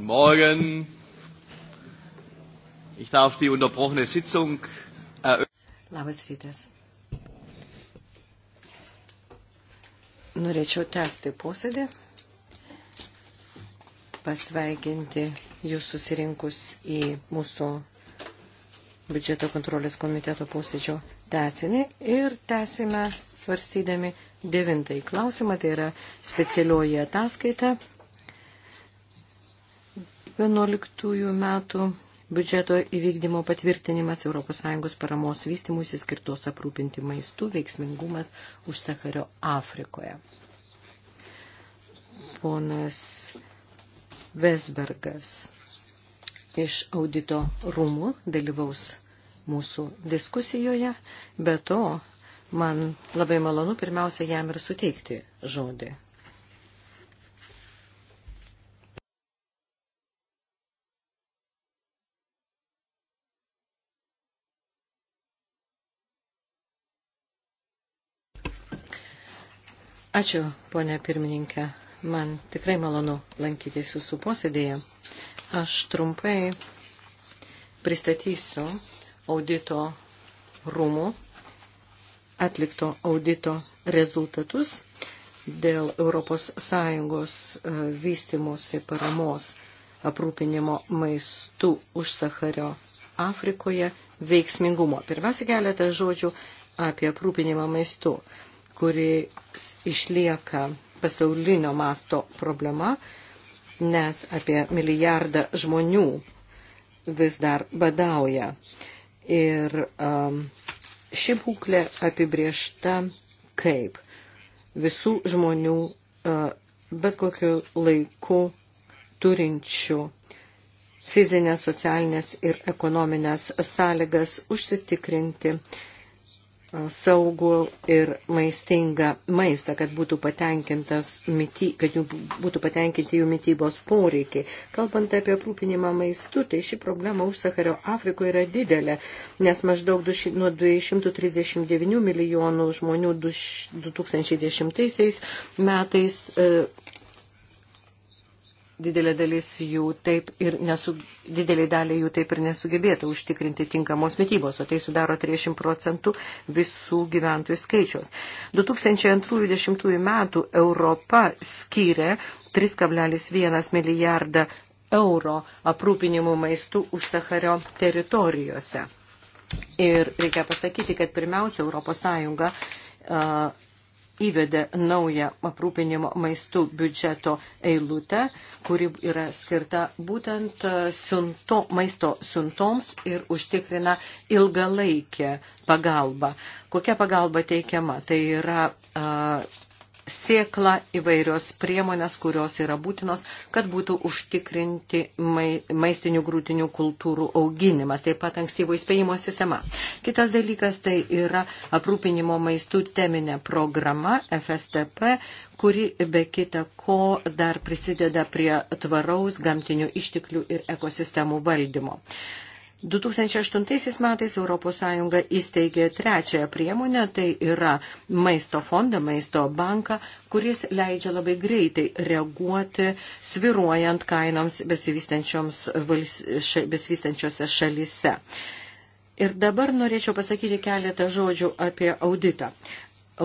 Guten Morgen. Ich darf die unterbrochene Sitzung eröffnen. Labas rytas. Norėčiau tęsti posėdį, pasveikinti jūs susirinkus į mūsų biudžeto kontrolės komiteto posėdžio tęsinį ir tęsime svarstydami devintąjį klausimą, tai yra specialioji ataskaita 11 metų biudžeto įvykdymo patvirtinimas ES paramos vystimus įskirtos aprūpinti maistų veiksmingumas už Sakario Afrikoje. Ponas Vesbergas iš audito rūmų dalyvaus mūsų diskusijoje, be to man labai malonu pirmiausia jam ir suteikti žodį. Ačiū, ponė pirmininkė. Man tikrai malonu lankytis jūsų posėdėje. Aš trumpai pristatysiu audito rūmų atlikto audito rezultatus dėl ES e, vystimosi paramos aprūpinimo maistų už Sakario Afrikoje veiksmingumo. Pirmiausia, keletą žodžių apie aprūpinimą maistų kuri išlieka pasaulinio masto problema, nes apie milijardą žmonių vis dar badauja. Ir um, ši būklė apibriešta kaip visų žmonių uh, bet kokiu laiku turinčių fizinės, socialinės ir ekonominės sąlygas užsitikrinti uh, saugų ir maistingą maistą, kad būtų, myty, kad jų būtų patenkinti jų mytybos poreikiai. Kalbant apie aprūpinimą maistu, tai ši problema už Sakario Afrikoje yra didelė, nes maždaug du, nuo 239 milijonų žmonių 2010 metais e, didelė dalis jų taip ir nesu, didelė dalė jų taip ir nesugebėta užtikrinti tinkamos mytybos, o tai sudaro 30 procentų visų gyventojų skaičiaus. 2020 metų Europa skyrė 3,1 milijardą euro aprūpinimų maistų už Sakario teritorijose. Ir reikia pasakyti, kad pirmiausia, ES įvedė naują aprūpinimo maistų biudžeto eilutę, kuri yra skirta būtent e, siunto, maisto siuntoms ir užtikrina ilgalaikę pagalbą. Kokia pagalba teikiama? Tai yra uh, sėklą įvairios priemonės, kurios yra būtinos, kad būtų užtikrinti maistinių grūtinių kultūrų auginimas, taip pat ankstyvo įspėjimo sistema. Kitas dalykas tai yra aprūpinimo maistų teminė programa FSTP, kuri be kita ko dar prisideda prie tvaraus gamtinių išteklių ir ekosistemų valdymo. 2008 metais ES įsteigė trečiąją priemonę, tai yra maisto fondą, maisto banką, kuris leidžia labai greitai reaguoti sviruojant kainoms besivystančiose šalise. Ir dabar norėčiau pasakyti keletą žodžių apie auditą.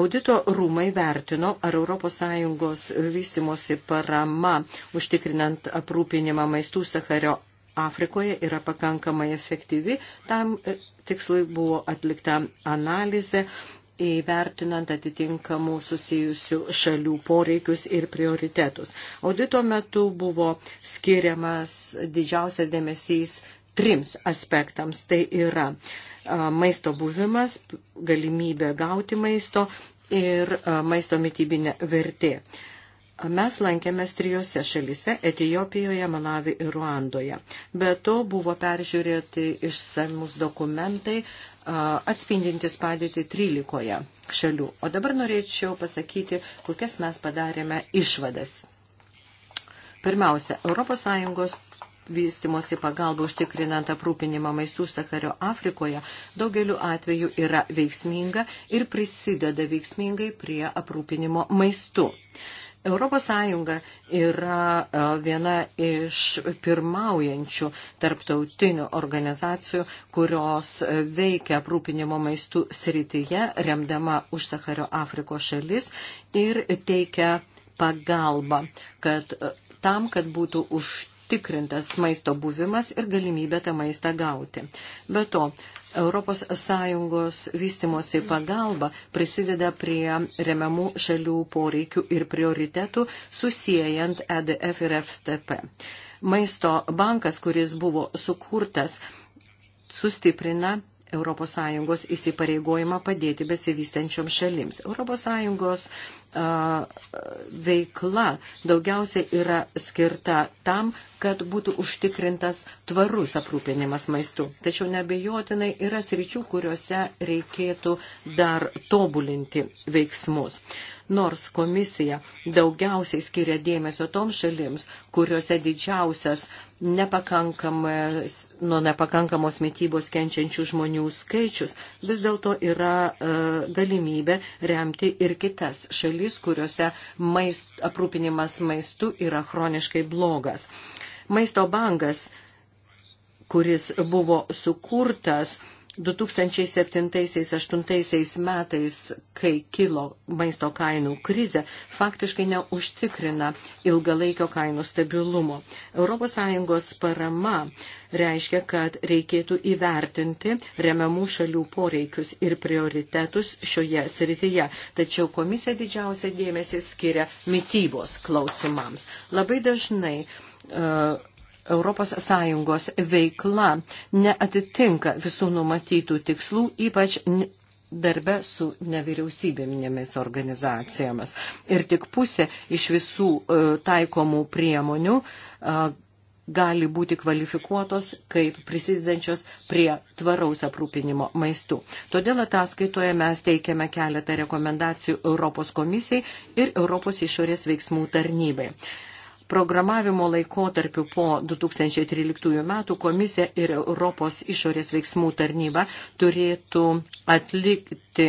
Audito rūmai vertino, ar ES vystimosi parama, užtikrinant aprūpinimą maistų Sakario Afrikoje yra pakankamai efektyvi. Tam e, tikslui buvo atlikta analizė įvertinant atitinkamų susijusių šalių poreikius ir prioritetus. Audito metu buvo skiriamas didžiausias dėmesys trims aspektams. Tai yra e, maisto buvimas, galimybė gauti maisto ir e, maisto mytybinė vertė. Mes lankėmės trijose šalyse - Etijopijoje, Malavi ir Ruandoje. Be to buvo peržiūrėti išsamus dokumentai atspindintis padėti 13 šalių. O dabar norėčiau pasakyti, kokias mes padarėme išvadas. Pirmiausia, ES vystimosi pagalba užtikrinant aprūpinimą maistų Sakario Afrikoje daugeliu atveju yra veiksminga ir prisideda veiksmingai prie aprūpinimo maistu. Europos Sąjunga yra e, viena iš pirmaujančių tarptautinių organizacijų, kurios e, veikia aprūpinimo maistų srityje, remdama užsakario Afrikos šalis ir teikia pagalbą, kad e, tam, kad būtų užtikrintas maisto buvimas ir galimybė tą maistą gauti. Be to, ES vystimosi pagalba prisideda prie remiamų šalių poreikių ir prioritetų susijęjant EDF ir FTP. Maisto bankas, kuris buvo sukurtas, sustiprina ES įsipareigojimą padėti besivystančioms šalims. ES veikla daugiausia yra skirta tam, kad būtų užtikrintas tvarus aprūpinimas maistu. Tačiau nebejotinai yra sričių, kuriuose reikėtų dar tobulinti veiksmus. Nors komisija daugiausiai skiria dėmesio toms šalims, kuriuose didžiausias uh, nuo nepakankamos mytybos kenčiančių žmonių skaičius, vis dėlto yra e, galimybė remti ir kitas šalis, kuriuose maist, aprūpinimas maistu yra chroniškai blogas. Maisto bankas, kuris buvo sukurtas, e, 2007-2008 metais, kai kilo maisto kainų krize, faktiškai neužtikrina ilgalaikio kainų stabilumo. ES parama reiškia, kad reikėtų įvertinti remiamų šalių poreikius ir prioritetus šioje srityje. Tačiau komisija didžiausia dėmesį skiria mytybos klausimams. Labai dažnai uh, ES veikla neatitinka visų numatytų tikslų, ypač darbe su nevyriausybėminėmis organizacijomis. Ir tik pusė iš visų e, taikomų priemonių e, gali būti kvalifikuotos kaip prisidedančios prie tvaraus aprūpinimo maistu. Todėl ataskaitoje mes teikiame keletą rekomendacijų Europos komisijai ir Europos išorės veiksmų tarnybai programavimo laikotarpiu po 2013 metų komisija ir Europos išorės veiksmų tarnyba turėtų atlikti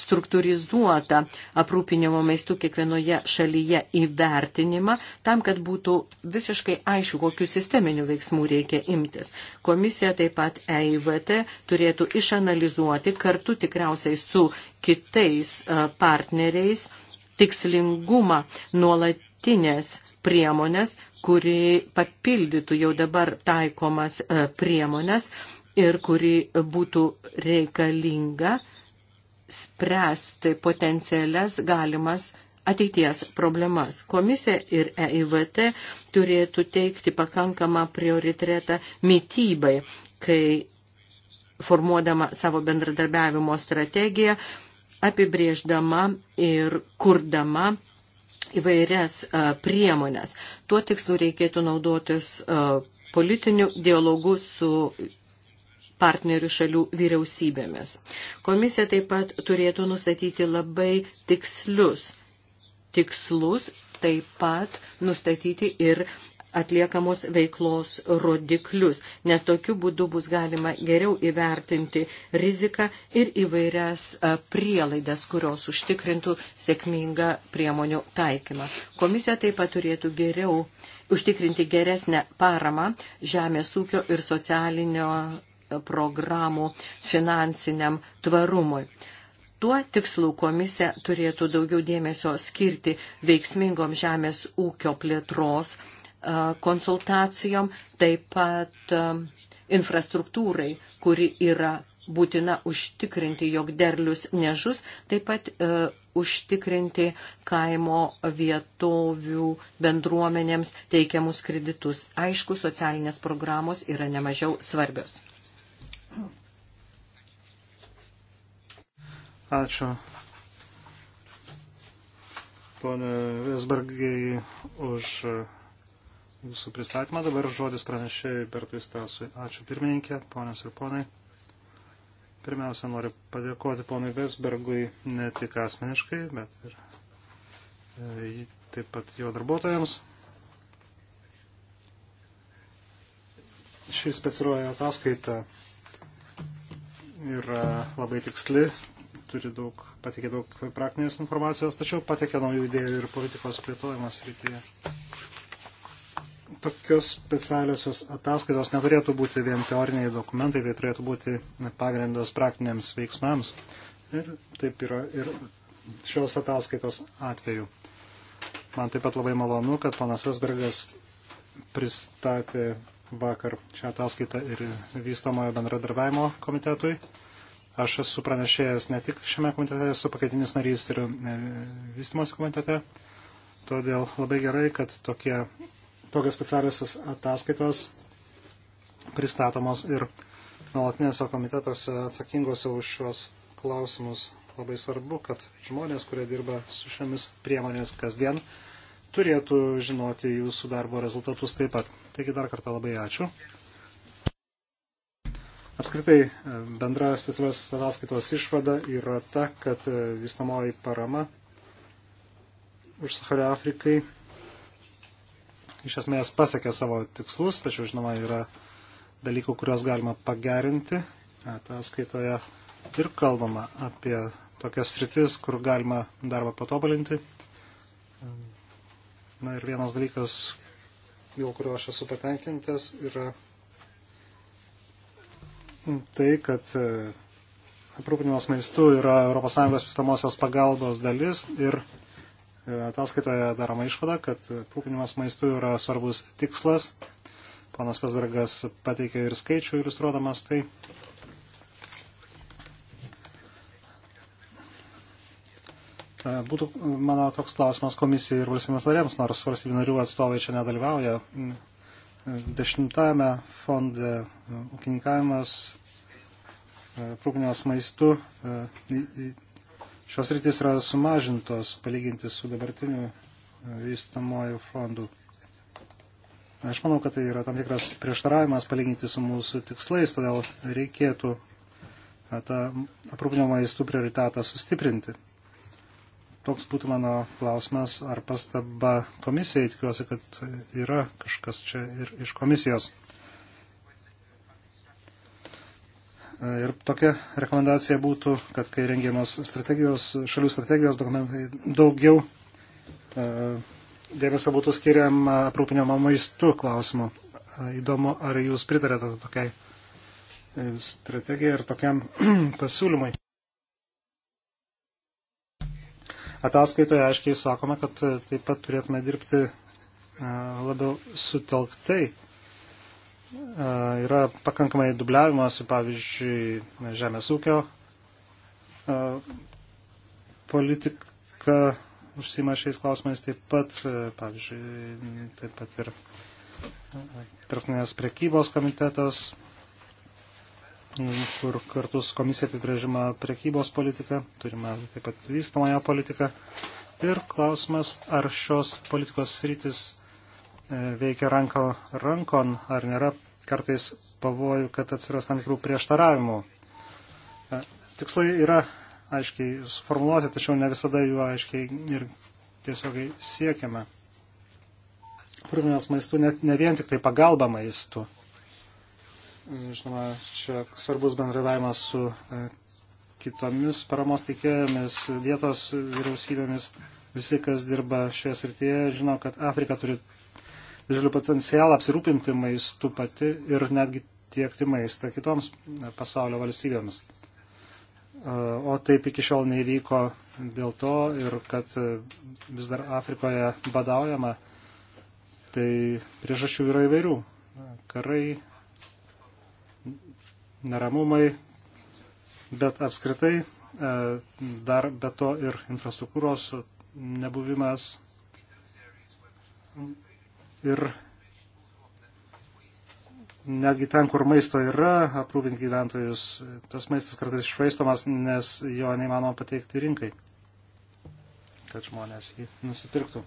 struktūrizuotą aprūpinimo maistų kiekvienoje šalyje įvertinimą, tam, kad būtų visiškai aišku, kokiu sisteminiu veiksmu reikia imtis. Komisija taip pat EIVT turėtų išanalizuoti kartu tikriausiai su kitais e, partneriais tikslingumą nuolatinės priemonės, kuri papildytų jau dabar taikomas e, priemonės ir kuri būtų reikalinga spręsti potencialias galimas ateities problemas. Komisija ir EIVT turėtų teikti pakankamą prioritetą mytybai, kai formuodama savo bendradarbiavimo strategiją, apibrėždama ir kurdama įvairias priemonės. Tuo tikslu reikėtų naudotis politiniu dialogu su partnerių šalių vyriausybėmis. Komisija taip pat turėtų nustatyti labai tikslius tikslus, taip pat nustatyti ir atliekamos veiklos rodiklius, nes tokiu būdu bus galima geriau įvertinti riziką ir įvairias e, prielaidas, kurios užtikrintų sėkmingą priemonių taikymą. Komisija taip pat turėtų geriau užtikrinti geresnę paramą žemės ūkio ir socialinio e, programų finansiniam tvarumui. Tuo tikslu komisija turėtų daugiau dėmesio skirti veiksmingom žemės ūkio plėtros konsultacijom, taip pat infrastruktūrai, kuri yra būtina užtikrinti, jog derlius nežus, taip pat e, užtikrinti kaimo vietovių bendruomenėms teikiamus kreditus. Aišku, socialinės programos yra nemažiau svarbios. Ačiū. Pone Vesbergai už jūsų pristatymą. Dabar žodis pranešėjai Bertui Stasui. Ačiū pirmininkė, ponios ir ponai. Pirmiausia, noriu padėkoti ponui Vesbergui ne tik asmeniškai, bet ir e, taip pat jo darbuotojams. Ši specialioji ataskaita yra labai tiksli, turi daug, patikė daug praktinės informacijos, tačiau patikė naujų idėjų ir politikos plėtojimas rytyje tokios specialiosios ataskaitos neturėtų būti vien teoriniai dokumentai, tai turėtų būti pagrindas praktiniams veiksmams. Ir taip yra ir šios ataskaitos atveju. Man taip pat labai malonu, kad panas Vesbergas pristatė vakar šią ataskaitą ir vystomojo bendradarbiavimo komitetui. Aš esu pranešėjęs ne tik šiame komitete, esu pakaitinis narys ir e, vystimosi komitete. Todėl labai gerai, kad tokie tokios specialiosios ataskaitos pristatomos ir nuolatinėse komitetuose atsakingose už šios klausimus. Labai svarbu, kad žmonės, kurie dirba su šiomis priemonės kasdien, turėtų žinoti jūsų darbo rezultatus taip pat. Taigi dar kartą labai ačiū. Apskritai, bendra specialios ataskaitos išvada yra ta, kad vystamoji parama už Saharą Afrikai iš esmės pasiekė savo tikslus, tačiau žinoma yra dalykų, kuriuos galima pagerinti. Ataskaitoje ir kalbama apie tokias sritis, kur galima darbą patobulinti. Na ir vienas dalykas, dėl kurio aš esu patenkintas, yra tai, kad e, aprūpinimas maistu yra ES vistamosios pagalbos dalis ir ataskaitoje daroma išvada, kad rūpinimas maistu yra svarbus tikslas. Panas Pesbergas pateikė ir skaičių iliustruodamas tai. Būtų mano toks klausimas komisijai ir valstybės narėms, nors valstybių narių atstovai čia nedalyvauja. Dešimtame fonde ūkininkavimas, rūpinimas maistu Šios rytis yra sumažintos palyginti su dabartiniu e, vystamoju fondu. Aš manau, kad tai yra tam tikras prieštaravimas palyginti su mūsų tikslais, todėl reikėtų e, tą aprūpinimo maistų prioritetą sustiprinti. Toks būtų mano klausimas ar pastaba komisijai, tikiuosi, kad yra kažkas čia ir iš komisijos. Ir tokia rekomendacija būtų, kad kai rengiamos strategijos, šalių strategijos dokumentai, daugiau e, dėmesio būtų skiriam aprūpinimo maistu klausimu. E, įdomu, ar jūs pritarėte tokiai e, strategijai ir tokiam pasiūlymui. Ataskaitoje aiškiai sakome, kad taip pat turėtume dirbti labiau sutelktai yra pakankamai dubliavimas, pavyzdžiui, žemės ūkio politika užsima šiais klausimais taip pat, pavyzdžiui, taip pat ir tarptautinės prekybos komitetas, kur kartu su komisija apibrėžima prekybos politika, turime taip pat vystamąją politiką. Ir klausimas, ar šios politikos sritis e, veikia ranko rankon, ar nėra kartais pavojų, kad atsiras tam tikrų prieštaravimų. E, tikslai yra aiškiai suformuoluoti, tačiau ne visada jų aiškiai ir tiesiogiai siekiame. Rūpinimas maistu ne, ne vien tik tai pagalba maistu. Žinoma, čia svarbus bendradavimas su e, kitomis paramos teikėjomis, vietos vyriausybėmis. Visi, kas dirba šioje srityje, žino, kad Afrika turi didžiulį potencialą apsirūpinti maistu pati ir netgi tiekti maistą kitoms pasaulio valstybėms. O taip iki šiol neįvyko dėl to ir kad e, vis dar Afrikoje badaujama, tai priežasčių yra įvairių. Karai, neramumai, bet apskritai e, dar be to ir infrastruktūros nebuvimas ir netgi ten, kur maisto yra, aprūpinti gyventojus, tas maistas kartais išvaistomas, nes jo neįmanoma pateikti rinkai, kad žmonės jį nusipirktų.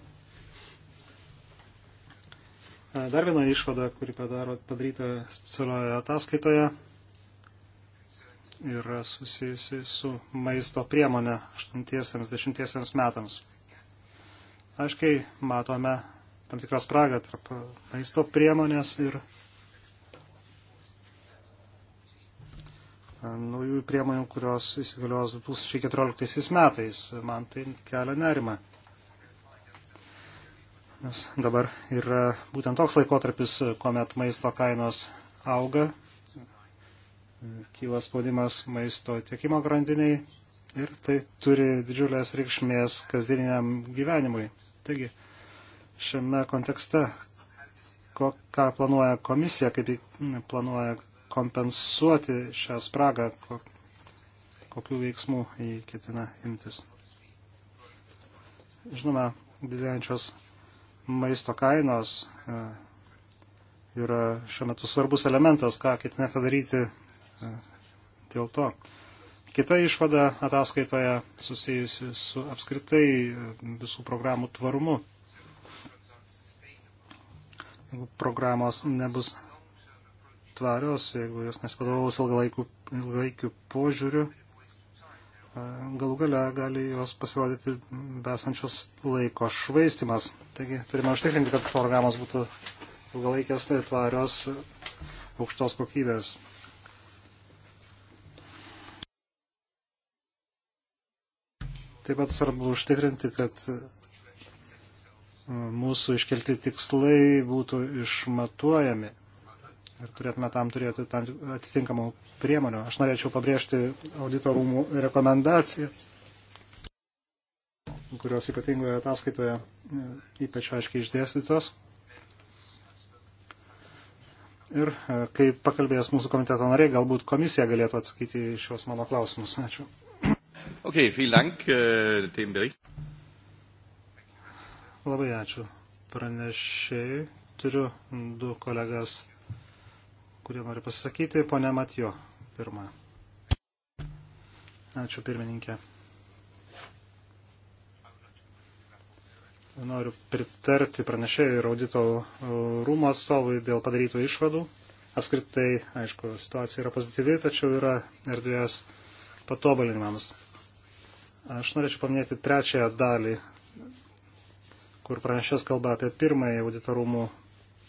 E, dar viena išvada, kuri padaro, padaryta specialioje ataskaitoje, yra susijusi su maisto priemonė 80-10 metams. Aiškiai matome tam tikrą spragą tarp maisto priemonės ir e, naujų priemonių, kurios įsigalios 2014 metais. Man tai kelia nerima. Nes dabar yra būtent toks laikotarpis, kuomet maisto kainos auga, kyla spaudimas maisto tiekimo grandiniai ir tai turi didžiulės reikšmės kasdieniniam gyvenimui. Taigi, šiame kontekste, ko, ką planuoja komisija, kaip planuoja kompensuoti šią spragą, ko, kokių veiksmų jį ketina imtis. Žinoma, didėjančios maisto kainos e, yra šiuo metu svarbus elementas, ką ketinate daryti e, dėl to. Kita išvada ataskaitoje susijusi su apskritai e, visų programų tvarumu programos nebus tvarios, jeigu jos nesivadovaus ilgalaikių, ilgalaikių požiūrių, galų gale gali jos pasirodyti besančios laiko švaistimas. Taigi turime užtikrinti, kad programos būtų ilgalaikės tvarios aukštos kokybės. Taip pat svarbu užtikrinti, kad mūsų iškelti tikslai būtų išmatuojami ir turėtume tam turėti tam atitinkamų priemonių. Aš norėčiau pabrėžti auditorumų rekomendacijas, kurios ypatingoje ataskaitoje e, ypač aiškiai išdėstytos. Ir e, kai pakalbės mūsų komiteto nariai, galbūt komisija galėtų atsakyti šios mano klausimus. Ačiū. Okay, vielen Dank, äh, dem Bericht. Labai ačiū pranešėjai. Turiu du kolegas, kurie nori pasisakyti. Pone Matijo, pirmą. Ačiū pirmininkė. Noriu pritarti pranešėjai ir audito rūmų atstovui dėl padarytų išvadų. Apskritai, aišku, situacija yra pozityvi, tačiau yra erdvės patobulinimams. Aš norėčiau paminėti trečiąją dalį kur pranešės kalba apie pirmąją auditorumų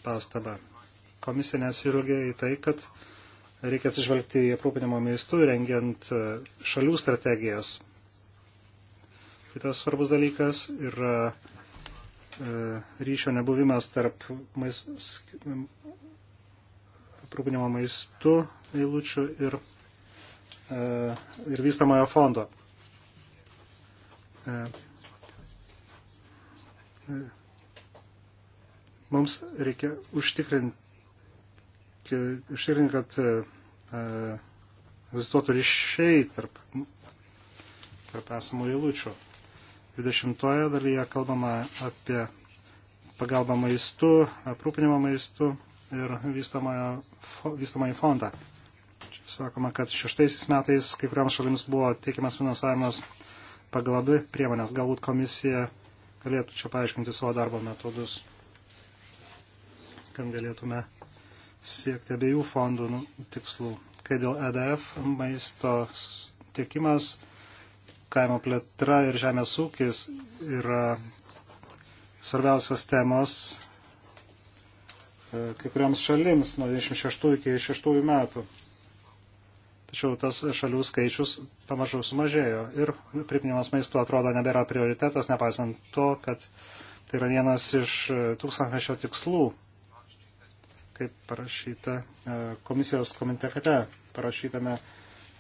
pastabą. Komisija nesižvelgia į tai, kad reikia atsižvelgti į aprūpinimo maistų, rengiant e, šalių strategijas. Kitas svarbus dalykas yra e, ryšio nebuvimas tarp mais, aprūpinimo maistu eilučių ir, e, ir vystamojo fondo mums reikia užtikrinti, užtikrinti kad e, egzistuotų ryšiai tarp, tarp esamų eilučių. 20 dalyje kalbama apie pagalbą maistu, aprūpinimą maistu ir vystamąjį fondą. Sakoma, kad šeštaisiais metais kai kuriams šalims buvo teikiamas finansavimas pagal abi priemonės. Galbūt komisija galėtų čia paaiškinti savo darbo metodus, kad galėtume siekti abiejų fondų nu, tikslų. Kai dėl EDF maisto tiekimas, kaimo plėtra ir žemės ūkis yra svarbiausios temos e, kai kuriams šalims nuo 26 iki 6 metų. Tačiau tas šalių skaičius pamažu sumažėjo ir pripinimas maisto atrodo nebėra prioritetas, nepaisant to, kad tai yra vienas iš e, tūkstantmečio tikslų, kaip parašyta e, komisijos komitekate, parašytame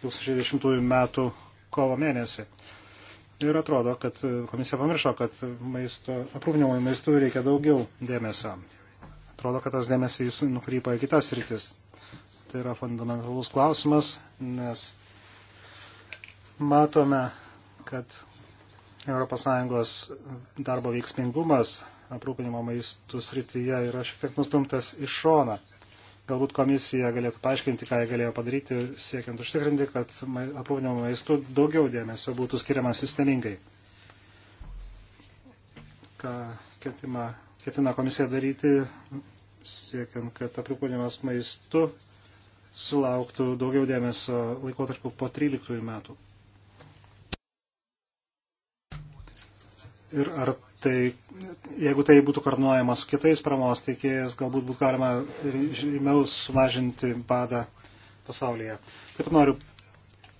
2010 metų kovo mėnesį. Ir atrodo, kad e, komisija pamiršo, kad maisto, aprūpinimui maistų reikia daugiau dėmesio. Atrodo, kad tas dėmesys nukrypa į kitas rytis. Tai yra fundamentalus klausimas, nes matome, kad ES darbo veiksmingumas aprūpinimo maistų srityje yra šiek tiek nustumtas į šoną. Galbūt komisija galėtų paaiškinti, ką jie galėjo padaryti, siekiant užtikrinti, kad aprūpinimo maistų daugiau dėmesio būtų skiriama sistemingai. Ką ketima, ketina komisija daryti, siekiant, kad aprūpinimas maistu sulauktų daugiau dėmesio laikotarpiu po 13 metų. Ir ar tai, jeigu tai būtų karnuojama su kitais paramos teikėjais, galbūt būtų galima žymiau sumažinti badą pasaulyje. Taip pat noriu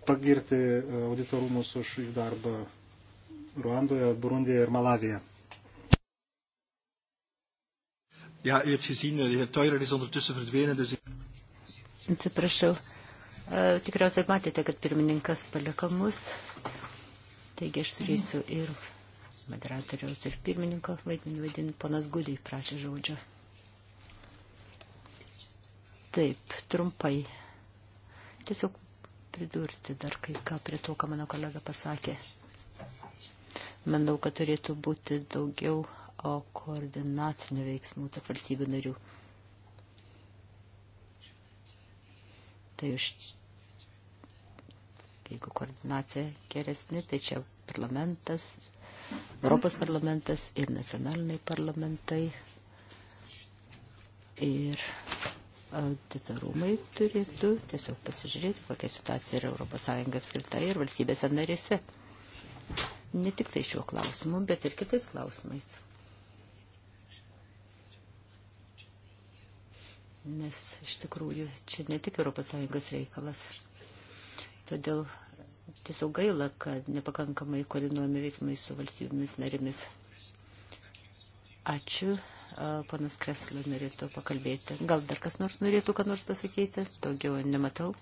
pagirti auditorumus už jų darbą Ruandoje, Burundijoje ir Malavijoje. Ja, u hebt gezien, de heer Teurer is ondertussen verdwenen, dus... Atsiprašau. E, tikriausiai matėte, kad pirmininkas palika mus. Taigi aš turėsiu ir moderatoriaus ir pirmininko vaidmenį vaidinti. Ponas Gudai prašė žodžio. Taip, trumpai. Tiesiog pridurti dar kai ką prie to, ką mano kolega pasakė. Manau, kad turėtų būti daugiau koordinacinių veiksmų tarp valstybių narių. tai iš, jeigu koordinacija geresnė, tai čia parlamentas, Europos parlamentas ir nacionaliniai parlamentai ir auditorumai turėtų tiesiog pasižiūrėti, kokia situacija yra Europos Sąjunga apskritai ir valstybėse narėse. Ne tik tai šiuo klausimu, bet ir kitais klausimais. nes iš tikrųjų čia ne tik ES reikalas. Todėl tiesiog gaila, kad nepakankamai koordinuojami veiksmai su valstybėmis narėmis. Ačiū. Panas Kreslė norėtų pakalbėti. Gal dar kas nors norėtų, ką nors pasakyti? Daugiau nematau.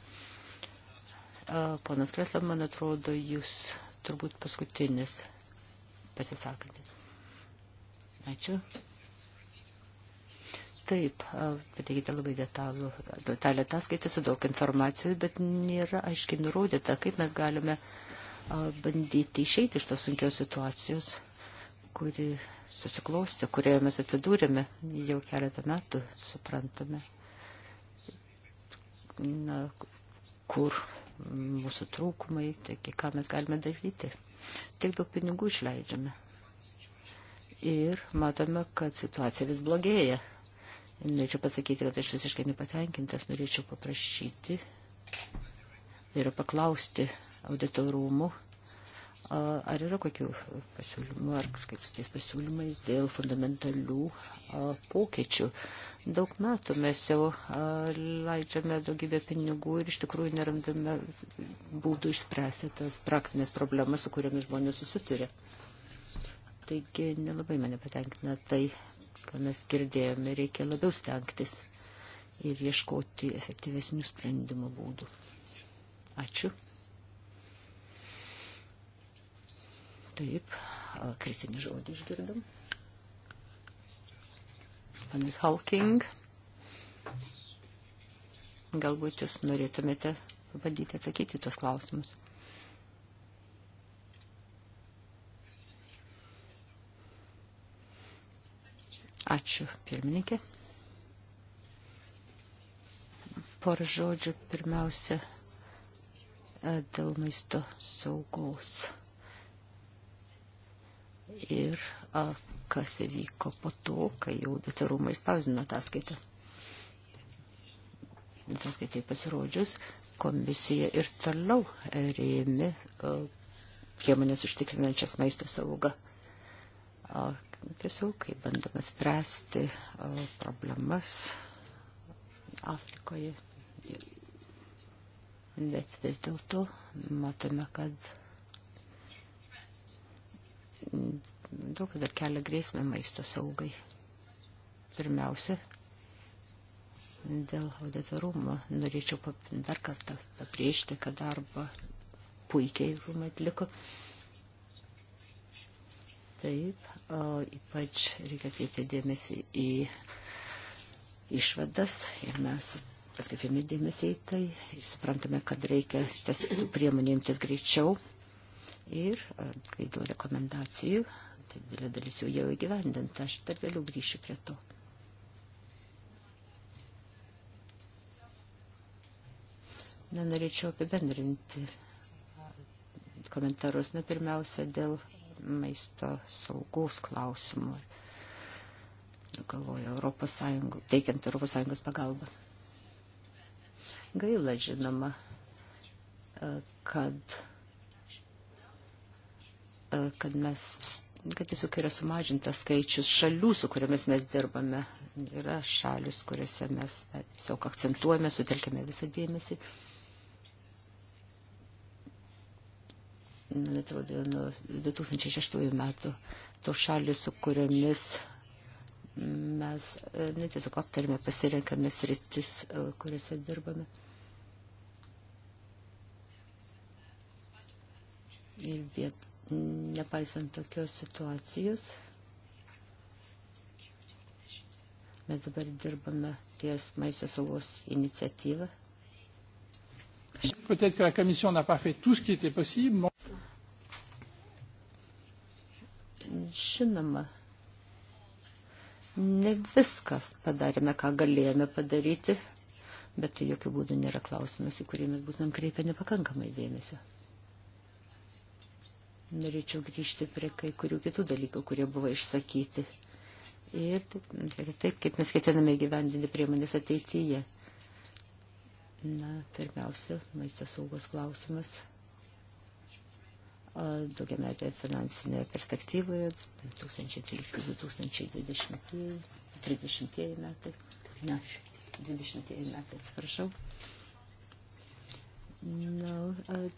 Panas Kreslė, man atrodo, jūs turbūt paskutinis pasisakantis. Ačiū. Taip, pateikite labai detalų, detalę ataskaitę su daug informacijos, bet nėra aiškiai nurodyta, kaip mes galime bandyti išeiti iš tos sunkios situacijos, kuri susiklosti, kurioje mes atsidūrėme jau keletą metų, suprantame, na, kur mūsų trūkumai, taigi ką mes galime daryti. Tiek daug pinigų išleidžiame. Ir matome, kad situacija vis blogėja. Norėčiau pasakyti, kad aš visiškai nepatenkintas, norėčiau paprašyti ir paklausti auditorumų, ar yra kokių pasiūlymų, ar kaip su tais pasiūlymais dėl fundamentalių pokyčių. Daug metų mes jau leidžiame daugybę pinigų ir iš tikrųjų nerandame būdų išspręsti tas praktinės problemas, su kuriamis žmonės susituria. Taigi nelabai mane patenkina tai, ką mes girdėjome, reikia labiau stengtis ir ieškoti efektyvesnių sprendimo būdų. Ačiū. Taip, kritinį žodį išgirdom. Panas Halking, galbūt jūs norėtumėte pabandyti atsakyti tuos klausimus. Ačiū, pirmininkė. Porą žodžių pirmiausia e, dėl maisto saugos ir a, e, kas įvyko po to, kai jau auditorumai spausdino ataskaitą. Ataskaitai pasirodžius, komisija ir toliau rėmi e, priemonės užtikrinančias maisto saugą tiesiog, kai bandoma spręsti e, problemas Afrikoje. Bet vis dėlto matome, kad daug dar kelia grėsmę maisto saugai. Pirmiausia, dėl auditorumo norėčiau dar kartą papriešti, kad darbą puikiai rūmai atliko. Taip, O ypač reikia kreipti dėmesį į išvadas ir mes atkreipiame dėmesį į tai, suprantame, kad reikia tas priemonė imtis greičiau ir kai dėl rekomendacijų, tai didelė dalis jų jau įgyvendinta, aš dar vėliau grįšiu prie to. Na, norėčiau apibendrinti komentarus, na, pirmiausia, dėl maisto saugos klausimų, galvoju, Europos Sąjungų, teikiant Europos Sąjungos pagalbą. Gaila, žinoma, e, kad, e, kad mes, kad tiesiog yra sumažintas skaičius šalių, su kuriamis mes dirbame. Yra šalis, kuriuose mes tiesiog akcentuojame, sutelkiame visą dėmesį. Uh, man atrodo, nuo 2006 metų tos šalis, su kuriomis mes ne, nu, tiesiog aptarėme, pasirenkame sritis, e, kuriuose dirbame. Ir viet, nepaisant tokios situacijos, mes dabar dirbame ties maisto saugos iniciatyvą. Peut-être que la Commission n'a pas fait tout ce qui était possible. Žinoma, ne viską padarėme, ką galėjome padaryti, bet tai jokių būdų nėra klausimas, į kurį mes būtumėm kreipę nepakankamai dėmesio. Norėčiau grįžti prie kai kurių kitų dalykų, kurie buvo išsakyti. Ir taip, kaip mes ketiname gyvendinti priemonės ateityje. Na, pirmiausia, maisto saugos klausimas daugiametėje finansinėje perspektyvoje 2013-2030 metai. Ne, 20 metai, atsiprašau. Na,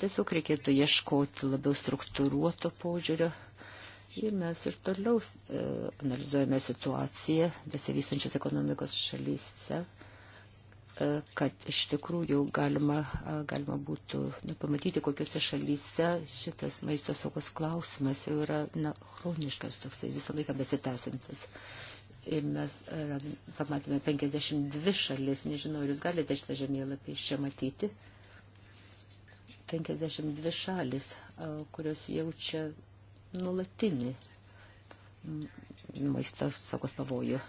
tiesiog reikėtų ieškoti labiau struktūruoto požiūrio. Ir mes ir toliau e, analizuojame situaciją besivystančios ekonomikos šalyse kad iš tikrųjų galima, galima būtų na, pamatyti, kokiuose šalyse šitas maisto saugos klausimas jau yra na, chroniškas toksai visą laiką besitęsintis. Ir mes e, pamatėme 52 šalis, nežinau, ar jūs galite šitą žemėlapį iš čia matyti. 52 šalis, e, kurios jaučia nulatinį maisto saugos pavojų.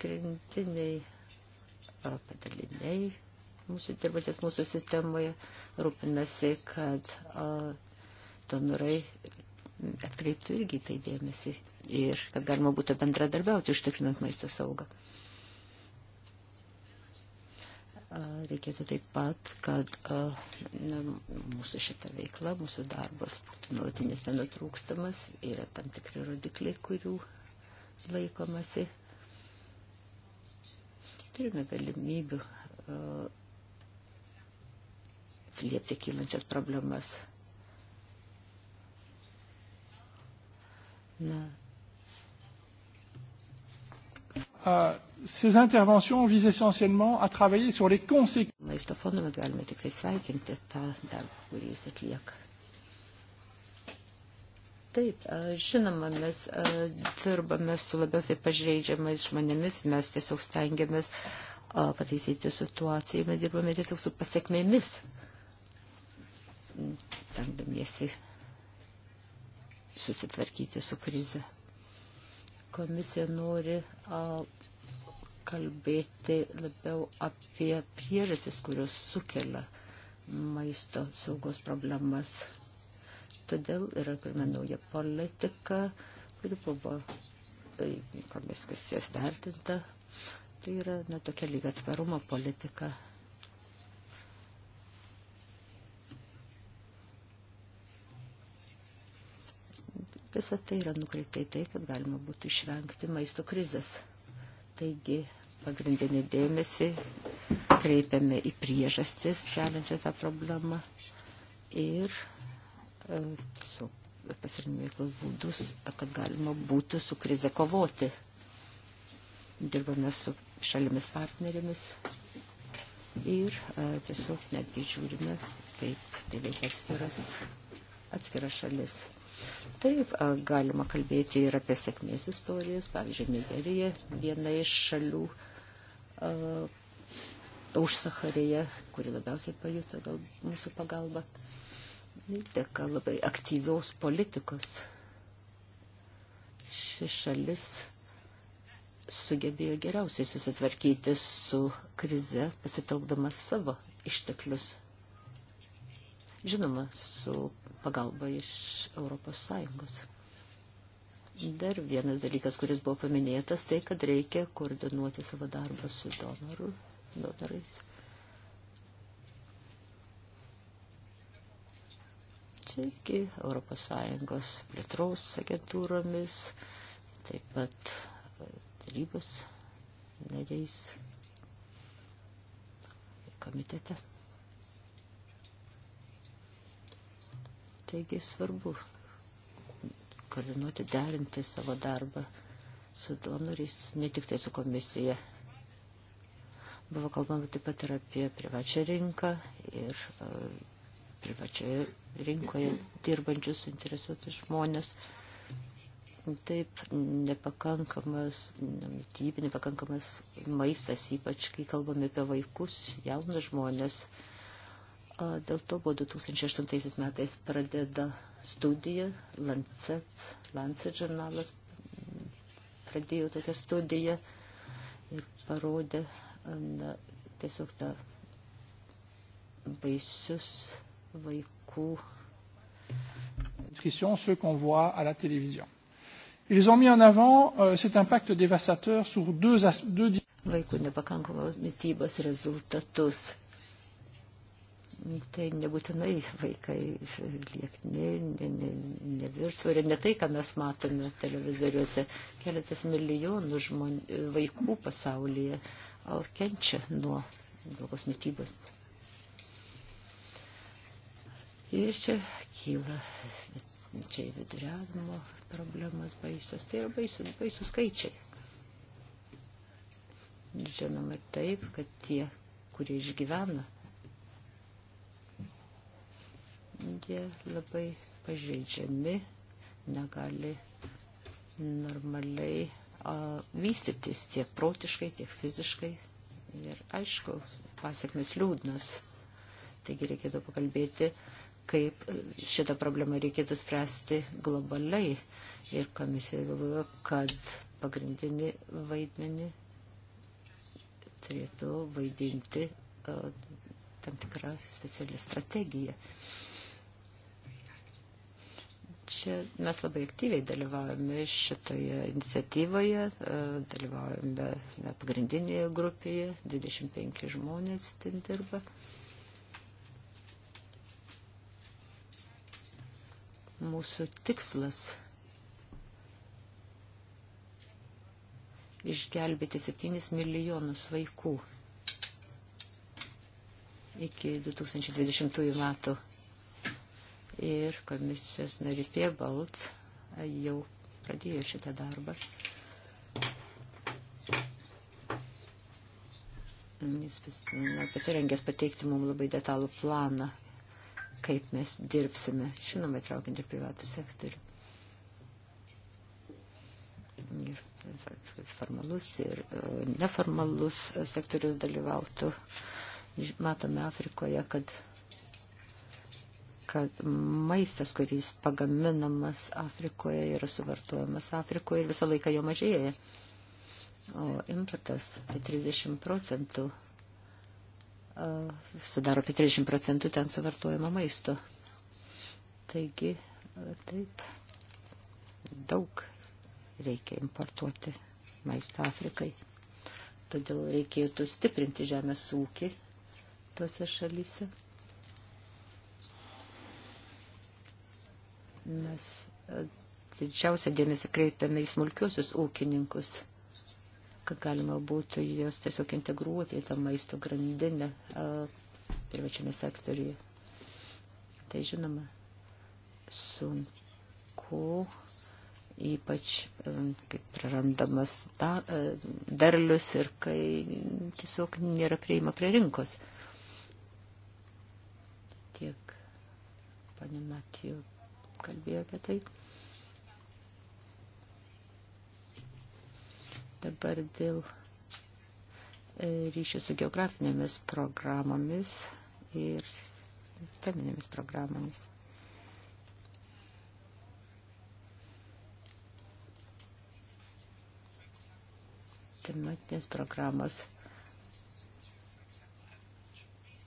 pagrindiniai padaliniai mūsų dirbantis mūsų sistemoje rūpinasi, kad donorai atkreiptų irgi tai dėmesį ir kad galima būtų bendradarbiauti užtikrinant maisto saugą. Reikėtų taip pat, kad na, mūsų šita veikla, mūsų darbas būtų nuolatinis nenutrūkstamas, yra tam tikri rodikliai, kurių laikomasi turime galimybių e, atsiliepti kylančias problemas. Na. Uh, ces interventions visent essentiellement à travailler sur les conséquences. Maisto fondu mes galime tik tai sveikinti tą darbą, kurį jis atlieka. Taip, e, žinoma, mes e, dirbame su labiausiai pažeidžiamais žmonėmis, mes tiesiog stengiamės e, pataisyti situaciją, mes dirbame tiesiog su pasiekmėmis, tardamiesi susitvarkyti su krize. Komisija nori a, kalbėti labiau apie priežastis, kurios sukelia maisto saugos problemas. Todėl yra kuriama nauja politika, kuri buvo tai, komisijos įsvertinta. Tai yra na, tokia lyg atsparumo politika. Visą tai yra nukreipta į tai, kad galima būtų išvengti maisto krizės. Taigi pagrindinį dėmesį kreipiame į priežastis keliančią tą problemą ir E, su pasirinkime veiklos būdus, kad galima būtų su krize kovoti. Dirbame su šalimis partnerėmis ir a, e, tiesiog netgi žiūrime, kaip tai veikia atskiras, atskiras šalis. Taip, a, e, galima kalbėti ir apie sėkmės istorijas. Pavyzdžiui, Nigerija, viena iš šalių a, už Saharėje, kuri labiausiai pajuto gal mūsų pagalbą dėka labai aktyviaus politikos ši šalis sugebėjo geriausiai susitvarkyti su krize, pasitelkdama savo išteklius. Žinoma, su pagalba iš Europos Sąjungos. Dar vienas dalykas, kuris buvo paminėtas, tai kad reikia koordinuoti savo darbą su donoru, donorais. taigi ES plėtros agentūromis, taip pat e, tarybos nariais komitete. Taigi svarbu koordinuoti, derinti savo darbą su donoriais, ne tik tai su komisija. Buvo kalbama taip pat ir apie privačią rinką ir e, privačioje rinkoje dirbančius interesuotus žmonės. Taip, nepakankamas mytybė, nepakankamas maistas, ypač kai kalbame apie vaikus, jaunus žmonės. Dėl to buvo 2008 metais pradeda studija, Lancet, Lancet žurnalas pradėjo tokią studiją ir parodė na, tiesiog tą baisius vaikų. Ceux qu'on voit à la télévision. Ils ont mis en avant euh, cet impact dévastateur sur deux, deux... Vaikų nepakankamos mytybos rezultatus. Tai nebūtinai vaikai liekni, neviršsvorė, ne, ne, ne, ne tai, ką mes matome televizoriuose. Keletas milijonų žmonių, vaikų pasaulyje kenčia nuo blogos mytybos. Ir čia kyla, čia viduriavimo problemas baisios, tai yra baisus, baisus skaičiai. Ir žinoma taip, kad tie, kurie išgyvena, jie labai pažeidžiami, negali normaliai a, vystytis tiek protiškai, tiek fiziškai. Ir aišku, pasiekmes liūdnas. Taigi reikėtų pakalbėti kaip šitą problemą reikėtų spręsti globaliai. Ir komisija galvoja, kad pagrindinį vaidmenį turėtų vaidinti e, tam tikrą speciali strategija. Čia mes labai aktyviai dalyvaujame šitoje iniciatyvoje, e, dalyvaujame pagrindinėje grupėje, 25 žmonės ten dirba. mūsų tikslas išgelbėti 7 milijonus vaikų iki 2020 metų. Ir komisijos narys Piebalts jau pradėjo šitą darbą. Jis pasirengęs pateikti mums labai detalų planą kaip mes dirbsime, žinoma, traukiant ir privatų sektorių. Ir formalus ir e, neformalus sektorius dalyvautų. Matome Afrikoje, kad, kad maistas, kuris pagaminamas Afrikoje, yra suvartojamas Afrikoje ir visą laiką jo mažėja. O importas tai 30 procentų sudaro apie 30 procentų ten suvartojimo maisto. Taigi, taip, daug reikia importuoti maisto Afrikai. Todėl reikėtų stiprinti žemės ūkį tose šalyse. Mes e, didžiausią dėmesį kreipiame į smulkiusius ūkininkus kad galima būtų jas tiesiog integruoti į tą maisto grandinę privačiame sektoriuje. Tai žinoma, sunku, ypač kaip prarandamas da, derlius ir kai tiesiog nėra prieima prie rinkos. Tiek, panė Matijo, kalbėjo apie tai. Dabar dėl e, ryšių su geografinėmis programomis ir sisteminėmis programomis. Tematinės programos.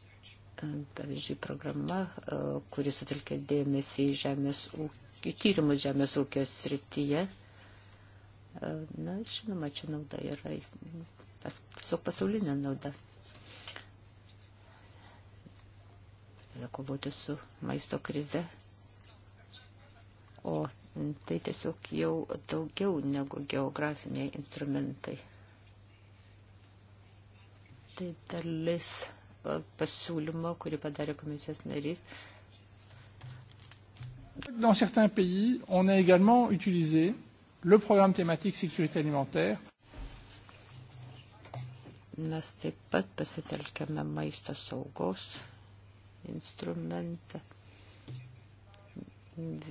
E, pavyzdžiui, programa, e, kuris sutelkia dėmesį į žemės ūkį, tyrimus žemės ūkio srityje E, na, žinoma, čia nauda yra pas, tiesiog pasaulinė nauda. Kovoti su maisto krize. O tai tiesiog jau daugiau negu geografiniai instrumentai. Tai dalis e, pasiūlymo, kurį padarė komisijos narys. Dans certains pays, on a également utilisé euh, le programme thématique sécurité alimentaire. Mes taip pat pasitelkiame maisto saugos instrumentą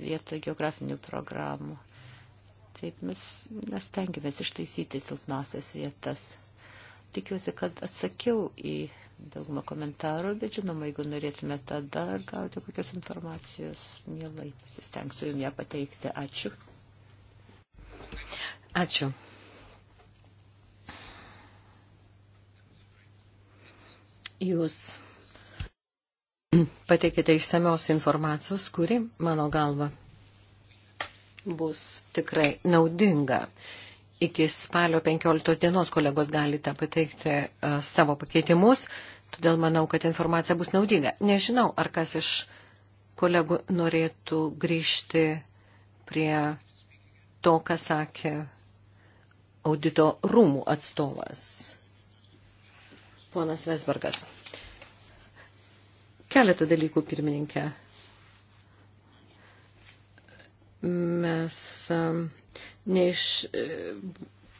vietoj geografinių programų. Taip mes, mes tengiamės ištaisyti silpnasias vietas. Tikiuosi, kad atsakiau į daugumą komentarų, bet žinoma, jeigu norėtumėte dar gauti kokios informacijos, mielai pasistengsiu jums ją pateikti. Ačiū. Ačiū. Jūs pateikite išsamios informacijos, kuri, mano galva, bus tikrai naudinga. Iki spalio 15 dienos kolegos galite pateikti e, savo pakeitimus, todėl manau, kad informacija bus naudinga. Nežinau, ar kas iš kolegų norėtų grįžti prie to, ką sakė audito rūmų atstovas. Ponas Vesbergas. Keletą dalykų, pirmininkė. Mes um, neiš,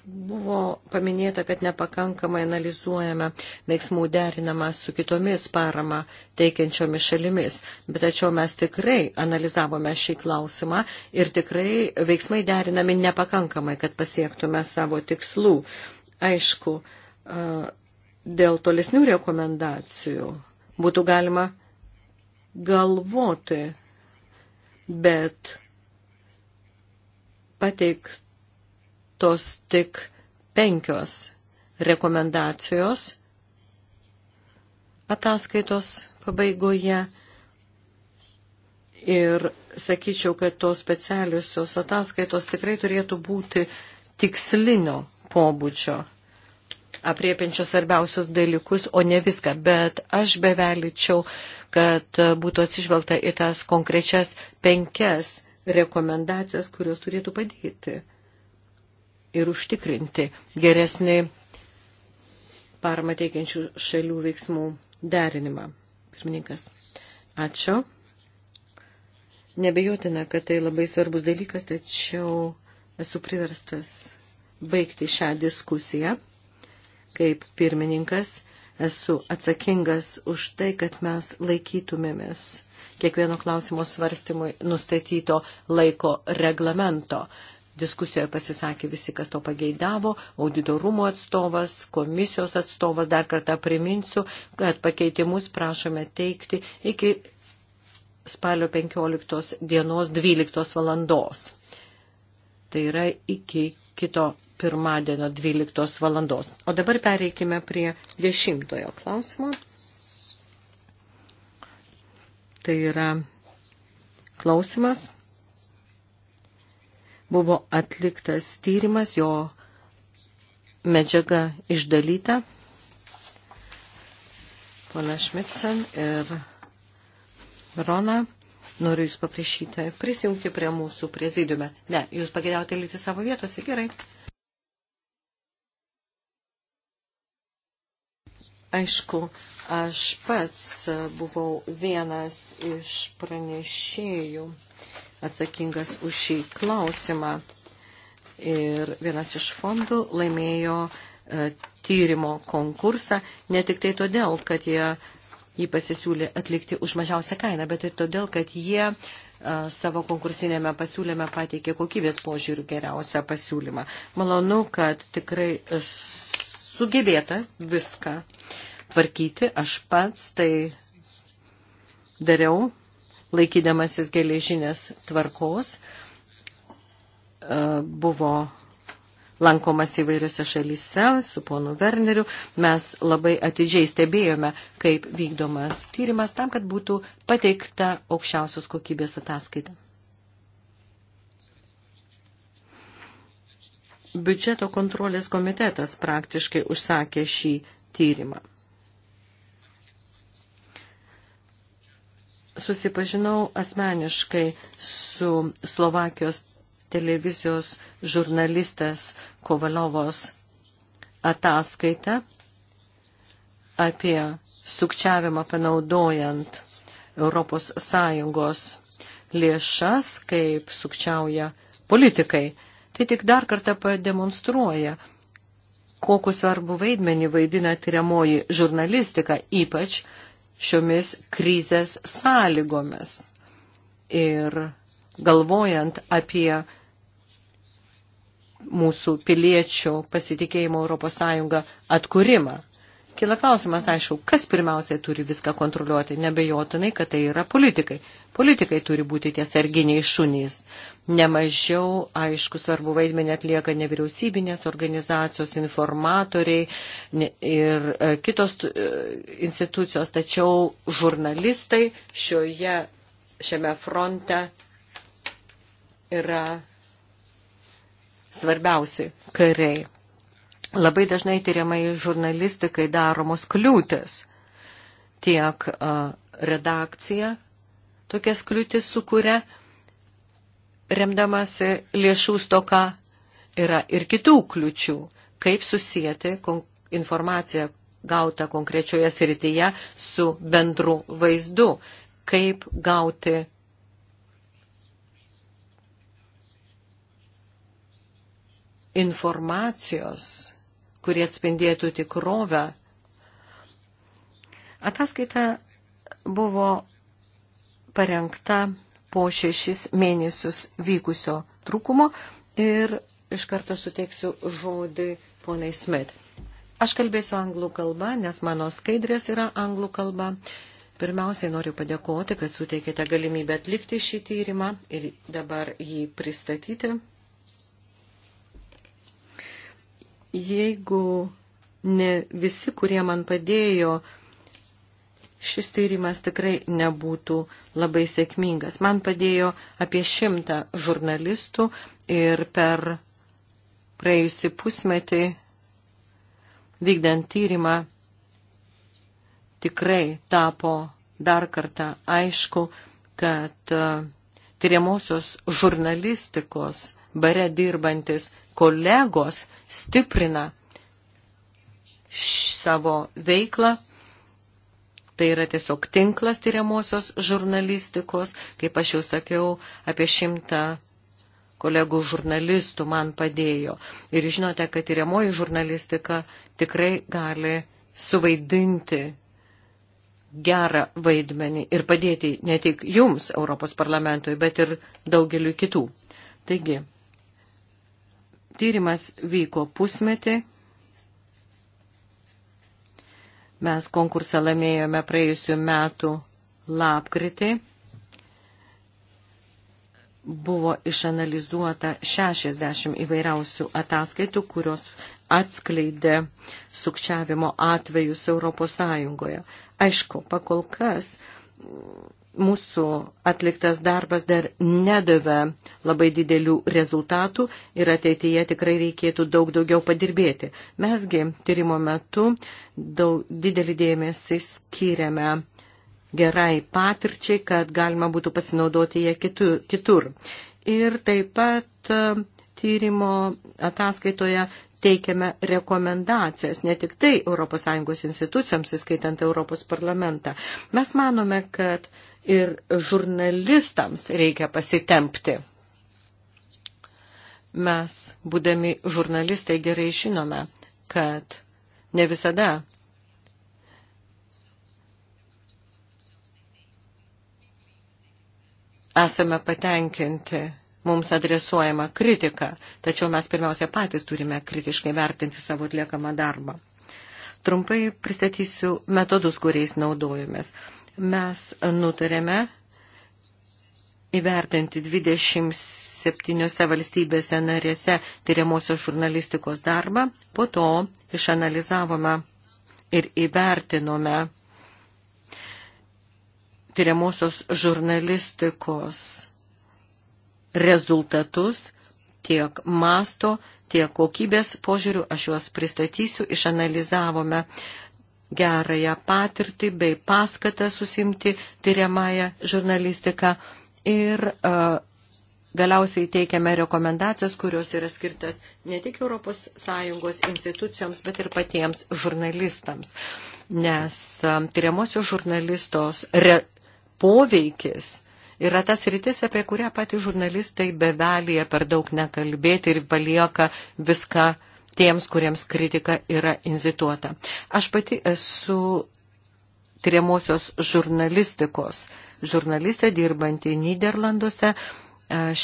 Buvo paminėta, kad nepakankamai analizuojame veiksmų derinamą su kitomis parama teikiančiomis šalimis, bet tačiau mes tikrai analizavome šį klausimą ir tikrai veiksmai derinami nepakankamai, kad pasiektume savo tikslų. Aišku, dėl tolesnių rekomendacijų būtų galima galvoti, bet pateikt pateiktos tik penkios rekomendacijos ataskaitos pabaigoje. Ir sakyčiau, kad tos specialiusios ataskaitos tikrai turėtų būti tikslinio pobūdžio, apriepiančios svarbiausius dalykus, o ne viską. Bet aš bevelyčiau, kad būtų atsižvelgta į tas konkrečias penkias rekomendacijas, kurios turėtų padėti ir užtikrinti geresnį paramą teikiančių šalių veiksmų derinimą. Pirmininkas, ačiū. Nebejotina, kad tai labai svarbus dalykas, tačiau esu priverstas baigti šią diskusiją. Kaip pirmininkas esu atsakingas už tai, kad mes laikytumėmės kiekvieno klausimo svarstymui nustatyto laiko reglamento. Diskusijoje pasisakė visi, kas to pageidavo, auditorumo atstovas, komisijos atstovas, dar kartą priminsiu, kad pakeitimus prašome teikti iki spalio 15 dienos 12 valandos. Tai yra iki kito pirmadienio 12 valandos. O dabar pereikime prie dešimtojo klausimo. Tai yra klausimas buvo atliktas tyrimas, jo medžiaga išdalyta. Pana Šmitsen ir Rona, noriu Jūs paprašyti prisijungti prie mūsų prezidiume. Ne, Jūs pagėdavote lyti savo vietose, gerai. Aišku, aš pats buvau vienas iš pranešėjų atsakingas už šį klausimą. Ir vienas iš fondų laimėjo e, tyrimo konkursą ne tik tai todėl, kad jie jį pasisiūlė atlikti už mažiausią kainą, bet ir todėl, kad jie e, savo konkursinėme pasiūlyme pateikė kokybės požiūrių geriausią pasiūlymą. Malonu, kad tikrai sugebėta viską tvarkyti. Aš pats tai dariau laikydamasis geležinės tvarkos, e, buvo lankomas įvairiose šalyse su ponu Werneriu. Mes labai atidžiai stebėjome, kaip vykdomas tyrimas tam, kad būtų pateikta aukščiausios kokybės ataskaita. Biudžeto kontrolės komitetas praktiškai užsakė šį tyrimą. susipažinau asmeniškai su Slovakijos televizijos žurnalistės Kovalovos ataskaita apie sukčiavimą panaudojant Europos Sąjungos lėšas, kaip sukčiauja politikai. Tai tik dar kartą pademonstruoja, kokiu svarbu vaidmenį vaidina tyriamoji žurnalistika, ypač šiomis krizės sąlygomis. Ir galvojant apie mūsų piliečių pasitikėjimo ES atkūrimą. Kila klausimas, aišku, kas pirmiausiai turi viską kontroliuoti, nebejotinai, kad tai yra politikai. Politikai turi būti tie sarginiai šunys, Nemažiau, aišku, svarbu vaidmenį atlieka nevyriausybinės organizacijos, informatoriai ir e, kitos e, institucijos, tačiau žurnalistai šioje, šiame fronte yra svarbiausi kariai. Labai dažnai tyriamai žurnalistikai daromos kliūtis tiek e, redakcija tokias kliūtis sukuria, remdamasi lėšų stoka yra ir kitų kliučių, kaip susijęti informaciją gautą konkrečioje srityje su bendru vaizdu, kaip gauti informacijos, kurie atspindėtų tikrovę. Ataskaita buvo parengta po šešis mėnesius vykusio trūkumo ir iš karto suteiksiu žodį ponai Smet. Aš kalbėsiu anglų kalbą, nes mano skaidrės yra anglų kalba. Pirmiausiai noriu padėkoti, kad suteikėte galimybę atlikti šį tyrimą ir dabar jį pristatyti. Jeigu ne visi, kurie man padėjo šis tyrimas tikrai nebūtų labai sėkmingas. Man padėjo apie šimtą žurnalistų ir per praėjusi pusmetį vykdant tyrimą tikrai tapo dar kartą aišku, kad e, tyriamosios žurnalistikos bare dirbantis kolegos stiprina savo veiklą Tai yra tiesiog tinklas tyriamosios žurnalistikos. Kaip aš jau sakiau, apie šimtą kolegų žurnalistų man padėjo. Ir žinote, kad tyriamoji žurnalistika tikrai gali suvaidinti gerą vaidmenį ir padėti ne tik jums, Europos parlamentui, bet ir daugeliu kitų. Taigi, tyrimas vyko pusmetį Mes konkursą laimėjome praėjusiu metu lapkritį. Buvo išanalizuota 60 įvairiausių ataskaitų, kurios atskleidė sukčiavimo atvejus Europos Sąjungoje. Aišku, pakol kas mūsų atliktas darbas dar nedavė labai didelių rezultatų ir ateityje tikrai reikėtų daug daugiau padirbėti. Mesgi tyrimo metu daug, didelį dėmesį skiriame gerai patirčiai, kad galima būtų pasinaudoti ją kitur. kitur. Ir taip pat e, tyrimo ataskaitoje teikiame rekomendacijas ne tik tai ES institucijoms, įskaitant Europos parlamentą. Mes manome, kad ir žurnalistams reikia pasitempti. Mes, būdami žurnalistai, gerai žinome, kad ne visada esame patenkinti mums adresuojama kritika, tačiau mes pirmiausia patys turime kritiškai vertinti savo atliekamą darbą. Trumpai pristatysiu metodus, kuriais naudojomės mes nutarėme įvertinti 27 valstybėse narėse tyriamosios žurnalistikos darbą, po to išanalizavome ir įvertinome tyriamosios žurnalistikos rezultatus tiek masto, tiek kokybės požiūrių, aš juos pristatysiu, išanalizavome uh, gerąją patirtį bei paskatą susimti tyriamąją žurnalistiką ir uh, Galiausiai teikiame rekomendacijas, kurios yra skirtas ne tik ES institucijoms, bet ir patiems žurnalistams. Nes e, tyriamosios žurnalistos re, poveikis yra tas rytis, apie kurią patys žurnalistai bevelėje per daug nekalbėti ir palieka viską uh, tiems, kuriems kritika yra inzituota. Aš pati esu tyriamosios žurnalistikos žurnalistė dirbanti Niderlanduose. Aš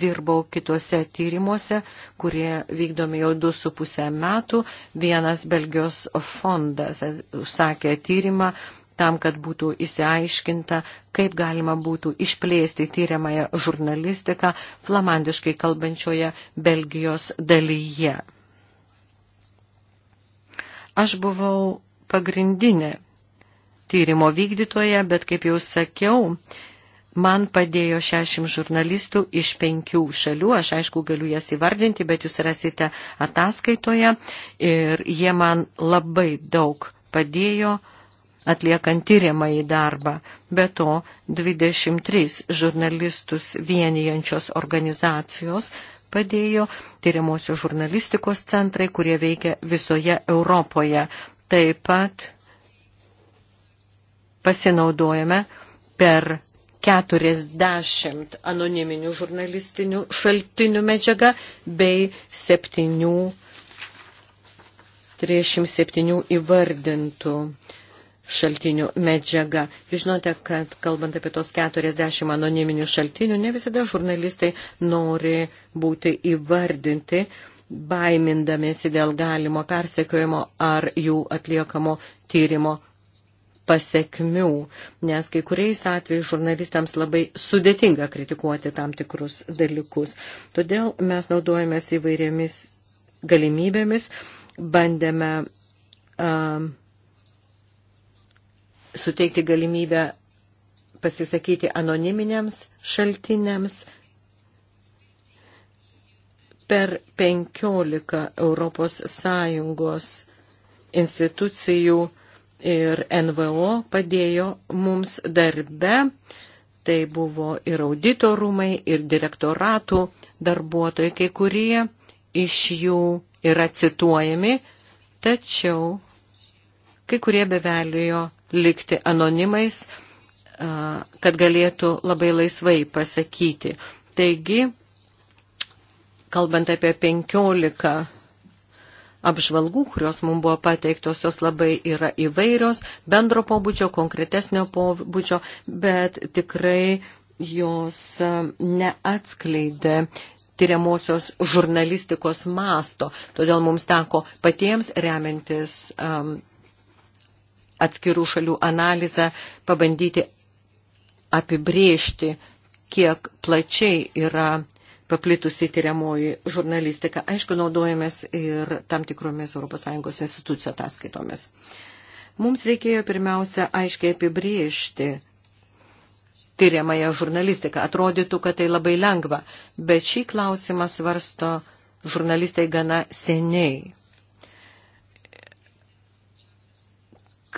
dirbau kitose tyrimuose, kurie vykdomi jau du su pusę metų. Vienas Belgijos fondas e, užsakė tyrimą tam, kad būtų įsiaiškinta, kaip galima būtų išplėsti tyriamąją žurnalistiką flamandiškai kalbančioje Belgijos dalyje. Aš buvau pagrindinė tyrimo vykdytoja, bet kaip jau sakiau, man padėjo 60 žurnalistų iš penkių šalių, aš aišku galiu jas įvardinti, bet jūs rasite ataskaitoje ir jie man labai daug padėjo atliekant tyrimą į darbą. Be to, 23 žurnalistus vienijančios organizacijos padėjo tyriamosios žurnalistikos centrai, kurie veikia visoje Europoje. Taip pat pasinaudojame per 40 anoniminių žurnalistinių šaltinių medžiagą bei 7, 37 įvardintų šaltinių medžiaga. Jūs žinote, kad kalbant apie tos 40 anoniminių šaltinių, ne visada žurnalistai nori būti įvardinti, baimindamėsi dėl galimo persekiojimo ar jų atliekamo tyrimo pasiekmių, nes kai kuriais atvejais žurnalistams labai sudėtinga kritikuoti tam tikrus dalykus. Todėl mes naudojamės įvairiomis galimybėmis, bandėme uh, um, suteikti galimybę pasisakyti anoniminiams šaltiniams per 15 Europos Sąjungos institucijų ir NVO padėjo mums darbe. Tai buvo ir audito rūmai, ir direktoratų darbuotojai, kai kurie iš jų yra cituojami, tačiau kai kurie bevelijo likti anonimais, kad galėtų labai laisvai pasakyti. Taigi, kalbant apie 15 apžvalgų, kurios mums buvo pateiktos, jos labai yra įvairios, bendro pobūdžio, konkretesnio pobūdžio, bet tikrai jos neatskleidė tyriamosios žurnalistikos masto. Todėl mums teko patiems remiantis um, atskirų šalių analizę, pabandyti apibriežti, kiek plačiai yra paplitusi tyriamoji žurnalistika. Aišku, naudojamės ir tam tikromis ES institucijų ataskaitomis. Mums reikėjo pirmiausia aiškiai apibriežti tyriamąją žurnalistiką. Atrodytų, kad tai labai lengva, bet šį klausimą svarsto žurnalistai gana seniai.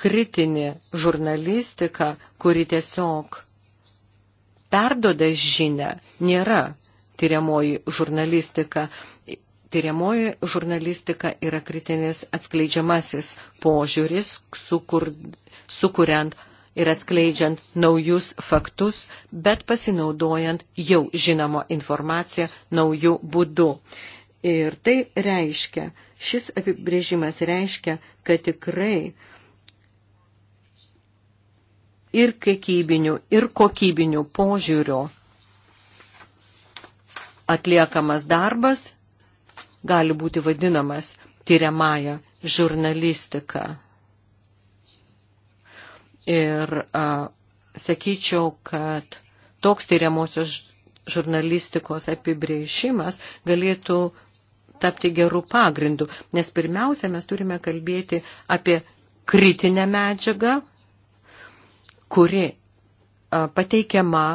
kritinė žurnalistika, kuri tiesiog perdoda žinę, nėra tyriamoji žurnalistika. Tyriamoji žurnalistika yra kritinis atskleidžiamasis požiūris, sukur, sukuriant ir atskleidžiant naujus faktus, bet pasinaudojant jau žinomo informaciją naujų būdų. Ir tai reiškia, šis apibrėžimas reiškia, kad tikrai uh, ir kiekybinių, ir kokybinių požiūrių atliekamas darbas gali būti vadinamas tyriamąją žurnalistiką. Ir a, sakyčiau, kad toks tyriamosios žurnalistikos apibrėžimas galėtų tapti gerų pagrindų, nes pirmiausia, mes turime kalbėti apie kritinę medžiagą, kuri pateikiama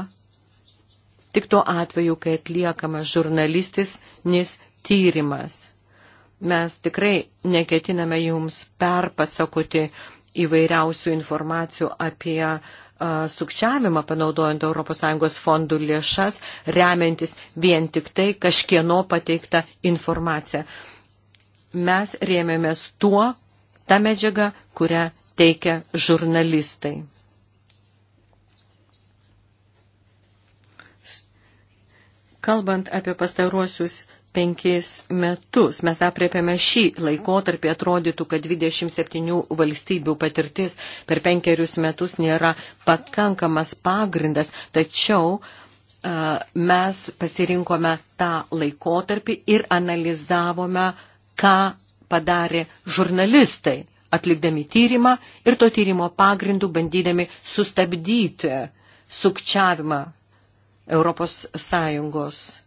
tik tuo atveju, kai atliekamas žurnalistinis tyrimas. Mes tikrai neketiname jums perpasakoti įvairiausių informacijų apie uh, sukčiavimą panaudojant ES fondų lėšas, remiantis vien tik tai kažkieno pateiktą informaciją. Mes rėmėmės tuo, tą medžiagą, kurią teikia žurnalistai. Kalbant apie pastaruosius penkis metus. Mes apriepėme šį laikotarpį, atrodytų, kad 27 valstybių patirtis per penkerius metus nėra pakankamas pagrindas, tačiau mes pasirinkome tą laikotarpį ir analizavome, ką padarė žurnalistai, atlikdami tyrimą ir to tyrimo pagrindų bandydami sustabdyti sukčiavimą Europos Sąjungos.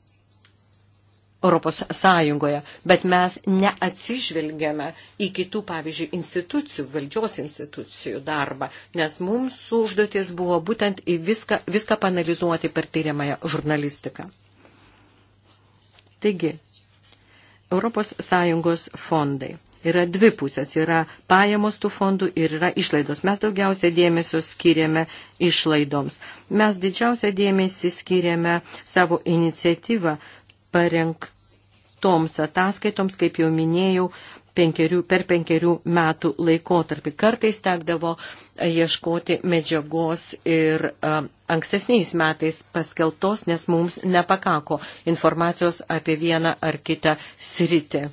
Europos Sąjungoje, bet mes neatsižvelgiame į kitų, pavyzdžiui, institucijų, valdžios institucijų darbą, nes mums užduotis buvo būtent į viską, viską panalizuoti per tyriamąją žurnalistiką. Taigi, Europos Sąjungos fondai yra dvi pusės. Yra pajamos tų fondų ir yra išlaidos. Mes daugiausia dėmesio skiriame išlaidoms. Mes didžiausia dėmesį skiriame savo iniciatyvą parengtoms ataskaitoms, kaip jau minėjau, penkerių, per penkerių metų laikotarpį. Kartais tekdavo e, ieškoti medžiagos ir um, ankstesniais metais paskeltos, nes mums nepakako informacijos apie vieną ar kitą sritį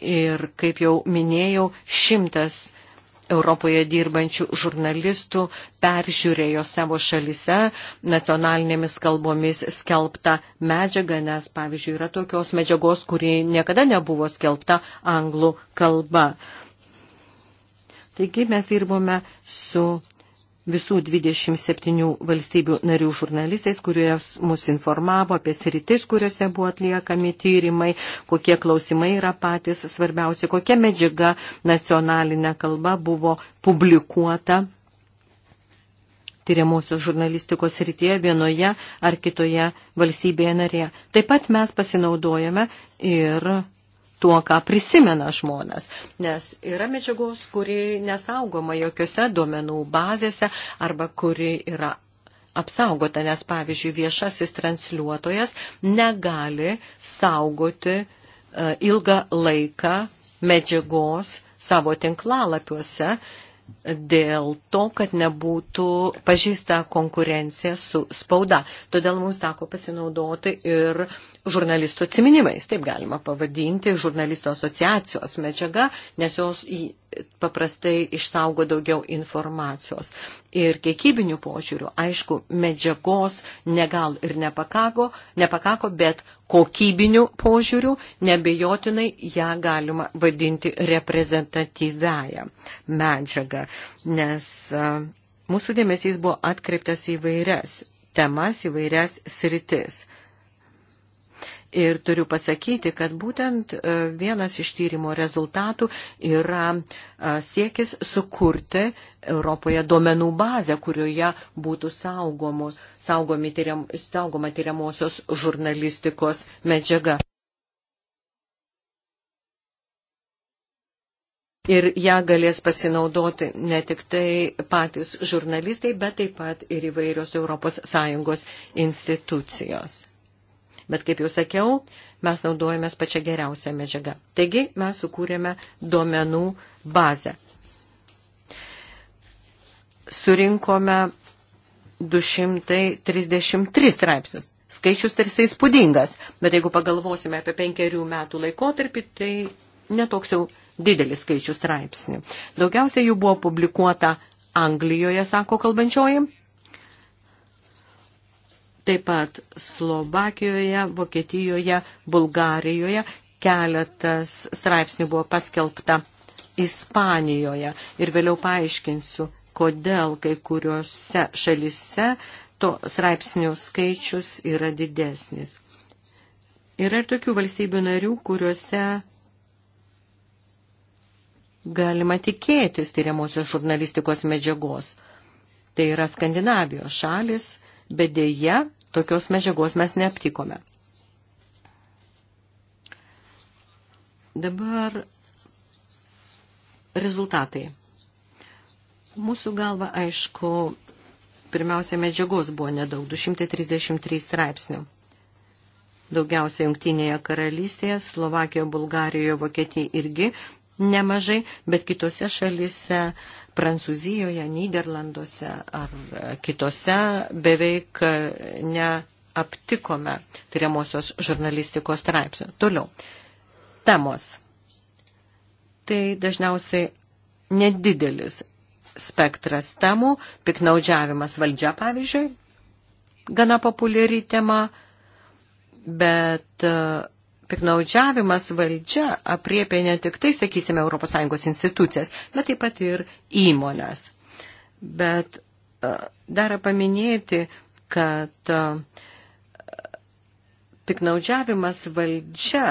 ir, kaip jau minėjau, šimtas Europoje dirbančių žurnalistų peržiūrėjo savo šalise nacionalinėmis kalbomis skelbtą medžiagą, nes, pavyzdžiui, yra tokios medžiagos, kuri niekada nebuvo skelbta anglų kalba. Taigi mes dirbome su visų 27 valstybių narių žurnalistais, kurie mus informavo apie sritis, kuriuose buvo atliekami tyrimai, kokie klausimai yra patys svarbiausi, kokia medžiaga nacionalinė kalba buvo publikuota tyriamosios žurnalistikos srityje vienoje ar kitoje valstybėje narėje. Taip pat mes pasinaudojame ir tuo, ką prisimena žmonės. Nes yra medžiagos, kuri nesaugoma jokiose duomenų bazėse arba kuri yra apsaugota, nes pavyzdžiui viešasis transliuotojas negali saugoti e, ilgą laiką medžiagos savo tinklalapiuose dėl to, kad nebūtų pažįsta konkurencija su spauda. Todėl mums teko pasinaudoti ir uh, žurnalistų atsiminimais, taip galima pavadinti, žurnalistų asociacijos medžiaga, nes jos paprastai išsaugo daugiau informacijos. Ir kiekybinių požiūrių, aišku, medžiagos negal ir nepakako, nepakako bet kokybinių požiūrių nebejotinai ją galima vadinti reprezentatyvęją medžiagą, nes e, mūsų dėmesys buvo atkreiptas į vairias temas, į vairias sritis Ir turiu pasakyti, kad būtent e, vienas iš tyrimo rezultatų yra e, siekis sukurti Europoje duomenų bazę, kurioje būtų saugomų, tyriam, saugoma tyriamosios žurnalistikos medžiaga. Ir ją galės pasinaudoti ne tik tai patys žurnalistai, bet taip pat ir įvairios ES institucijos. Bet, kaip jau sakiau, mes naudojamės pačią geriausią medžiagą. Taigi, mes sukūrėme duomenų bazę. Surinkome 233 straipsnius. Skaičius tarsi įspūdingas, bet jeigu pagalvosime apie penkerių metų laikotarpį, tai netoks jau didelis skaičius straipsnių. Daugiausia jų buvo publikuota Anglijoje, sako kalbančioji, taip pat Slovakijoje, Vokietijoje, Bulgarijoje keletas straipsnių buvo paskelbta Ispanijoje ir vėliau paaiškinsiu, kodėl kai kuriuose šalise to straipsnių skaičius yra didesnis. Yra ir tokių valstybių narių, kuriuose galima tikėtis tyriamosios žurnalistikos medžiagos. Tai yra Skandinavijos šalis, bet dėja tokios medžiagos mes neaptikome. Dabar rezultatai. Mūsų galva, aišku, pirmiausia, medžiagos buvo nedaug, 233 straipsnių. Daugiausia Junktinėje karalystėje, Slovakijoje, Bulgarijoje, Vokietijoje irgi nemažai, bet kitose šalise uh, Prancūzijoje, Niderlanduose ar kitose beveik neaptikome tyriamosios žurnalistikos straipsnių. Toliau. Temos. Tai dažniausiai nedidelis spektras temų, piknaudžiavimas valdžia, pavyzdžiui, gana populiari tema, bet uh, piknaudžiavimas valdžia apriepia ne tik tai, sakysime, ES institucijas, bet taip pat ir įmonės. Bet e, dar paminėti, kad e, piknaudžiavimas valdžia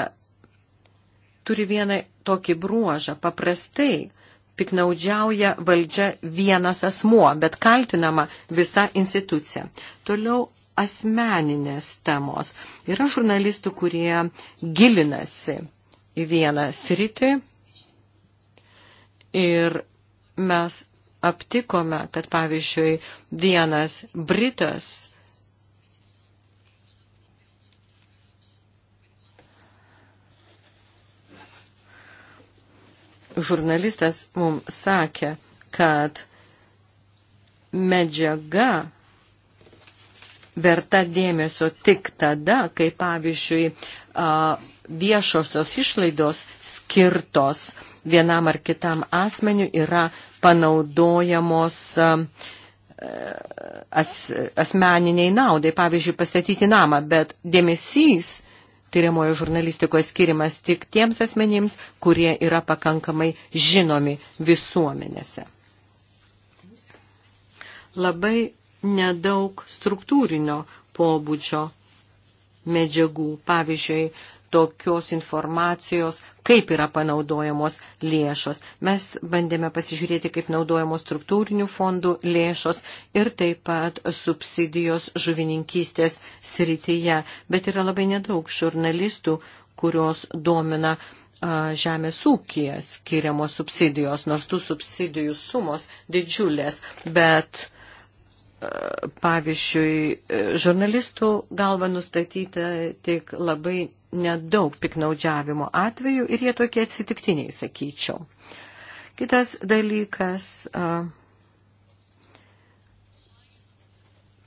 turi vieną tokį bruožą. Paprastai piknaudžiauja valdžia vienas asmuo, bet kaltinama visa institucija. Toliau asmeninės temos. Yra žurnalistų, kurie gilinasi į vieną sritį ir mes aptikome, kad pavyzdžiui vienas Britas žurnalistas mums sakė, kad medžiaga verta dėmesio tik tada, kai pavyzdžiui viešosios išlaidos skirtos vienam ar kitam asmeniu yra panaudojamos as, asmeniniai naudai, pavyzdžiui, pastatyti namą, bet dėmesys tyriamojo žurnalistikoje skirimas tik tiems asmenims, kurie yra pakankamai žinomi visuomenėse. Labai nedaug struktūrinio pobūdžio medžiagų, pavyzdžiui, tokios informacijos, kaip yra panaudojamos lėšos. Mes bandėme pasižiūrėti, kaip naudojamos struktūrinių fondų lėšos ir taip pat subsidijos žuvininkystės srityje. Bet yra labai nedaug žurnalistų, kurios domina žemės ūkija skiriamos subsidijos, nors tų subsidijų sumos didžiulės, bet uh, pavyzdžiui, e, žurnalistų galva nustatyta tik labai nedaug piknaudžiavimo atvejų ir jie tokie atsitiktiniai, sakyčiau. Kitas dalykas,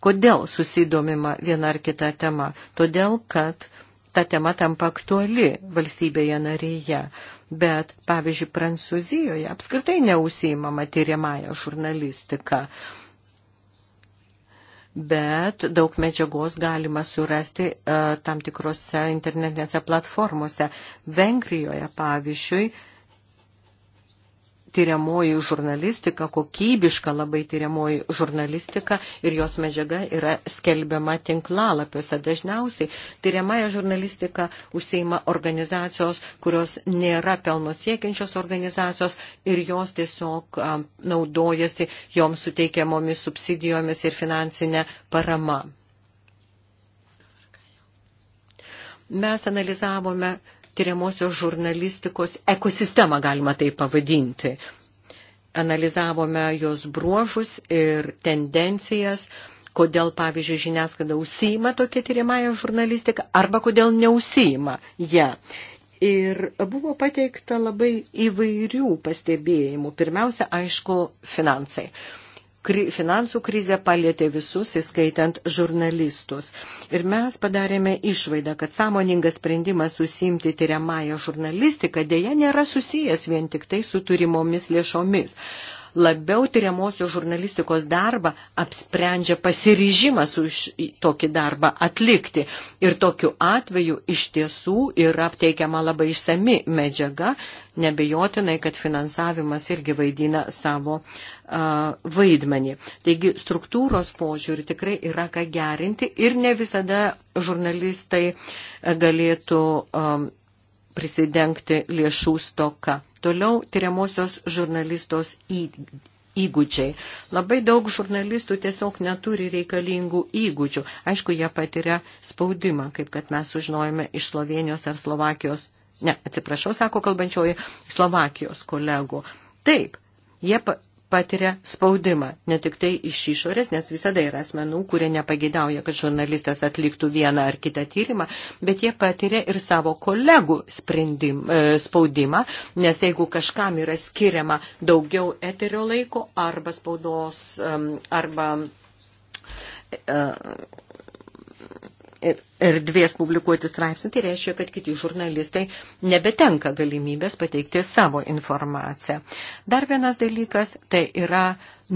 kodėl susidomima viena ar kita tema? Todėl, kad ta tema tampa aktuali valstybėje narėje. Bet, pavyzdžiui, Prancūzijoje apskritai neusimama tyriamąją žurnalistiką. Uh, bet daug medžiagos galima surasti e, tam tikrose internetinėse platformose. Vengrijoje, pavyzdžiui, tyriamoji žurnalistika, kokybiška labai tyriamoji žurnalistika ir jos medžiaga yra skelbiama tinklalapiuose. Dažniausiai tyriamąją žurnalistiką užseima organizacijos, kurios nėra pelno siekiančios organizacijos ir jos tiesiog um, naudojasi joms suteikiamomis subsidijomis ir finansinė parama. Mes analizavome tyriamosios žurnalistikos ekosistemą, galima tai pavadinti. Analizavome jos bruožus ir tendencijas, kodėl, pavyzdžiui, žiniasklaida užsijima tokia tyriamąją žurnalistiką arba kodėl neusijima ją. Ja. Ir buvo pateikta labai įvairių pastebėjimų. Pirmiausia, aišku, finansai. Uh, kri, finansų krizė palėtė visus, įskaitant žurnalistus. Ir mes padarėme išvaidą, kad sąmoningas sprendimas susimti tyriamąją žurnalistiką dėja nėra susijęs vien tik tai su turimomis lėšomis. Labiau tyriamosios žurnalistikos darbą apsprendžia pasiryžimas už tokį darbą atlikti. Ir tokiu atveju iš tiesų yra apteikiama labai išsami medžiaga, nebejotinai, kad finansavimas irgi vaidina savo uh, vaidmenį. Taigi struktūros požiūrį tikrai yra ką gerinti ir ne visada žurnalistai galėtų prisidengti lėšų stoka. Toliau tyriamosios žurnalistos įgūdžiai. Labai daug žurnalistų tiesiog neturi reikalingų įgūdžių. Aišku, jie patiria spaudimą, kaip kad mes sužinojame iš Slovenijos ar Slovakijos. Ne, atsiprašau, sako kalbančioji Slovakijos kolegų. Taip, jie patiria spaudimą, ne tik tai iš išorės, nes visada yra asmenų, kurie nepagėdauja, kad žurnalistas atliktų vieną ar kitą tyrimą, bet jie patiria ir savo kolegų sprendim, e, spaudimą, nes jeigu kažkam yra skiriama daugiau eterio laiko arba spaudos, arba e, erdvės publikuoti straipsnį, tai reiškia, kad kiti žurnalistai nebetenka galimybės pateikti savo informaciją. Dar vienas dalykas tai yra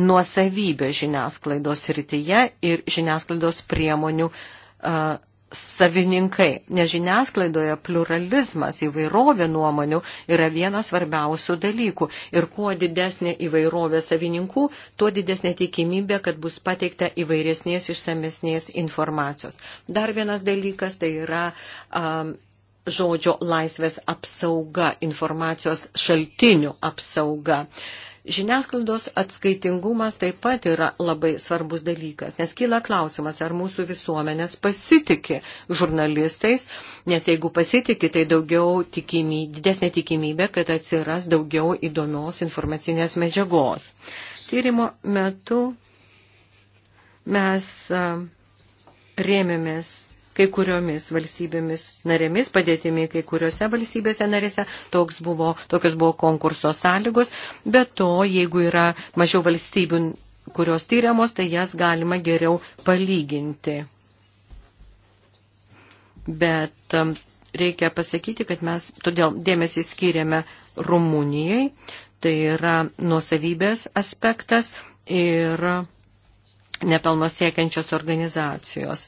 nuosavybė žiniasklaidos rytyje ir žiniasklaidos priemonių uh, savininkai, nes žiniasklaidoje pluralizmas įvairovė nuomonių yra vienas svarbiausių dalykų. Ir kuo didesnė įvairovė savininkų, tuo didesnė tikimybė, kad bus pateikta įvairesnės išsamesnės informacijos. Dar vienas dalykas tai yra um, žodžio laisvės apsauga, informacijos šaltinių apsauga. Uh, Žiniasklaidos atskaitingumas taip pat yra labai svarbus dalykas, nes kyla klausimas, ar mūsų visuomenės pasitikė žurnalistais, nes jeigu pasitikė, tai daugiau tikimybė, didesnė tikimybė, kad atsiras daugiau įdomios informacinės medžiagos. Tyrimo metu mes rėmėmės kai kuriomis valstybėmis narėmis, padėtimi kai kuriuose valstybėse narėse, toks buvo, tokios buvo konkurso sąlygos, bet to, jeigu yra mažiau valstybių, kurios tyriamos, tai jas galima geriau palyginti. Bet um, reikia pasakyti, kad mes todėl dėmesį skiriame Rumunijai, tai yra nuosavybės aspektas ir nepelno siekiančios organizacijos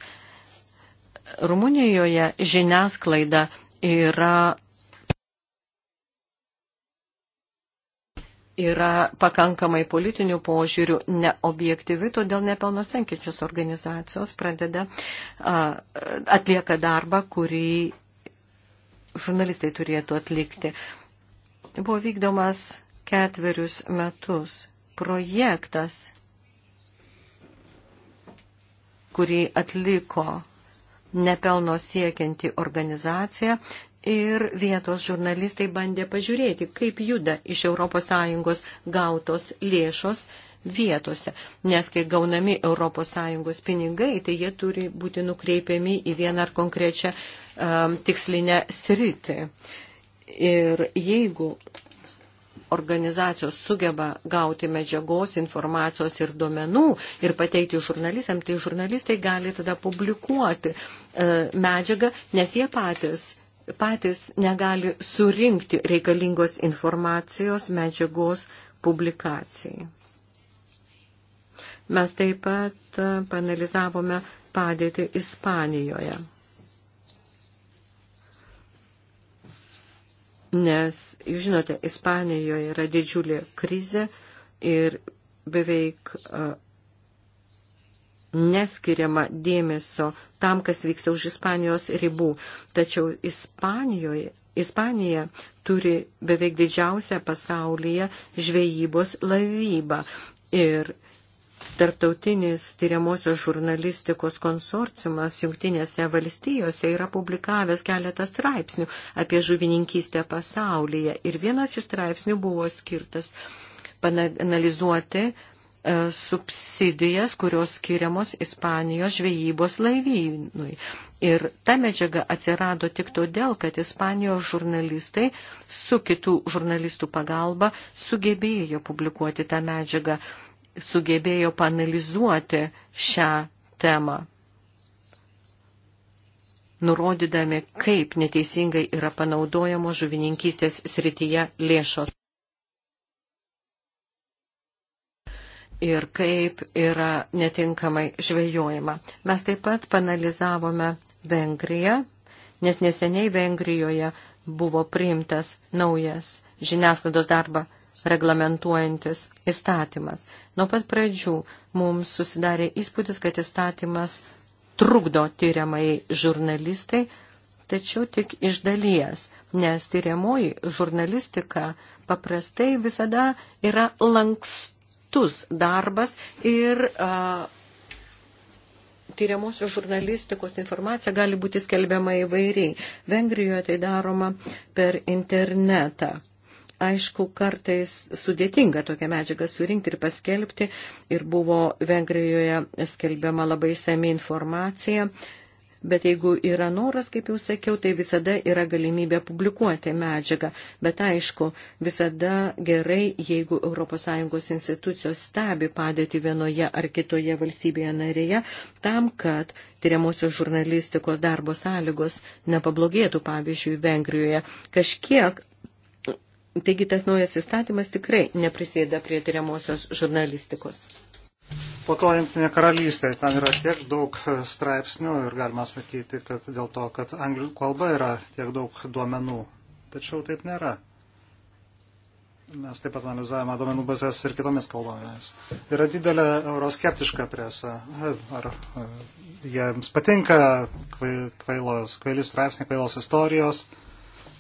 Rumunijoje žiniasklaida yra, yra pakankamai politinių požiūrių neobjektyvi, todėl nepelnosenkiančios organizacijos pradeda, a, atlieka darbą, kurį žurnalistai turėtų atlikti. Buvo vykdomas ketverius metus projektas, kurį atliko nepelno siekianti organizacija ir vietos žurnalistai bandė pažiūrėti, kaip juda iš ES gautos lėšos vietose, nes kai gaunami ES pinigai, tai jie turi būti nukreipiami į vieną ar konkrečią um, tikslinę sritį. Ir jeigu organizacijos sugeba gauti medžiagos, informacijos ir duomenų ir pateikti žurnalistam, tai žurnalistai gali tada publikuoti e, medžiagą, nes jie patys patys negali surinkti reikalingos informacijos medžiagos publikacijai. Mes taip pat e, panalizavome padėtį Ispanijoje. nes, jūs žinote, Ispanijoje yra didžiulė krizė ir beveik uh, neskiriama dėmesio tam, kas vyksta už Ispanijos ribų. Tačiau Ispanijoje, Ispanija turi beveik didžiausią pasaulyje žvejybos lavybą. Ir uh, Tarptautinis tyriamosios žurnalistikos konsorciumas Jungtinėse valstijose yra publikavęs keletą straipsnių apie žuvininkystę pasaulyje ir vienas iš straipsnių buvo skirtas panalizuoti e, subsidijas, kurios skiriamos Ispanijos žvejybos laivynui. Ir ta medžiaga atsirado tik todėl, kad Ispanijos žurnalistai su kitų žurnalistų pagalba sugebėjo publikuoti tą medžiagą sugebėjo panalizuoti šią temą, nurodydami, kaip neteisingai yra panaudojamos žuvininkystės srityje lėšos. ir kaip yra netinkamai žvejojama. Mes taip pat panalizavome Vengriją, nes neseniai Vengrijoje buvo priimtas naujas žiniasklaidos darbą reglamentuojantis įstatymas. Nuo pat pradžių mums susidarė įspūdis, kad įstatymas trukdo tyriamai žurnalistai, tačiau tik iš dalies, nes tyriamoji žurnalistika paprastai visada yra lankstus darbas ir uh, tyriamosios žurnalistikos informacija gali būti skelbiama įvairiai. Vengrijoje tai daroma per internetą aišku, kartais sudėtinga tokią medžiagą surinkti ir paskelbti. Ir buvo Vengrijoje skelbiama labai išsami informacija. Bet jeigu yra noras, kaip jau sakiau, tai visada yra galimybė publikuoti medžiagą. Bet aišku, visada gerai, jeigu ES institucijos stebi padėti vienoje ar kitoje valstybėje narėje, tam, kad tyriamosios žurnalistikos darbo sąlygos nepablogėtų, pavyzdžiui, Vengrijoje. Kažkiek Taigi tas naujas įstatymas tikrai neprisėda prie tyriamosios žurnalistikos. Po to Junktinė karalystė, ten yra tiek daug straipsnių ir galima sakyti, kad dėl to, kad anglų kalba yra tiek daug duomenų. Tačiau taip nėra. Mes taip pat analizavome duomenų bazės ir kitomis kalbomis. Yra didelė euroskeptiška presa. Ar e, jiems patinka kvailos, kvailis straipsniai, kvailos istorijos.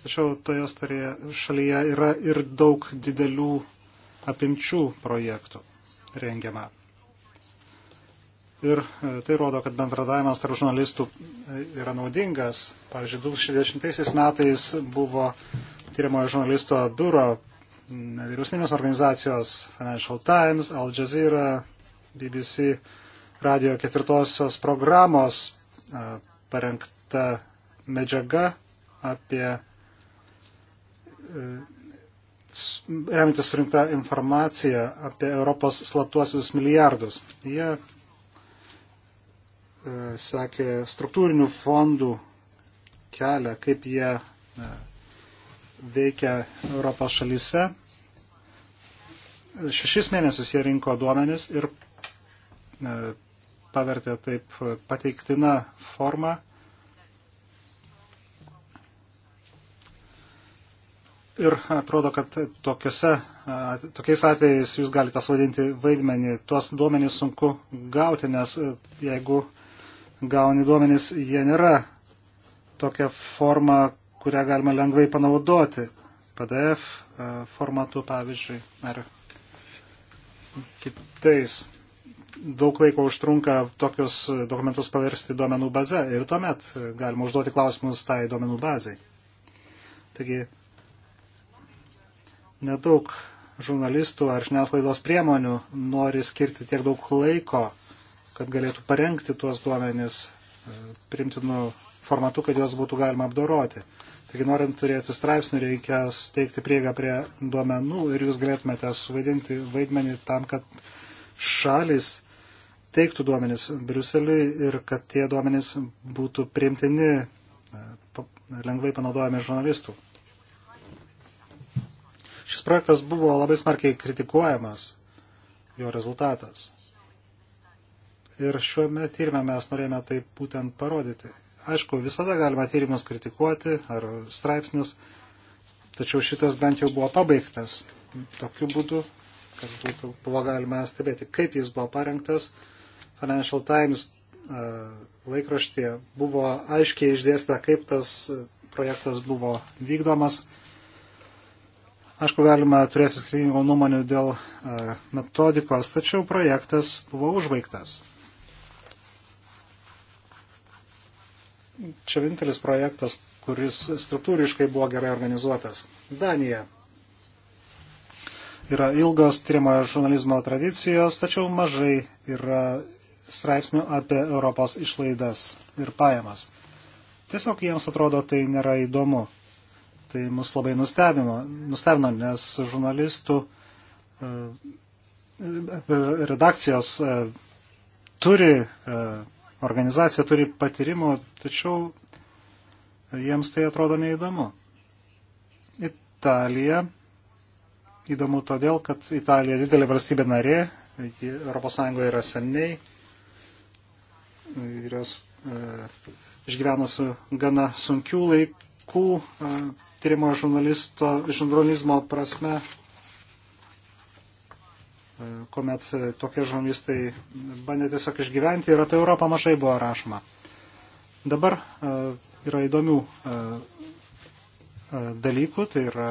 Tačiau toje starėje, šalyje yra ir daug didelių apimčių projektų rengiama. Ir e, tai rodo, kad bendradavimas tarp žurnalistų e, yra naudingas. Pavyzdžiui, 2010 metais buvo tyrimojo žurnalisto biuro nevyriausybinės organizacijos Financial Times, Al Jazeera, BBC radio ketvirtosios programos e, parengta medžiaga apie E, remintis surinktą informaciją apie Europos slaptuosius milijardus. Jie e, sekė struktūrinių fondų kelią, kaip jie e, veikia Europos šalyse. Šešis mėnesius jie rinko duomenis ir pavertė taip pateiktina formą Ir atrodo, kad tokiuose, tokiais atvejais jūs galite svadinti vaidmenį. Tuos duomenys sunku gauti, nes e, jeigu gauni duomenys, jie nėra tokia forma, kurią galima lengvai panaudoti. PDF e, formatu, pavyzdžiui, ar kitais. Daug laiko užtrunka tokius dokumentus paversti duomenų bazę ir tuomet e, galima užduoti klausimus tai duomenų bazai. Taigi Nedaug žurnalistų ar žiniasklaidos priemonių nori skirti tiek daug laiko, kad galėtų parengti tuos duomenis e, primtinu formatu, kad juos būtų galima apdoroti. Taigi, norint turėti straipsnį, reikia suteikti prieigą prie duomenų ir jūs galėtumėte suvaidinti vaidmenį tam, kad šalis teiktų duomenis Briuseliui ir kad tie duomenis būtų priimtini, e, lengvai panaudojami žurnalistų. Šis projektas buvo labai smarkiai kritikuojamas, jo rezultatas. Ir šiuo tyrimė mes norėjome tai būtent parodyti. Aišku, visada galima tyrimus kritikuoti ar straipsnius, tačiau šitas bent jau buvo pabaigtas tokiu būdu, kad būtų, buvo galima stebėti, kaip jis buvo parengtas. Financial Times e, laikraštėje buvo aiškiai išdėsta, kaip tas projektas buvo vykdomas Aišku, galima turėti skirtingų nuomonių dėl e, metodikos, tačiau projektas buvo užbaigtas. Čia vienintelis projektas, kuris struktūriškai buvo gerai organizuotas. Danija. Yra ilgos tyrimo žurnalizmo tradicijos, tačiau mažai yra straipsnių apie Europos išlaidas ir pajamas. Tiesiog jiems atrodo tai nėra įdomu tai mus labai nustebino, nustebino nes žurnalistų e, e, redakcijos e, turi, organizacija turi patyrimų, tačiau jiems tai atrodo neįdomu. Italija įdomu todėl, kad Italija didelė valstybė narė, ES yra seniai, yra e, išgyvenusi gana sunkių laikų, e, tyrimo žurnalizmo prasme, e, kuomet e, tokie žurnalistai bandė tiesiog išgyventi ir apie Europą mažai buvo rašoma. Dabar e, yra įdomių dalykų, tai yra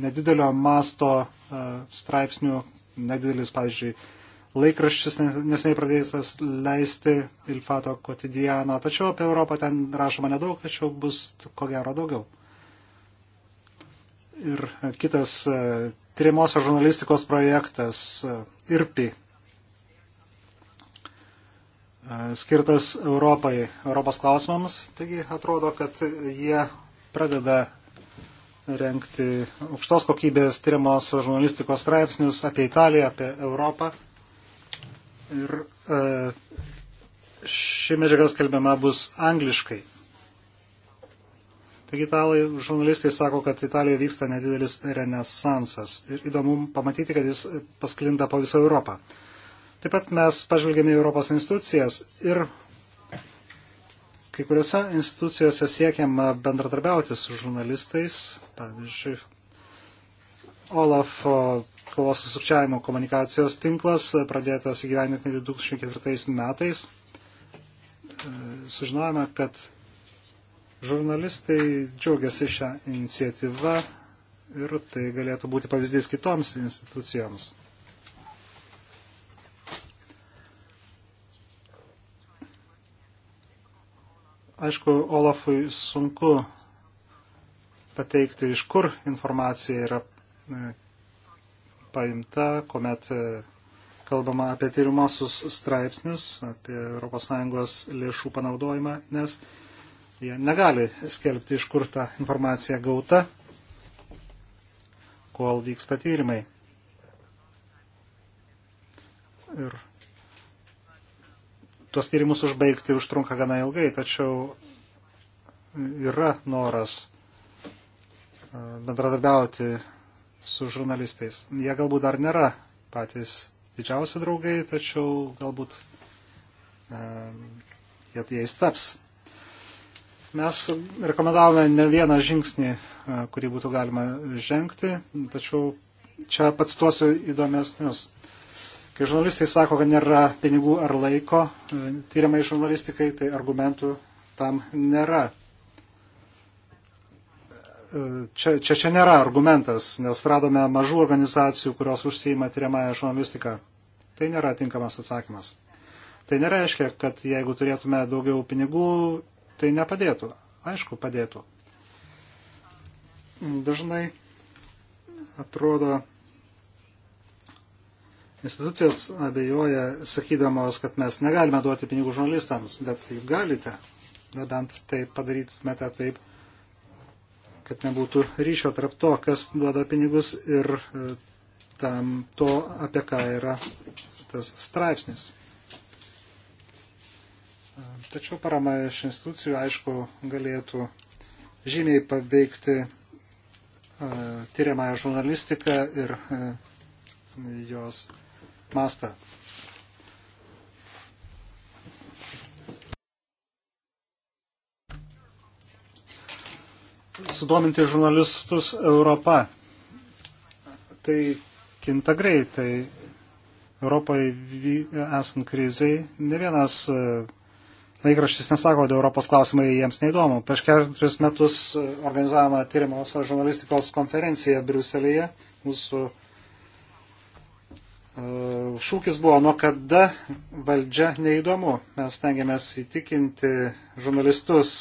nedidelio masto straipsnių, nedidelis, pavyzdžiui, laikraščius nesnei pradėtas leisti Ilfato kotidiano, tačiau apie Europą ten rašoma nedaug, tačiau bus ko gero daugiau ir kitas e, tyrimosios žurnalistikos projektas e, IRPI, e, skirtas Europai, Europos klausimams. Taigi atrodo, kad jie pradeda renkti aukštos kokybės tyrimos žurnalistikos straipsnius apie Italiją, apie Europą. Ir e, ši medžiaga skelbiama bus angliškai. Taigi italai žurnalistai sako, kad Italijoje vyksta nedidelis renesansas. Ir įdomu pamatyti, kad jis pasklinda po visą Europą. Taip pat mes pažvelgėme į Europos institucijas ir kai kuriuose institucijose siekiama bendradarbiauti su žurnalistais, pavyzdžiui, Olafo kovos su sukčiavimo komunikacijos tinklas pradėtas įgyvendinti 2004 metais. Sužinojame, kad Žurnalistai džiaugiasi šią iniciatyvą ir tai galėtų būti pavyzdys kitoms institucijoms. Aišku, Olafui sunku pateikti, iš kur informacija yra e, paimta, kuomet e, kalbama apie tyrimosius straipsnius, apie ES lėšų panaudojimą, nes Jie negali skelbti, iš kur ta informacija gauta, kol vyksta tyrimai. Ir tuos tyrimus užbaigti užtrunka gana ilgai, tačiau yra noras e, bendradarbiauti su žurnalistais. Jie galbūt dar nėra patys didžiausi draugai, tačiau galbūt e, jie jais taps. Mes rekomendavome ne vieną žingsnį, e, kurį būtų galima žengti, tačiau čia pats tuosiu įdomesnius. Kai žurnalistai sako, kad nėra pinigų ar laiko e, tyrimai žurnalistikai, tai argumentų tam nėra. E, čia, čia, čia nėra argumentas, nes radome mažų organizacijų, kurios užsieima tyriamąją žurnalistiką. Tai nėra tinkamas atsakymas. Tai nereiškia, kad jeigu turėtume daugiau pinigų, tai nepadėtų. Aišku, padėtų. Dažnai atrodo, institucijos abejoja, sakydamos, kad mes negalime duoti pinigų žurnalistams, bet juk galite. Nebent tai padarytumėte taip, kad nebūtų ryšio tarp to, kas duoda pinigus ir e, tam to, apie ką yra tas straipsnis. Tačiau parama iš institucijų, aišku, galėtų žymiai paveikti e, tyriamąją žurnalistiką ir e, jos mastą. Sudominti žurnalistus Europą. Tai kinta greitai. Europoje esant kriziai, ne vienas e, laikraštis nesako, kad Europos klausimai jiems neįdomu. Prieš keturis metus organizavome tyrimos žurnalistikos konferenciją Briuselėje. Mūsų e, šūkis buvo, nuo kada valdžia neįdomu. Mes tengiamės įtikinti žurnalistus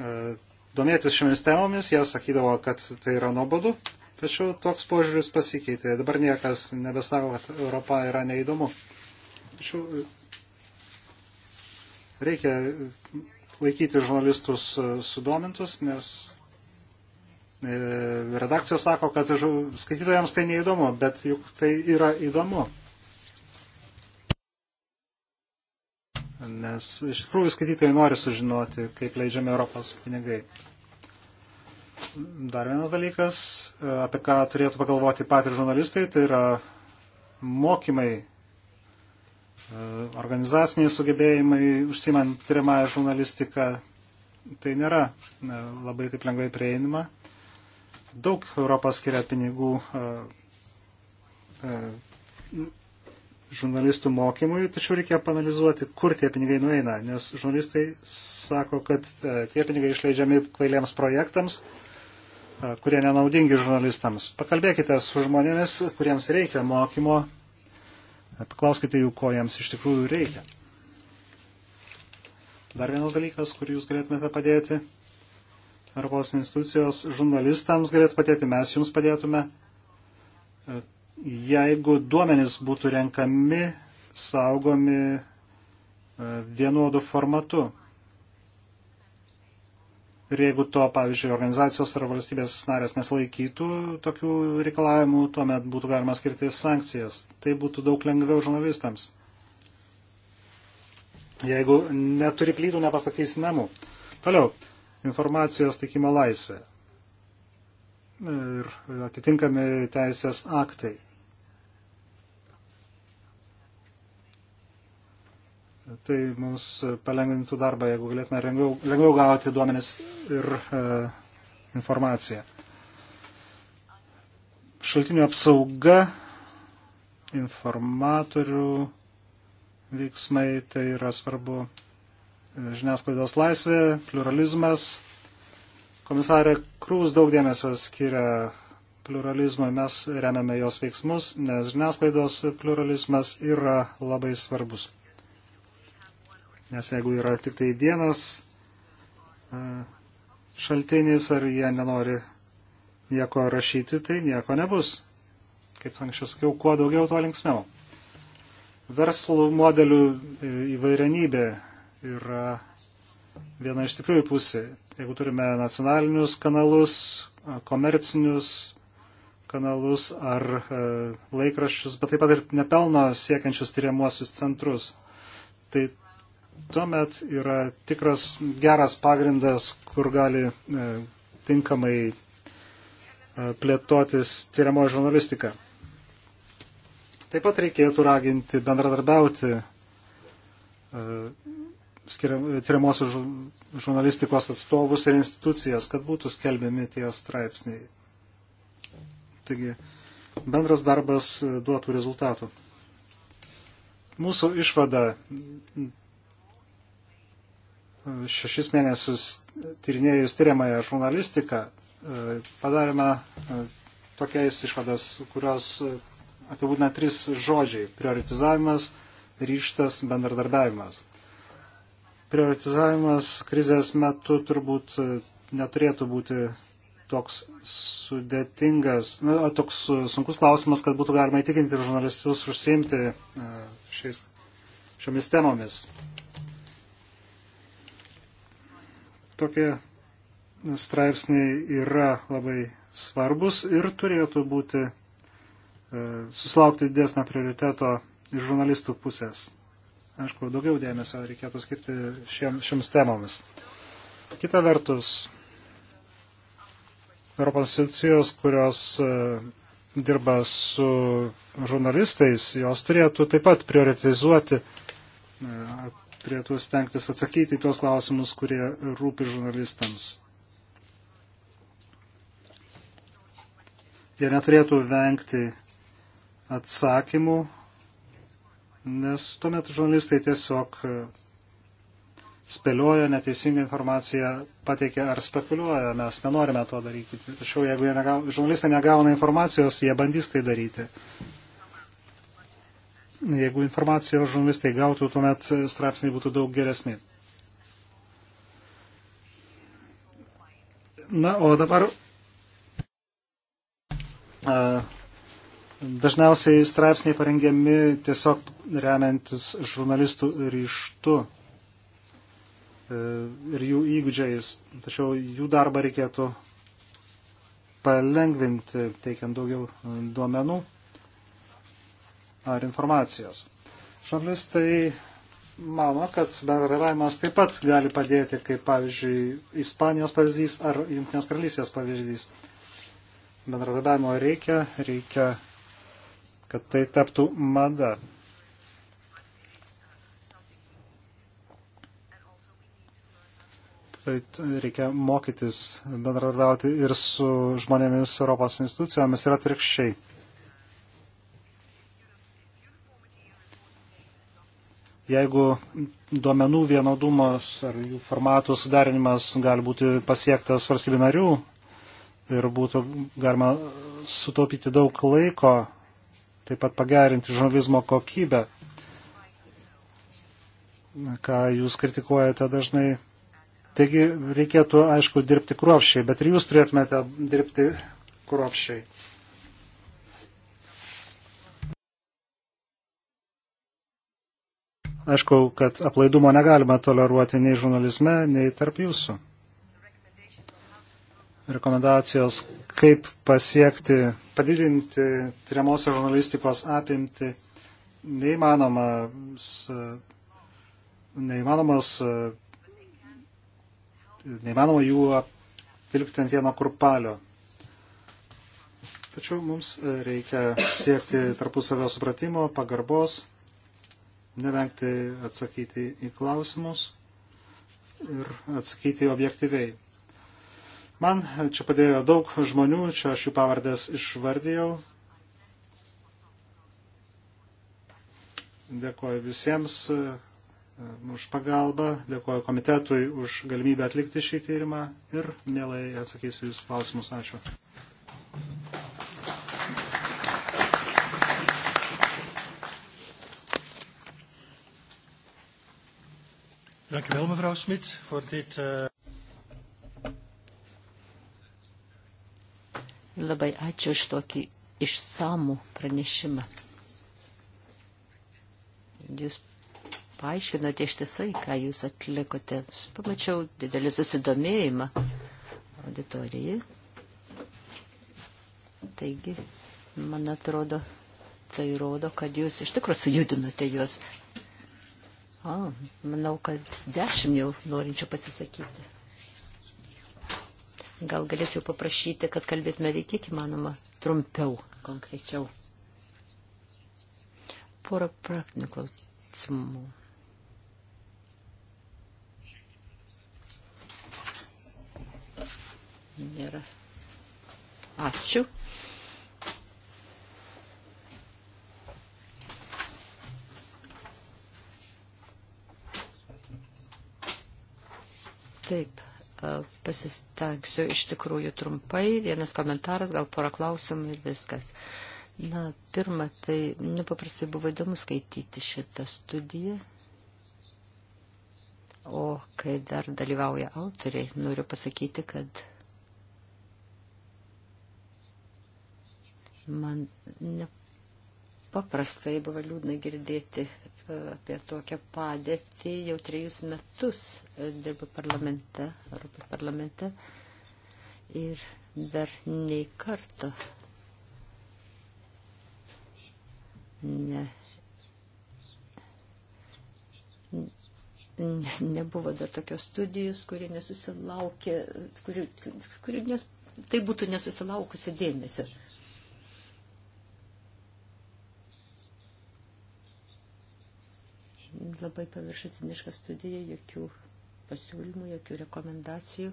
e, domėtis šiomis temomis. Jie sakydavo, kad tai yra nuobodu. Tačiau toks požiūris pasikeitė. Dabar niekas nebesako, kad Europa yra neįdomu. Tačiau Reikia laikyti žurnalistus e, sudomintus, nes e, redakcija sako, kad skaitytojams tai neįdomu, bet juk tai yra įdomu. Nes iš tikrųjų skaitytojai nori sužinoti, kaip leidžiami Europos pinigai. Dar vienas dalykas, e, apie ką turėtų pagalvoti patys žurnalistai, tai yra mokymai E, organizaciniai sugebėjimai užsimant tyriamąją žurnalistiką, tai nėra e, labai taip lengvai prieinama. Daug Europos skiria pinigų e, žurnalistų mokymui, tačiau reikia panalizuoti, kur tie pinigai nueina, nes žurnalistai sako, kad tie pinigai išleidžiami kvailiems projektams, kurie nenaudingi žurnalistams. Pakalbėkite su žmonėmis, kuriems reikia mokymo Paklauskite jų, ko jiems iš tikrųjų reikia. Dar vienas dalykas, kurį jūs galėtumėte padėti. Europos institucijos žurnalistams galėtų padėti, mes jums padėtume. E, jeigu duomenys būtų renkami, saugomi e, vienodu formatu, Ir jeigu to, pavyzdžiui, organizacijos ar valstybės narės nesilaikytų tokių reikalavimų, tuomet būtų galima skirti sankcijas. Tai būtų daug lengviau žurnalistams. Jeigu neturi plytų, nepastatys namų. Toliau, informacijos teikimo laisvė ir atitinkami teisės aktai. tai mums palengvintų darbą, jeigu galėtume lengviau, lengviau gauti duomenis ir e, informaciją. Šaltinių apsauga, informatorių veiksmai, tai yra svarbu e, žiniasklaidos laisvė, pluralizmas. Komisarė Krūs daug dėmesio skiria pluralizmui, mes remiame jos veiksmus, nes žiniasklaidos pluralizmas yra labai svarbus. Nes jeigu yra tik tai vienas e, šaltinis ar jie nenori nieko rašyti, tai nieko nebus. Kaip anksčiau sakiau, kuo daugiau, tuo linksmiau. Verslų modelių e, įvairenybė yra viena iš stipriųjų pusė. Jeigu turime nacionalinius kanalus, e, komercinius kanalus ar e, laikraščius, bet taip pat ir nepelno siekiančius tyriamuosius centrus, tai tuomet yra tikras geras pagrindas, kur gali e, tinkamai e, plėtotis tyriamo žurnalistika. Taip pat reikėtų raginti bendradarbiauti e, tyriamosios žurnalistikos atstovus ir institucijas, kad būtų skelbiami tie straipsniai. Taigi, bendras darbas duotų rezultatų. Mūsų išvada šešis mėnesius tyrinėjus tyriamąją žurnalistiką, e, padarėme e, tokiais išvadas, kurios e, apibūdina tris žodžiai - prioritizavimas, ryštas, bendradarbiavimas. Prioritizavimas krizės metu turbūt neturėtų būti toks sudėtingas, nu, toks sunkus klausimas, kad būtų galima įtikinti žurnalistus užsiimti šiais, šiomis temomis. Tokie straipsniai yra labai svarbus ir turėtų būti e, susilaukti didesnio prioriteto iš žurnalistų pusės. Aišku, daugiau dėmesio reikėtų skirti šiem, šiems temomis. Kita vertus, Europos institucijos, kurios e, dirba su žurnalistais, jos turėtų taip pat prioritizuoti e, turėtų stengtis atsakyti į tuos klausimus, kurie rūpi žurnalistams. Jie neturėtų vengti atsakymų, nes tuomet žurnalistai tiesiog spėlioja neteisingą informaciją, pateikia ar spekuliuoja, mes nenorime to daryti. Tačiau jeigu negauna, žurnalistai negauna informacijos, jie bandys tai daryti. Jeigu informaciją žurnalistai gautų, tuomet straipsniai būtų daug geresni. Na, o dabar dažniausiai straipsniai parengiami tiesiog remiantis žurnalistų ryštu e, ir jų įgūdžiais, tačiau jų darbą reikėtų palengvinti, teikiant daugiau duomenų ar informacijos. Žurnalistai mano, kad bendravimas taip pat gali padėti, kaip pavyzdžiui, Ispanijos pavyzdys ar Junktinės karalystės pavyzdys. Bendradarbiavimo reikia, reikia, kad tai taptų mada. Tai reikia mokytis bendradarbiauti ir su žmonėmis Europos institucijomis ir atvirkščiai. jeigu duomenų vienodumas ar jų formatų sudarinimas gali būti pasiektas valstybių narių ir būtų galima sutaupyti daug laiko, taip pat pagerinti žurnalizmo kokybę, ką jūs kritikuojate dažnai. Taigi reikėtų, aišku, dirbti kruopščiai, bet ir jūs turėtumėte dirbti kruopščiai. Aišku, kad aplaidumo negalima toleruoti nei žurnalizme, nei tarp jūsų. Rekomendacijos, kaip pasiekti, padidinti tyriamosios žurnalistikos apimti, neįmanomas, neįmanomas, neįmanoma jų apvilkti ant vieno kurpalio. Tačiau mums reikia siekti tarpusavio supratimo, pagarbos nevengti atsakyti į klausimus ir atsakyti objektyviai. Man čia padėjo daug žmonių, čia aš jų pavardės išvardėjau. Dėkuoju visiems e, už pagalbą, dėkuoju komitetui už galimybę atlikti šį tyrimą ir mielai atsakysiu jūsų klausimus. Ačiū. Dank u wel, mevrouw Smit, voor dit. Uh... Labai ačiū už tokį išsamų pranešimą. Jūs paaiškinote ištisai, ką jūs atlikote. Pamačiau didelį susidomėjimą auditorijai. Taigi, man atrodo, tai rodo, kad jūs iš tikrųjų sujudinote juos. O, manau, kad dešimt jau norinčių pasisakyti. Gal galėčiau paprašyti, kad kalbėtume kiek įmanoma trumpiau, konkrečiau. Porą praktinių klausimų. Nėra. Ačiū. Taip, pasistengsiu iš tikrųjų trumpai. Vienas komentaras, gal porą klausimų ir viskas. Na, pirma, tai nepaprastai buvo įdomu skaityti šitą studiją. O kai dar dalyvauja autoriai, noriu pasakyti, kad man nepaprastai buvo liūdna girdėti apie tokią padėtį jau trejus metus dirbu parlamente, Europos parlamente ir dar nei karto ne, ne, nebuvo dar tokios studijos, kuri nesusilaukė, kuri, kuri nes, tai būtų nesusilaukusi dėmesio. labai paviršutiniška studija, jokių pasiūlymų, jokių rekomendacijų.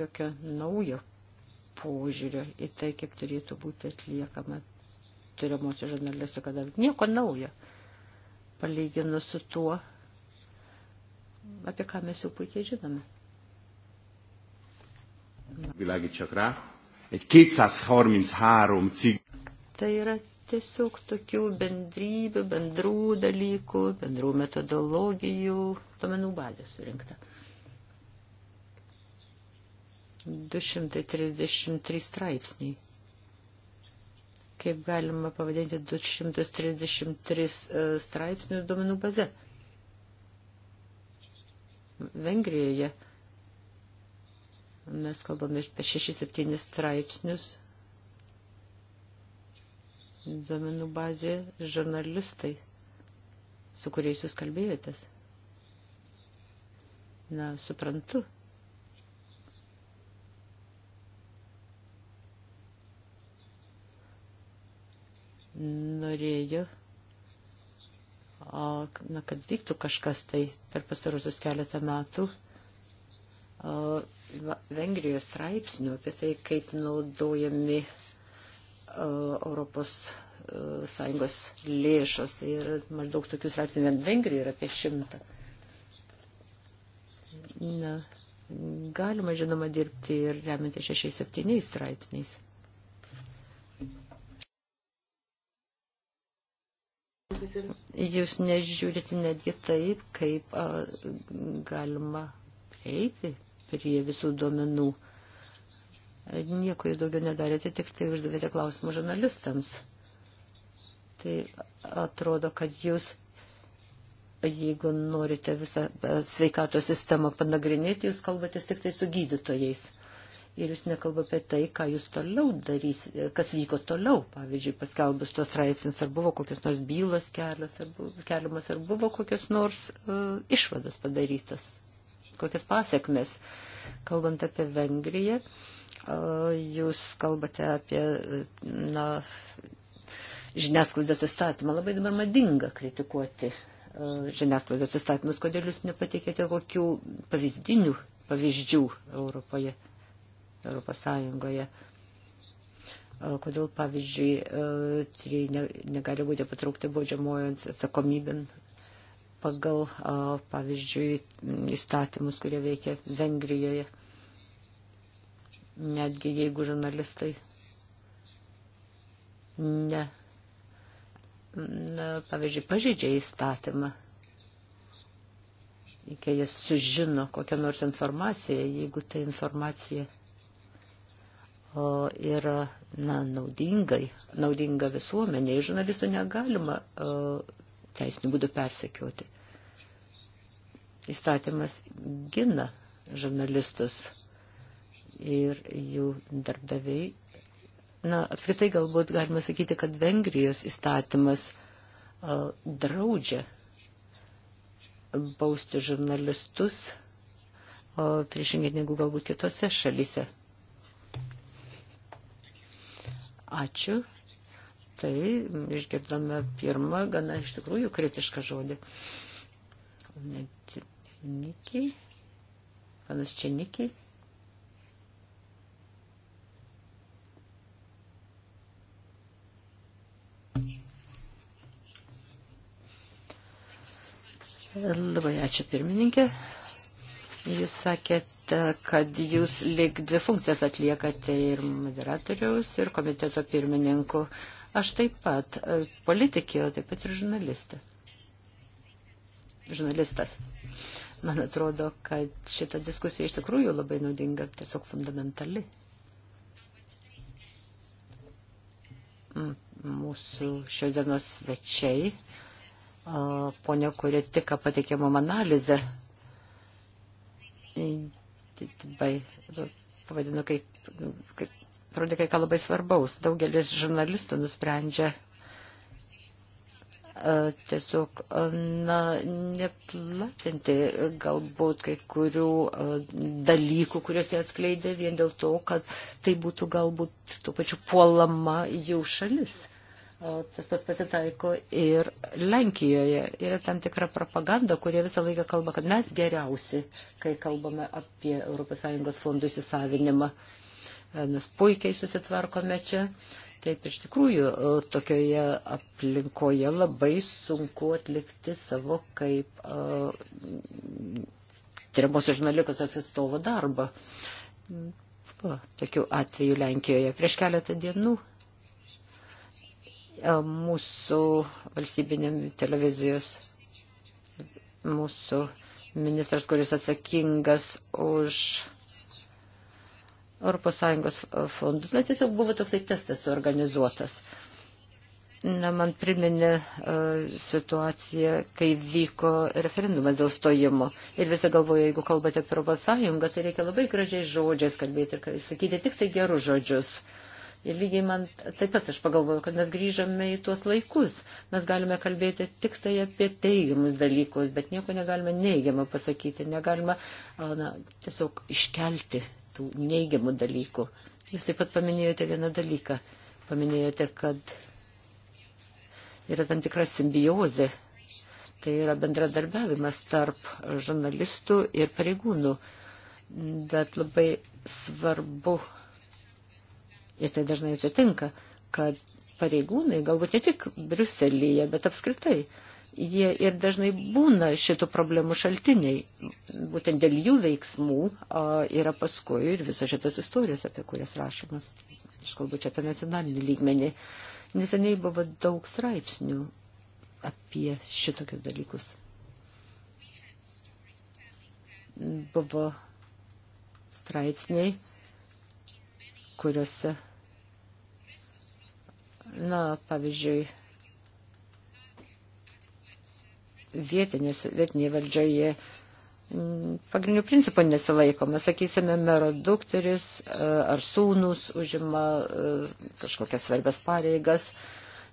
Jokio naujo požiūrio į tai, kaip turėtų būti atliekama tyriamosios žurnalistika. Nieko naujo palyginus su tuo, apie ką mes jau puikiai žinome. Világi csak rá. Egy 233 cikk. Tai yra tiesiog tokių bendrybių, bendrų dalykų, bendrų metodologijų, domenų bazė surinkta. 233 straipsniai. Kaip galima pavadinti 233 e, straipsnių domenų bazę? Vengrijoje mes kalbame apie 6-7 straipsnius duomenų bazė žurnalistai, su kuriais jūs kalbėjotės. Na, suprantu. Norėjau, na, kad vyktų kažkas tai per pastarusius keletą metų. O, Vengrijos straipsnių apie tai, kaip naudojami uh, Europos e, Sąjungos lėšos. Tai yra maždaug tokius straipsnių vien Vengrijoje yra apie šimtą. Na, galima, žinoma, dirbti ir remianti 6-7 straipsniais. Jūs nežiūrite netgi taip, kaip a, galima prieiti prie visų duomenų. A, Nieko jūs daugiau nedarėte, tik tai uždavėte klausimų žurnalistams. Tai atrodo, kad jūs jeigu norite visą e, sveikato sistemą panagrinėti, jūs kalbatės tik tai su gydytojais. Ir jūs nekalba apie tai, ką jūs toliau darysite, kas vyko toliau, pavyzdžiui, paskelbus tuos straipsnius, ar buvo kokios nors bylos kelios, ar buvo, keliamas, ar buvo kokios nors uh, e, išvadas padarytos, kokias pasiekmes. Kalbant apie Vengriją, uh, Jūs kalbate apie na, žiniasklaidos įstatymą. Labai dabar madinga kritikuoti žiniasklaidos įstatymus. Kodėl jūs nepateikėte kokių pavyzdinių pavyzdžių Europoje, Europos Sąjungoje? Kodėl, pavyzdžiui, tai ne, negali būti patraukti baudžiamojant atsakomybėn pagal, pavyzdžiui, įstatymus, kurie veikia Vengrijoje? netgi jeigu žurnalistai ne, na, pavyzdžiui, pažeidžia įstatymą, kai jis sužino kokią nors informaciją, jeigu ta informacija o, yra na, naudingai, naudinga visuomeniai, žurnalistų negalima o, teisinių būdų persekioti. Įstatymas gina žurnalistus ir jų darbdaviai. Na, apskritai galbūt galima sakyti, kad Vengrijos įstatymas uh, draudžia bausti žurnalistus, o priešingai negu galbūt kitose šalyse. Ačiū. Tai išgirdome pirmą gana iš tikrųjų kritišką žodį. Net Nikiai, panas Čenikiai. Labai ačiū pirmininkė. Jūs sakėte, kad jūs lyg dvi funkcijas atliekate ir moderatoriaus, ir komiteto pirmininkų. Aš taip pat e, politikė, o taip pat ir žurnalistė. Žurnalistas. Man atrodo, kad šita diskusija iš tikrųjų labai naudinga, tiesiog fundamentali. Mm mūsų šios dienos svečiai, ponia, kuri tik pateikė mum analizę, pavadinu, kaip, kaip rodė kai ką labai svarbaus. Daugelis žurnalistų nusprendžia tiesiog na, neplatinti galbūt kai kurių dalykų, kuriuos jie atskleidė vien dėl to, kad tai būtų galbūt tuo pačiu puolama jų šalis. Tas pats pasitaiko ir Lenkijoje. Yra tam tikra propaganda, kurie visą laiką kalba, kad mes geriausi, kai kalbame apie ES fondų įsisavinimą. E, mes puikiai susitvarkome čia. Taip iš tikrųjų, e, tokioje aplinkoje labai sunku atlikti savo kaip e, tyriamosios žurnalikos atstovo darbą. Buvo tokių atvejų Lenkijoje. Prieš keletą dienų E, mūsų valstybinėm televizijos, mūsų ministras, kuris atsakingas už ES fondus. Na, tiesiog buvo toksai testas suorganizuotas. Na, man priminė uh, situaciją, kai vyko referendumas dėl stojimo. Ir visi galvoja, jeigu kalbate apie Europos Sąjungą, tai reikia labai gražiai žodžiais kalbėti ir sakyti tik tai gerus žodžius. Uh, Ir lygiai man taip pat aš pagalvoju, kad mes grįžame į tuos laikus. Mes galime kalbėti tik tai apie teigiamus dalykus, bet nieko negalime neigiamą pasakyti, negalime na, tiesiog iškelti tų neigiamų dalykų. Jūs taip pat paminėjote vieną dalyką. Paminėjote, kad yra tam tikra simbiozė. Tai yra bendradarbiavimas tarp žurnalistų ir pareigūnų. Bet labai svarbu Ir tai dažnai atsitinka, kad pareigūnai, galbūt ne tik Briuselyje, bet apskritai, jie ir dažnai būna šitų problemų šaltiniai. Būtent dėl jų veiksmų a, yra paskui ir visos šitas istorijos, apie kurias rašomas. Aš kalbu čia apie nacionalinį lygmenį. Neseniai buvo daug straipsnių apie šitokius dalykus. Buvo straipsniai, kuriuose na, pavyzdžiui, vietinės, vietinėje valdžioje mm, pagrindinių principų nesilaikome. Sakysime, mero dukteris e, ar sūnus užima e, kažkokias svarbias pareigas.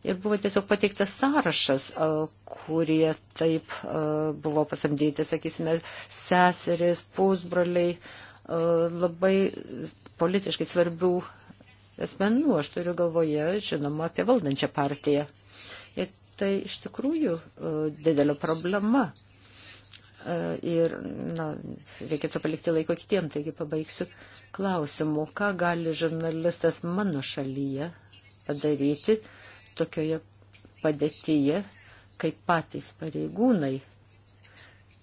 Ir buvo tiesiog pateiktas sąrašas, e, kurie taip buvo pasamdyti, sakysime, seseris, pusbroliai, labai politiškai svarbių asmenų, aš turiu galvoje, žinoma, apie valdančią partiją. Ir tai iš tikrųjų e, didelė problema. E, ir na, reikėtų palikti laiko kitiem, taigi pabaigsiu klausimu, ką gali žurnalistas mano šalyje padaryti tokioje padėtyje, kai patys pareigūnai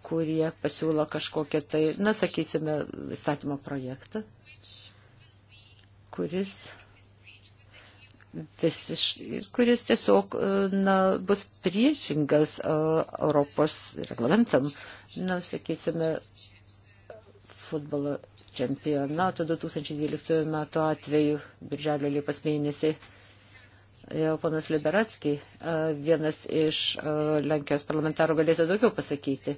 kurie pasiūlo kažkokią tai, na, sakysime, statymo projektą, kuris visiškai, kuris tiesiog e, na, bus priešingas e, Europos reglamentam, na, sakysime, futbolo čempionato 2012 metų atveju, birželio liepas mėnesį. Jau ponas Liberatski, e, vienas iš Lenkijos parlamentarų galėtų daugiau pasakyti.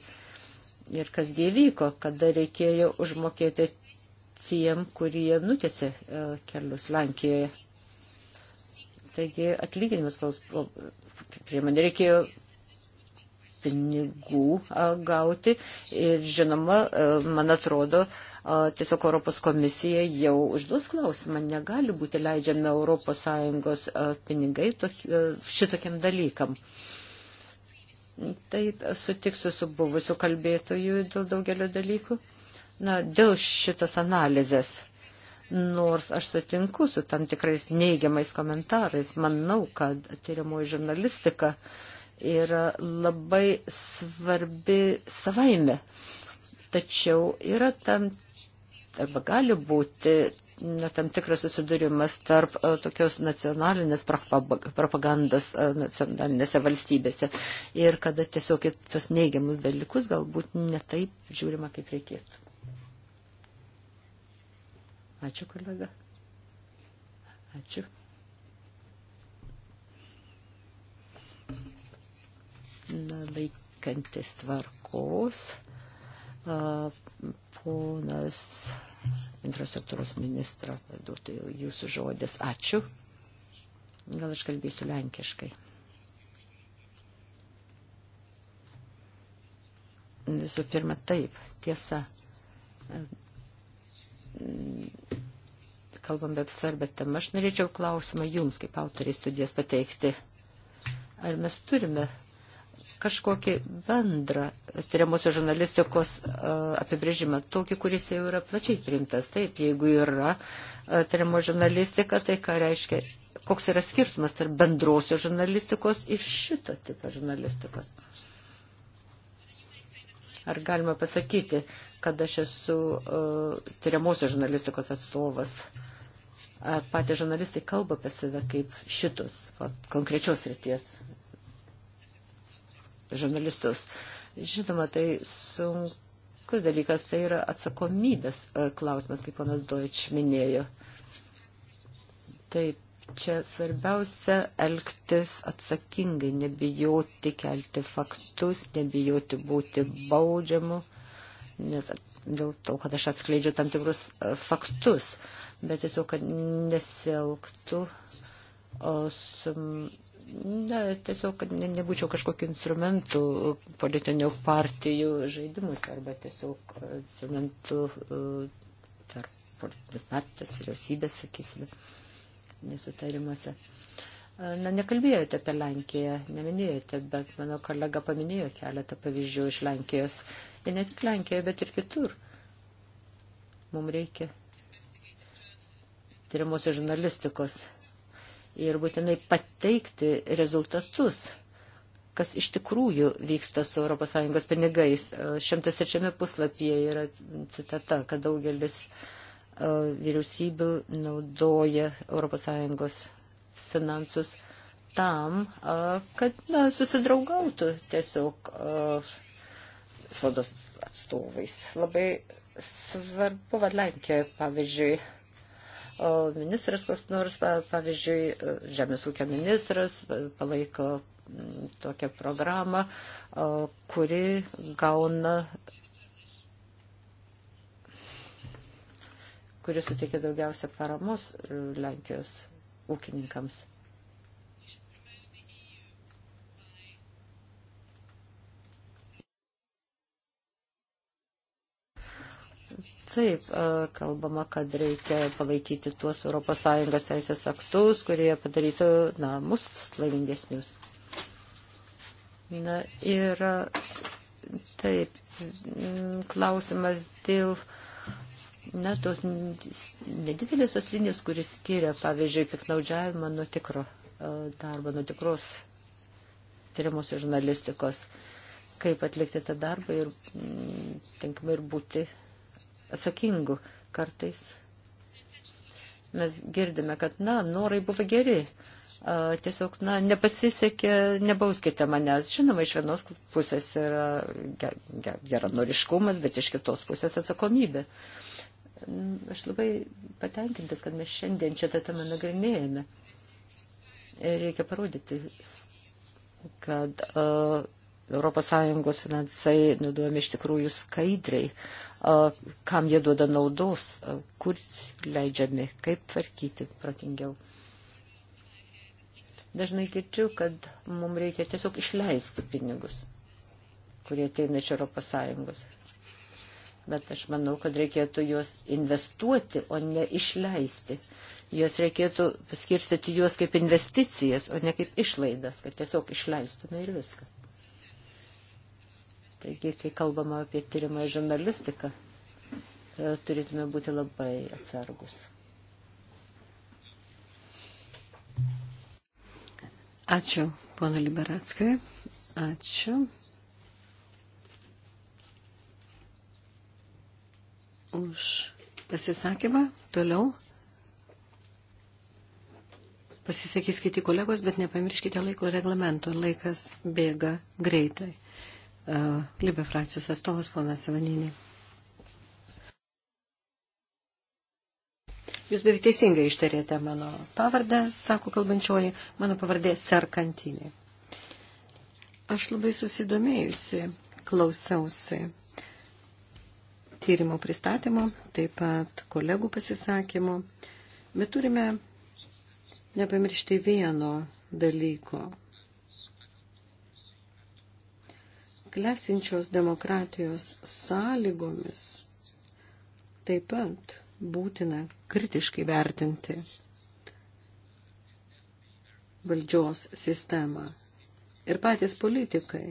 Ir kas gyvyko, kada reikėjo užmokėti tiem, kurie nutėsi kelius Lenkijoje. Taigi atlyginimas, prie man reikėjo pinigų gauti ir žinoma, man atrodo, tiesiog Europos komisija jau užduos klausimą, negali būti leidžiami ES pinigai šitokiam dalykam. Taip, sutiksiu su buvusiu kalbėtoju dėl daugelio dalykų. Na, dėl šitas analizės. Nors aš sutinku su tam tikrais neigiamais komentarais, manau, kad tyriamoji žurnalistika yra labai svarbi savaime. Tačiau yra tam, arba gali būti na, tam tikras susidūrimas tarp a, e, tokios nacionalinės propagandos a, e, nacionalinėse valstybėse ir kada tiesiog tas neigiamus dalykus galbūt netaip žiūrima, kaip reikėtų. Ačiū, kolega. Ačiū. Na, laikantis tvarkos, ponas infrastruktūros ministro duotų jūsų žodis. Ačiū. Gal aš kalbėsiu lenkiškai. Visų pirma, taip, tiesa, kalbam apie svarbę temą, aš norėčiau klausimą jums, kaip autoriai studijas, pateikti. Ar mes turime kažkokį bendrą tyriamosios žurnalistikos e, apibrėžimą, tokį, kuris jau yra plačiai priimtas. Taip, jeigu yra e, tyriamo žurnalistika, tai ką reiškia, koks yra skirtumas tarp bendrosios žurnalistikos ir šito tipo žurnalistikos. Ar galima pasakyti, kad aš esu uh, e, tyriamosios žurnalistikos atstovas. Ar patys žurnalistai kalba apie save kaip šitus, va, konkrečios ryties žurnalistus? Žinoma, tai sunkus dalykas, tai yra atsakomybės e, klausimas, kaip ponas Deutsch minėjo. Taip, čia svarbiausia elgtis atsakingai, nebijoti kelti faktus, nebijoti būti baudžiamu nes dėl to, kad aš atskleidžiu tam tikrus e, faktus, bet tiesiog, kad nesielgtų, su, na, tiesiog, kad ne, nebūčiau kažkokiu instrumentu politinių partijų žaidimus arba tiesiog e, instrumentu e, tarp politinės partijos vyriausybės, sakysime, nesutarimuose. Na, nekalbėjote apie Lenkiją, neminėjote, bet mano kolega paminėjo keletą pavyzdžių iš Lenkijos. Uh, Ir ne tik Lenkijoje, bet ir kitur. Mums reikia tyrimosios žurnalistikos ir būtinai pateikti rezultatus, kas iš tikrųjų vyksta su ES pinigais. E, šimtas ir šiame puslapyje yra citata, kad daugelis e, vyriausybių naudoja ES finansus tam, e, kad na, susidraugautų tiesiog svados atstovais. Labai svarbu, kad Lenkijoje, pavyzdžiui, ministras koks nors, pavyzdžiui, žemės ūkio ministras e, palaiko tokią programą, kuri gauna kuris suteikia daugiausia paramos e, Lenkijos ūkininkams. Taip, e, kalbama, kad reikia palaikyti tuos ES teisės aktus, kurie padarytų na, mus laimingesnius. Na ir taip, klausimas dėl. Na, tos nedidelės tos linijos, kuris skiria, pavyzdžiui, piknaudžiavimą nuo tikro e, darbo, nuo tikros tyrimus žurnalistikos, kaip atlikti tą darbą ir tinkamai ir būti atsakingų kartais. Mes girdime, kad, na, norai buvo geri. A, tiesiog, na, nepasisekė, nebauskite manęs. Žinoma, iš vienos pusės yra geranoriškumas, bet iš kitos pusės atsakomybė. Mm, aš labai patenkintas, kad mes šiandien čia tą temą nagrinėjame. Ir reikia parodyti, kad uh, ES finansai naudojami iš tikrųjų skaidriai kam jie duoda naudos, kur leidžiami, kaip tvarkyti pratingiau. Dažnai girdžiu, kad mums reikia tiesiog išleisti pinigus, kurie ateina iš Europos Sąjungos. Bet aš manau, kad reikėtų juos investuoti, o ne išleisti. Juos reikėtų paskirstyti juos kaip investicijas, o ne kaip išlaidas, kad tiesiog išleistume ir viskas. Taigi, kai kalbama apie tyrimą į žurnalistiką, e, turėtume būti labai atsargus. Ačiū, pono Liberatskui. Ačiū. Už pasisakymą. Toliau. Pasisakys kiti kolegos, bet nepamirškite laiko reglamento. Laikas bėga greitai. Uh, Libė frakcijos atstovas ponas Savaninė. Jūs beveik teisingai ištarėte mano pavardę, sako kalbančioji, mano pavardė Serkantinė. Aš labai susidomėjusi, klausiausi tyrimo pristatymo, taip pat kolegų pasisakymo, bet turime nepamiršti vieno dalyko klesinčios demokratijos sąlygomis taip pat būtina kritiškai vertinti valdžios sistemą. Ir patys politikai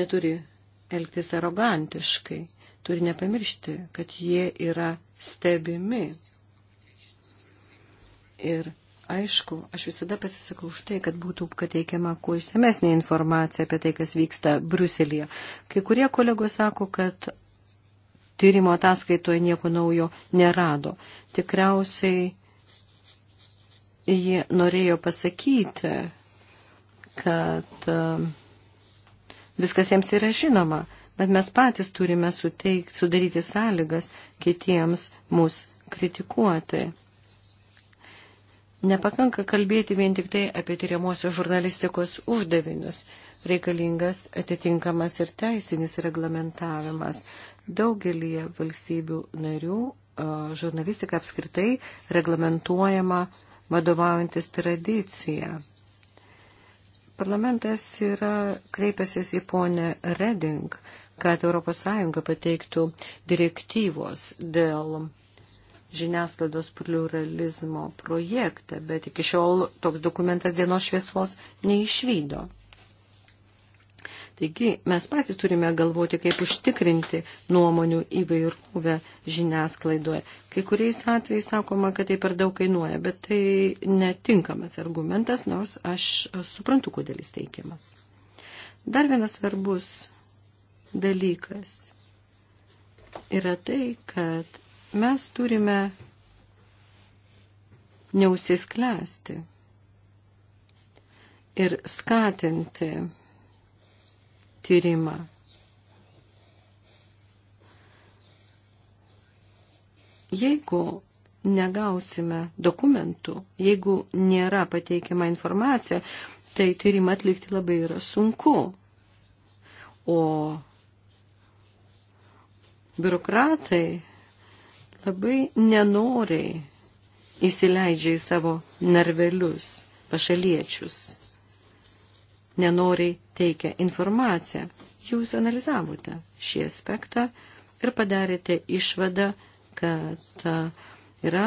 neturi elgtis arogantiškai, turi nepamiršti, kad jie yra stebimi. Ir Aišku, aš visada pasisakau už tai, kad būtų pateikiama kuo išsamesnė informacija apie tai, kas vyksta Bruselėje. Kai kurie kolegos sako, kad tyrimo ataskaitoje nieko naujo nerado. Tikriausiai jie norėjo pasakyti, kad um, viskas jiems yra žinoma, bet mes patys turime suteikti, sudaryti sąlygas kitiems mus kritikuoti. Nepakanka kalbėti vien tik tai apie tyriamosios žurnalistikos uždavinius. Reikalingas atitinkamas ir teisinis reglamentavimas. Daugelį valstybių narių žurnalistika apskritai reglamentuojama vadovaujantis tradicija. Parlamentas yra kreipęsis į ponę Reding, kad ES pateiktų direktyvos dėl žiniasklaidos pluralizmo projektą, bet iki šiol toks dokumentas dienos šviesos neišvydo. Taigi mes patys turime galvoti, kaip užtikrinti nuomonių įvairovę žiniasklaidoje. Kai kuriais atvejais sakoma, kad tai per daug kainuoja, bet tai netinkamas argumentas, nors aš suprantu, kodėl jis teikiamas. Dar vienas svarbus dalykas yra tai, kad Mes turime neusisklęsti ir skatinti tyrimą. Jeigu negausime dokumentų, jeigu nėra pateikiama informacija, tai tyrimą atlikti labai yra sunku. O biurokratai labai nenoriai įsileidžia į savo narvelius pašaliečius, nenoriai teikia informaciją. Jūs analizavote šį aspektą ir padarėte išvadą, kad yra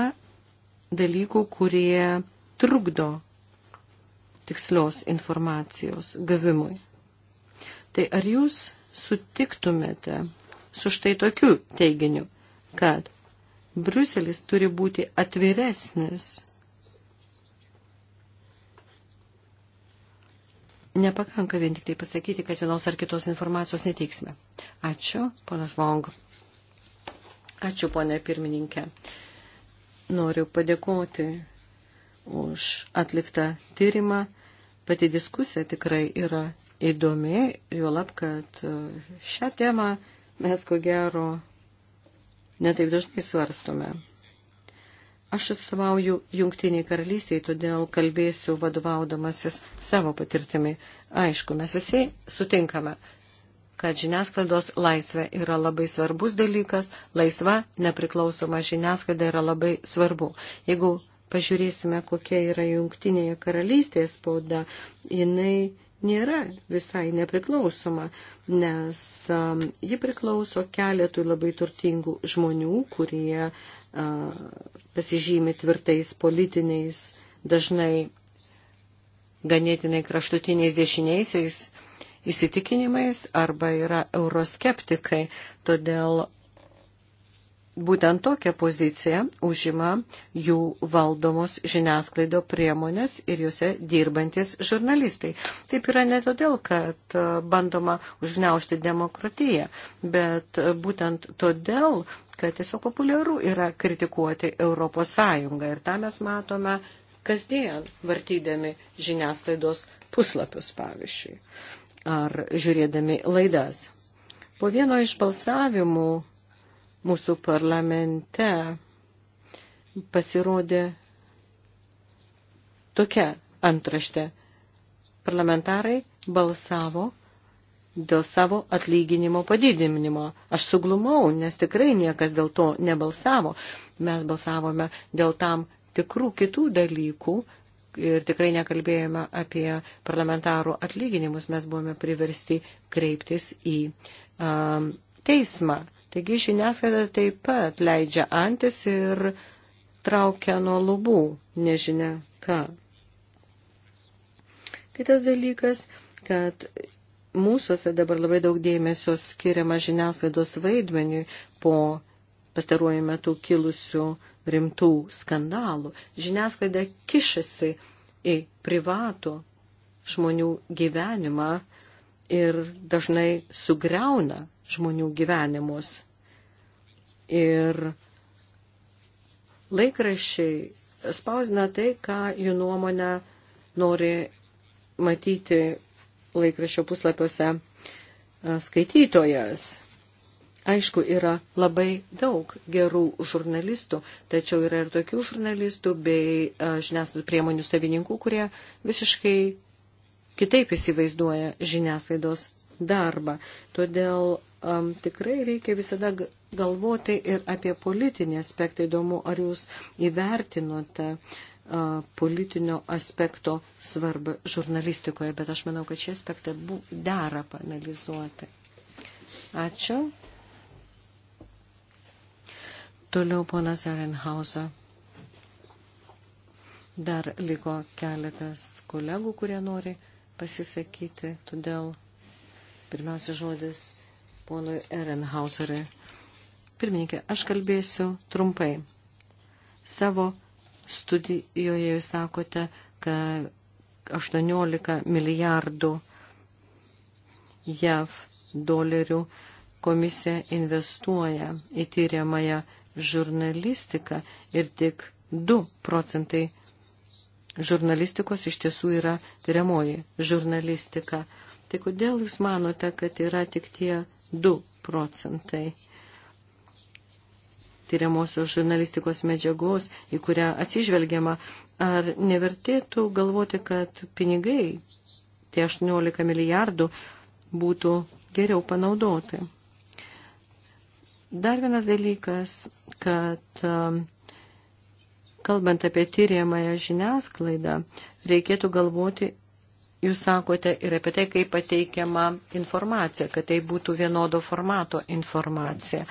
dalykų, kurie trukdo tikslios informacijos gavimui. Tai ar jūs sutiktumėte su štai tokiu teiginiu, kad Briuselis turi būti atviresnis. Nepakanka vien tik tai pasakyti, kad vienos ar kitos informacijos neteiksime. Ačiū, ponas Vong. Ačiū, ponė pirmininkė. Noriu padėkoti už atliktą tyrimą. Pati diskusija tikrai yra įdomi, juolab, kad šią temą mes ko gero netaip dažnai svarstome. Aš atstovauju jungtiniai karalystiai, todėl kalbėsiu vadovaudamasis savo patirtimi. Aišku, mes visi sutinkame, kad žiniasklaidos laisvė yra labai svarbus dalykas, laisva, nepriklausoma žiniasklaida yra labai svarbu. Jeigu pažiūrėsime, kokia yra jungtinėje karalystėje spauda, jinai nėra visai nepriklausoma, nes um, ji priklauso keletui labai turtingų žmonių, kurie pasižymi tvirtais politiniais, dažnai ganėtinai kraštutiniais dešiniaisiais įsitikinimais arba yra euroskeptikai. Todėl būtent tokią poziciją užima jų valdomos žiniasklaido priemonės ir juose dirbantis žurnalistai. Taip yra ne todėl, kad e, bandoma užgneušti demokratiją, bet e, būtent todėl, kad tiesiog populiaru yra kritikuoti Europos Sąjungą. Ir tą mes matome kasdien, vartydami žiniasklaidos puslapius, pavyzdžiui, ar žiūrėdami laidas. Po vieno iš balsavimų mūsų parlamente pasirodė tokia antraštė. Parlamentarai balsavo dėl savo atlyginimo padidinimo. Aš suglumau, nes tikrai niekas dėl to nebalsavo. Mes balsavome dėl tam tikrų kitų dalykų ir tikrai nekalbėjome apie parlamentarų atlyginimus. Mes buvome priversti kreiptis į um, teismą. Taigi žiniasklaida taip pat leidžia antis ir traukia nuo lubų nežinia ką. Kitas dalykas, kad mūsųse dabar labai daug dėmesio skiriama žiniasklaidos vaidmeniui po pastaruoju metu kilusių rimtų skandalų. Žiniasklaida kišasi į privatų žmonių gyvenimą ir dažnai sugriauna žmonių gyvenimus. Ir laikrašiai spausina tai, ką jų nuomonę nori matyti laikraščio puslapiuose e, skaitytojas. Aišku, yra labai daug gerų žurnalistų, tačiau yra ir tokių žurnalistų bei e, žiniasklaidų priemonių savininkų, kurie visiškai kitaip įsivaizduoja žiniasklaidos darbą. Todėl um, tikrai reikia visada galvoti ir apie politinį aspektą. Įdomu, ar jūs įvertinote uh, politinio aspekto svarbą žurnalistikoje, bet aš manau, kad šį aspektą dera panalizuoti. Ačiū. Toliau ponas Erenhauser. Dar liko keletas kolegų, kurie nori pasisakyti, todėl pirmiausia žodis ponui Ehrenhauseriui. Pirmininkė, aš kalbėsiu trumpai. Savo studijoje jūs sakote, kad 18 milijardų JAV dolerių komisija investuoja į tyriamąją žurnalistiką ir tik 2 procentai žurnalistikos iš tiesų yra tyriamoji žurnalistika. Tai kodėl Jūs manote, kad yra tik tie 2 procentai tyriamosios žurnalistikos medžiagos, į kurią atsižvelgiama, ar nevertėtų galvoti, kad pinigai, tie 18 milijardų, būtų geriau panaudoti. Dar vienas dalykas, kad um, kalbant apie tyriamąją žiniasklaidą, reikėtų galvoti Jūs sakote ir apie tai, kaip pateikiama informacija, kad tai būtų vienodo formato informacija.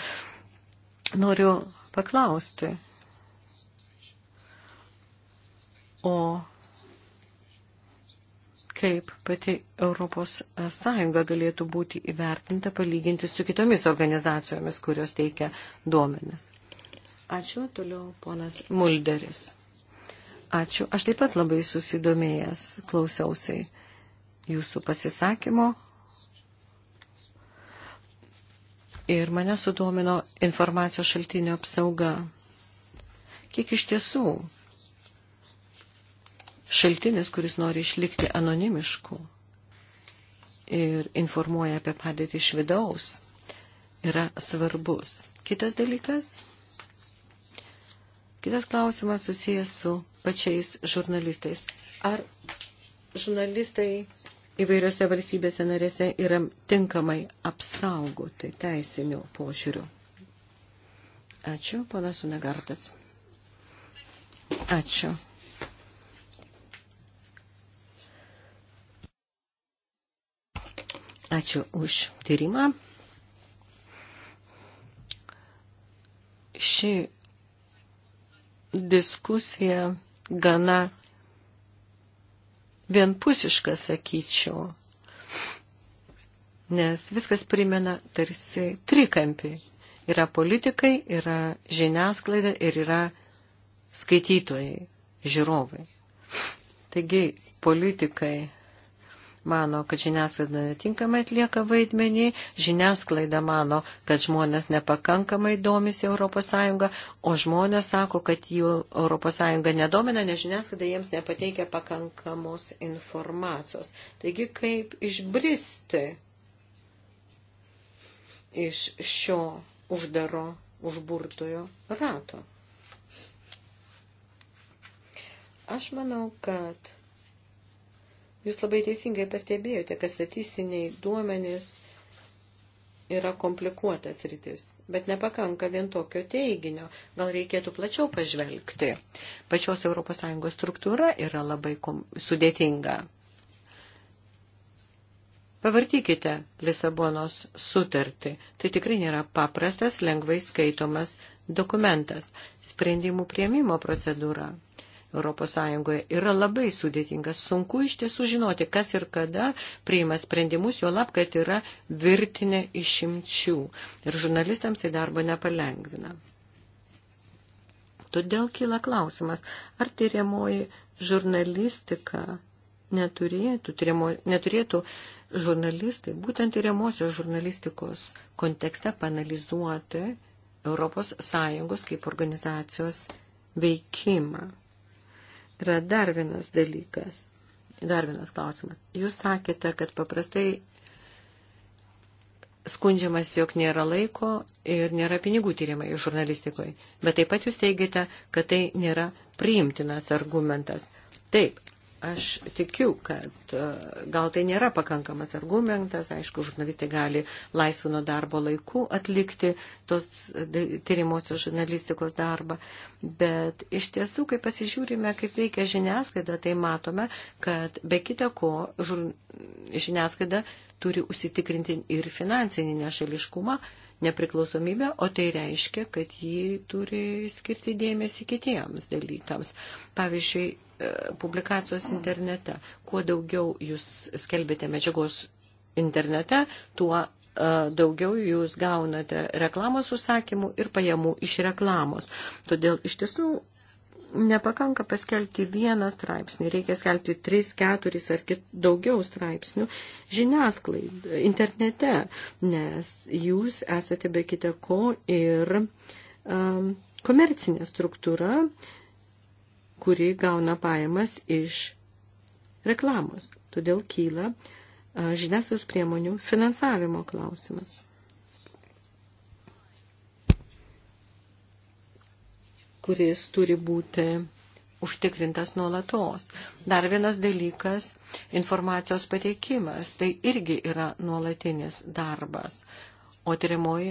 Noriu paklausti, o kaip pati Europos Sąjunga galėtų būti įvertinta palyginti su kitomis organizacijomis, kurios teikia duomenis. Ačiū, toliau ponas Mulderis. Ačiū, aš taip pat labai susidomėjęs klausiausiai jūsų pasisakymo. Ir mane sudomino informacijos šaltinio apsauga. Kiek iš tiesų šaltinis, kuris nori išlikti anonimišku ir informuoja apie padėtį iš vidaus, yra svarbus. Kitas dalykas. Kitas klausimas susijęs su pačiais žurnalistais. Ar žurnalistai įvairiose valstybėse narėse yra tinkamai apsaugoti teisinių požiūrių. Ačiū, ponas Unegartas. Ačiū. Ačiū už tyrimą. Ši diskusija gana vienpusiškas, sakyčiau, nes viskas primena tarsi trikampį. Yra politikai, yra žiniasklaida ir yra skaitytojai, žiūrovai. Taigi politikai mano, kad žiniasklaida netinkamai atlieka vaidmenį, žiniasklaida mano, kad žmonės nepakankamai domisi ES, o žmonės sako, kad jų ES nedomina, nes žiniasklaida jiems nepateikia pakankamos informacijos. Taigi, kaip išbristi iš šio uždaro, užburtojo rato? Aš manau, kad Jūs labai teisingai pastebėjote, kad statistiniai duomenys yra komplikuotas rytis, bet nepakanka vien tokio teiginio. Gal reikėtų plačiau pažvelgti. Pačios ES struktūra yra labai kom... sudėtinga. Pavartykite Lisabonos sutartį. Tai tikrai nėra paprastas, lengvai skaitomas dokumentas. Sprendimų prieimimo procedūra ES yra labai sudėtingas. Sunku iš tiesų žinoti, kas ir kada priima sprendimus, jo lab, kad yra virtinė išimčių. Ir žurnalistams tai darbo nepalengvina. Todėl kyla klausimas, ar tyriamoji žurnalistika neturėtų, tyrimo, neturėtų žurnalistai, būtent tyriamosios žurnalistikos kontekste panalizuoti Europos Sąjungos kaip organizacijos veikimą yra dar vienas dalykas, dar vienas klausimas. Jūs sakėte, kad paprastai skundžiamas, jog nėra laiko ir nėra pinigų tyrimai žurnalistikoje. Bet taip pat jūs teigiate, kad tai nėra priimtinas argumentas. Taip, Aš tikiu, kad e, gal tai nėra pakankamas argumentas, aišku, žurnalistai gali laisvų nuo darbo laikų atlikti tos e, tyrimosios žurnalistikos darbą, bet iš tiesų, kai pasižiūrime, kaip veikia žiniasklaida, tai matome, kad be kita ko žur... žiniasklaida turi užsitikrinti ir finansinį nešališkumą, nepriklausomybę, o tai reiškia, kad ji turi skirti dėmesį kitiems dalykams. Pavyzdžiui, e, publikacijos internete. Kuo daugiau jūs skelbėte medžiagos internete, tuo e, daugiau jūs gaunate reklamos užsakymų ir pajamų iš reklamos. Todėl iš tiesų nepakanka paskelbti vieną straipsnį, reikia skelbti tris, keturis ar kit, daugiau straipsnių žiniasklaid, internete, nes jūs esate be kita ko ir um, komercinė struktūra, kuri gauna pajamas iš reklamos. Todėl kyla uh, žiniasklaidos priemonių finansavimo klausimas. kuris turi būti užtikrintas nuolatos. Dar vienas dalykas - informacijos pateikimas. Tai irgi yra nuolatinis darbas. O tyriamoji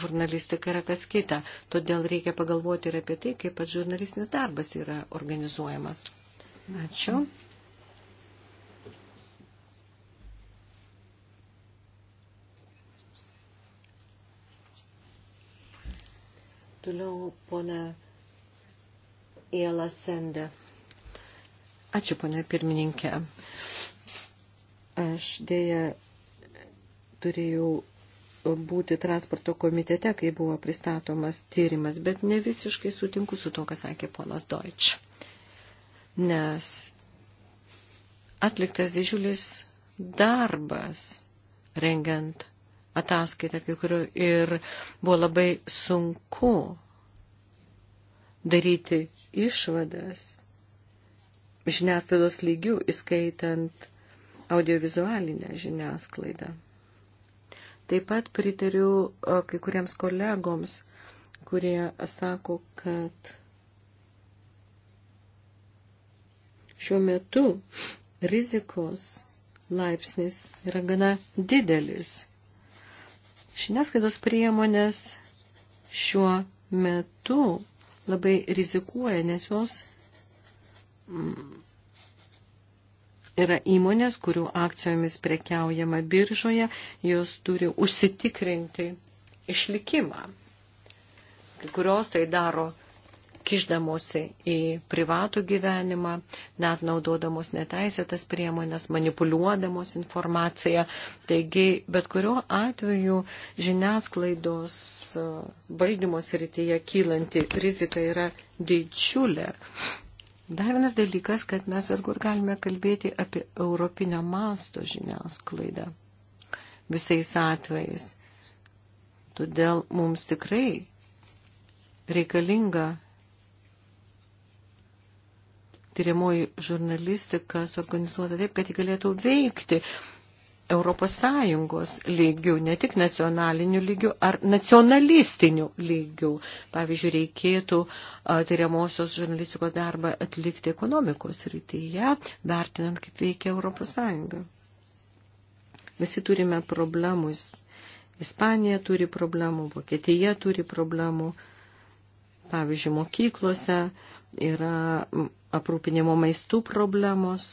žurnalistika yra kas kita. Todėl reikia pagalvoti ir apie tai, kaip pats žurnalistinis darbas yra organizuojamas. Ačiū. Toliau, ponė Iela Sende. Ačiū, ponė pirmininkė. Aš dėja turėjau būti transporto komitete, kai buvo pristatomas tyrimas, bet ne visiškai sutinku su to, ką sakė ponas Deutsch. Nes atliktas didžiulis darbas rengiant ataskaitą, kai kurio ir buvo labai sunku daryti išvadas žiniasklaidos lygių, įskaitant audiovizualinę žiniasklaidą. Taip pat pritariu kai kuriems kolegoms, kurie sako, kad šiuo metu rizikos laipsnis yra gana didelis. Žiniasklaidos priemonės šiuo metu labai rizikuoja, nes jos mm, yra įmonės, kurių akcijomis prekiaujama biržoje, jos turi užsitikrinti išlikimą. Kai kurios tai daro kišdamosi į privatų gyvenimą, net naudodamos neteisėtas priemonės, manipuliuodamos informaciją. Taigi, bet kuriuo atveju žiniasklaidos e, valdymo srityje kylanti rizika yra didžiulė. Dar vienas dalykas, kad mes vargu ir galime kalbėti apie europinio masto žiniasklaidą visais atvejais. Todėl mums tikrai reikalinga tyriamoji žurnalistika suorganizuota taip, kad ji galėtų veikti ES lygių, ne tik nacionalinių lygių ar nacionalistinių lygių. Pavyzdžiui, reikėtų tyriamosios žurnalistikos darbą atlikti ekonomikos rytyje, vertinant, kaip veikia ES. Visi turime problemų. Ispanija turi problemų, Vokietija turi problemų, pavyzdžiui, mokyklose yra aprūpinimo maistų problemos.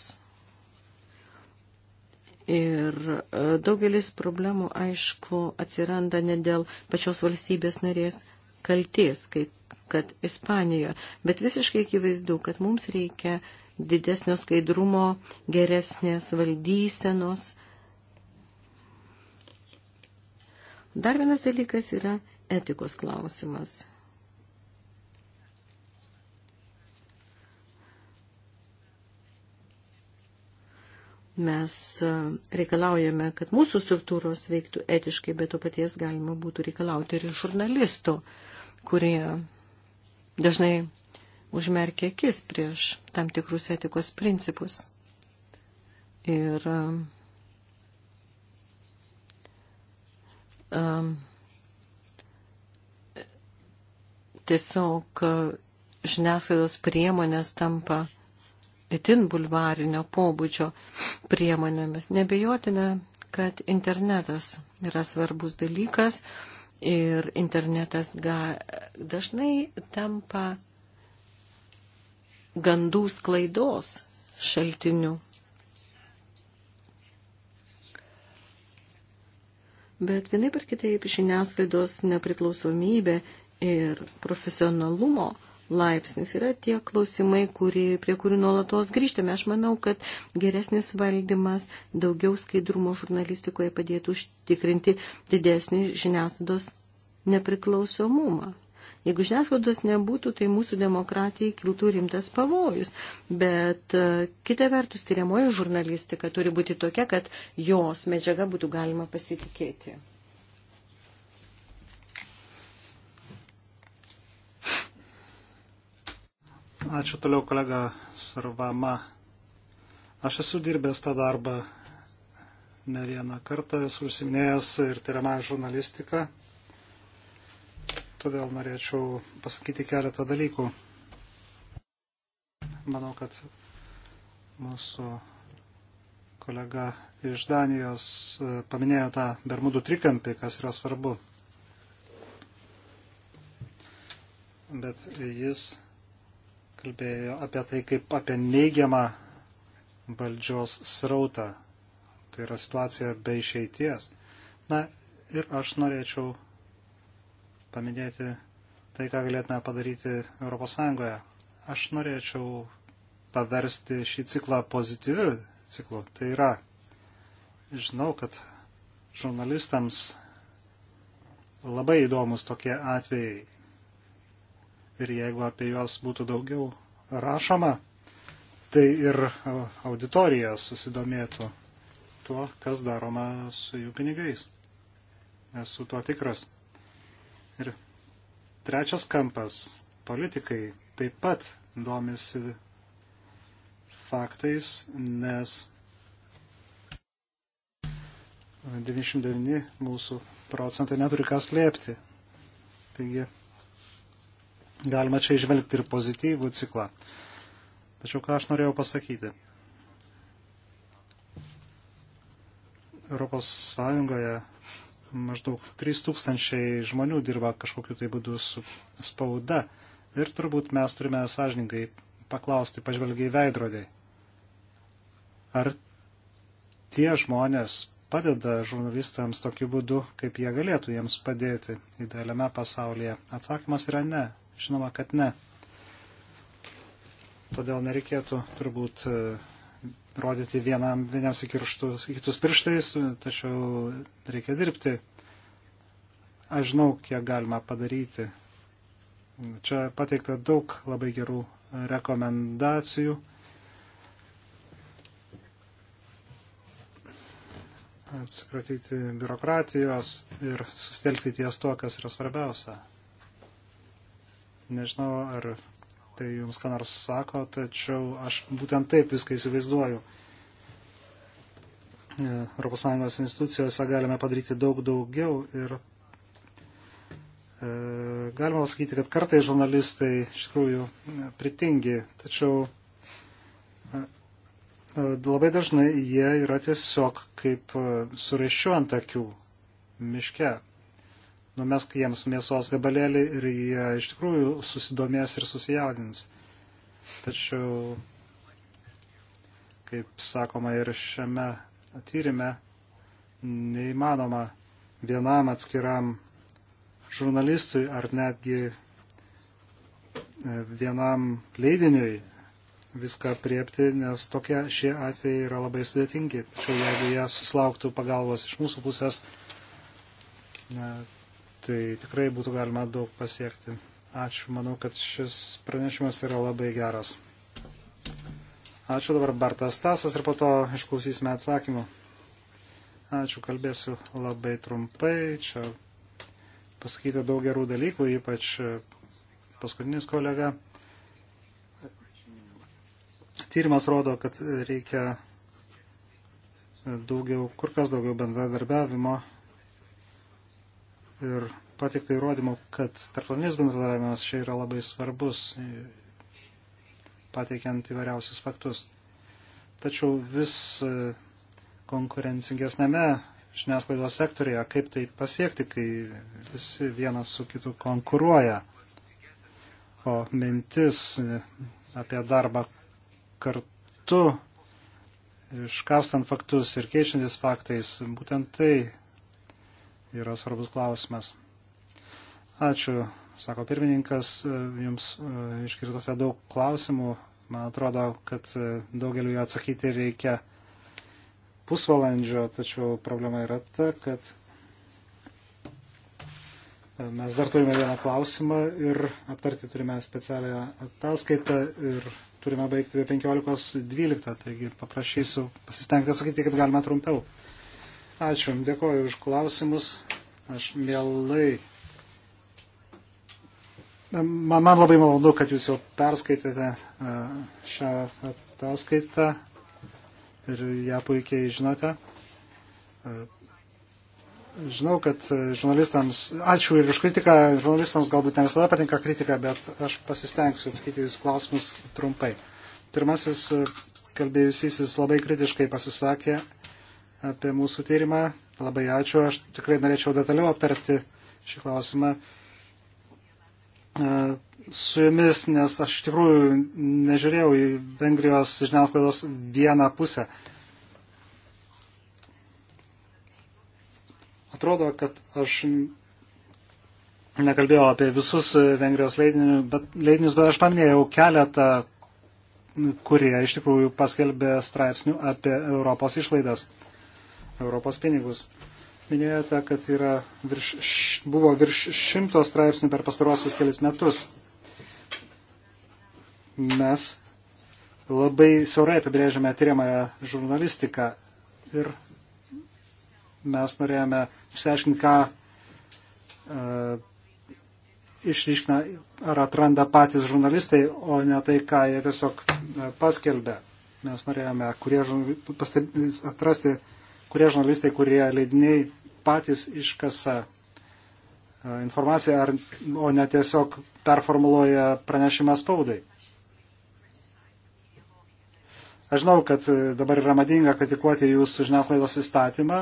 Ir e, daugelis problemų, aišku, atsiranda ne dėl pačios valstybės narės kalties, kaip kad Ispanijoje. Bet visiškai akivaizdu, kad mums reikia didesnio skaidrumo, geresnės valdysenos. Dar vienas dalykas yra etikos klausimas. mes e, reikalaujame, kad mūsų struktūros veiktų etiškai, bet to paties galima būtų reikalauti ir žurnalistų, kurie dažnai užmerkia akis prieš tam tikrus etikos principus. Ir um, tiesiog žiniasklaidos priemonės tampa itin bulvarinio pobūdžio priemonėmis. Nebejotina, kad internetas yra svarbus dalykas ir internetas ga, dažnai tampa gandų sklaidos šaltiniu. Bet vienaip ar kitaip žiniasklaidos nepriklausomybė ir profesionalumo laipsnis. Yra tie klausimai, kuri, prie kurių nuolatos grįžtame. Aš manau, kad geresnis valdymas, daugiau skaidrumo žurnalistikoje padėtų užtikrinti didesnį žiniasklaidos nepriklausomumą. Jeigu žiniasklaidos nebūtų, tai mūsų demokratijai kiltų rimtas pavojus. Bet e, kita vertus, tyriamoji žurnalistika turi būti tokia, kad jos medžiaga būtų galima pasitikėti. Ačiū toliau kolega Sarvama. Aš esu dirbęs tą darbą ne vieną kartą, esu užsiminėjęs ir tyriamą žurnalistiką, todėl norėčiau pasakyti keletą dalykų. Manau, kad mūsų kolega iš Danijos e, paminėjo tą Bermudų trikampį, kas yra svarbu. Bet jis kalbėjo apie tai kaip apie neigiamą valdžios srautą, kai yra situacija be išeities. Na ir aš norėčiau paminėti tai, ką galėtume padaryti ES. Aš norėčiau paversti šį ciklą pozityviu ciklu. Tai yra, žinau, kad žurnalistams labai įdomus tokie atvejai ir jeigu apie juos būtų daugiau rašoma, tai ir auditorija susidomėtų tuo, kas daroma su jų pinigais. Esu tuo tikras. Ir trečias kampas - politikai taip pat domisi faktais, nes 99 mūsų procentai neturi ką slėpti. Taigi Galima čia išvelgti ir pozityvų ciklą. Tačiau ką aš norėjau pasakyti? Europos Sąjungoje maždaug 3000 žmonių dirba kažkokiu tai būdu su spauda. Ir turbūt mes turime sąžininkai paklausti, pažvelgiai veidrodiai. Ar tie žmonės padeda žurnalistams tokiu būdu, kaip jie galėtų jiems padėti idealiame pasaulyje? Atsakymas yra ne. Žinoma, kad ne. Todėl nereikėtų turbūt e, rodyti vienam, vieniems į, kirštus, į kitus pirštais, tačiau reikia dirbti. Aš žinau, kiek galima padaryti. Čia pateikta daug labai gerų rekomendacijų. atsikratyti biurokratijos ir sustelkti ties tuo, kas yra svarbiausia. Nežinau, ar tai jums ką nors sako, tačiau aš būtent taip viską įsivaizduoju. ES institucijose galime padaryti daug daugiau ir e, galima pasakyti, kad kartai žurnalistai iš tikrųjų pritingi, tačiau e, e, labai dažnai jie yra tiesiog kaip e, suraišiu ant akių miške numesk jiems mėsos gabalėlį ir jie iš tikrųjų susidomės ir susijaudins. Tačiau, kaip sakoma ir šiame tyrimė, neįmanoma vienam atskiram žurnalistui ar netgi e, vienam leidiniui viską priepti, nes tokie šie atvejai yra labai sudėtingi. Tačiau jeigu jie susilauktų pagalbos iš mūsų pusės, tai tikrai būtų galima daug pasiekti. Ačiū, manau, kad šis pranešimas yra labai geras. Ačiū dabar Bartas Tasas ir po to išklausysime atsakymų. Ačiū, kalbėsiu labai trumpai. Čia pasakyti daug gerų dalykų, ypač paskutinis kolega. Tyrimas rodo, kad reikia daugiau, kur kas daugiau bendradarbiavimo ir patikta įrodymų, kad tarptautinis bendradarbiavimas čia yra labai svarbus, pateikiant įvairiausius faktus. Tačiau vis e, konkurencingesnėme žiniasklaidos sektorija, kaip tai pasiekti, kai visi vienas su kitu konkuruoja. O mintis e, apie darbą kartu, iškastant faktus ir keičiantis faktais, būtent tai yra svarbus klausimas. Ačiū, sako pirmininkas, jums e, iškirtote daug klausimų. Man atrodo, kad e, daugeliu jų atsakyti reikia pusvalandžio, tačiau problema yra ta, kad e, mes dar turime vieną klausimą ir aptarti turime specialią ataskaitą ir turime baigti be 15.12, taigi paprašysiu pasistengti atsakyti, kaip galima trumpiau. Ačiū, dėkoju už klausimus. Aš mielai. Man, man labai malonu, kad jūs jau perskaitėte e, šią ataskaitą ir ją puikiai žinote. E, žinau, kad žurnalistams, ačiū ir už kritiką, žurnalistams galbūt ne visada patinka kritika, bet aš pasistengsiu atsakyti jūs klausimus trumpai. Pirmasis e, kalbėjusysis labai kritiškai pasisakė apie mūsų tyrimą. Labai ačiū. Aš tikrai norėčiau detaliau aptarti šį klausimą e, su jumis, nes aš iš tikrųjų nežiūrėjau į Vengrijos žiniasklaidos vieną pusę. Atrodo, kad aš nekalbėjau apie visus Vengrijos leidinius, bet, leidinius, bet aš paminėjau keletą, kurie iš tikrųjų paskelbė straipsnių apie Europos išlaidas. Europos pinigus. Minėjote, kad yra virš, buvo virš šimto straipsnių per pastaruosius kelis metus. Mes labai siaurai apibrėžiame tyriamąją žurnalistiką ir mes norėjome išsiaiškinti, ką e, išryškina ar atranda patys žurnalistai, o ne tai, ką jie tiesiog e, paskelbė. Mes norėjome kurie, pastebi, atrasti kurie žurnalistai, kurie leidiniai patys iškasa e, informaciją, ar, o ne tiesiog performuluoja pranešimą spaudai. Aš žinau, kad e, dabar yra madinga kritikuoti jūsų žiniasklaidos įstatymą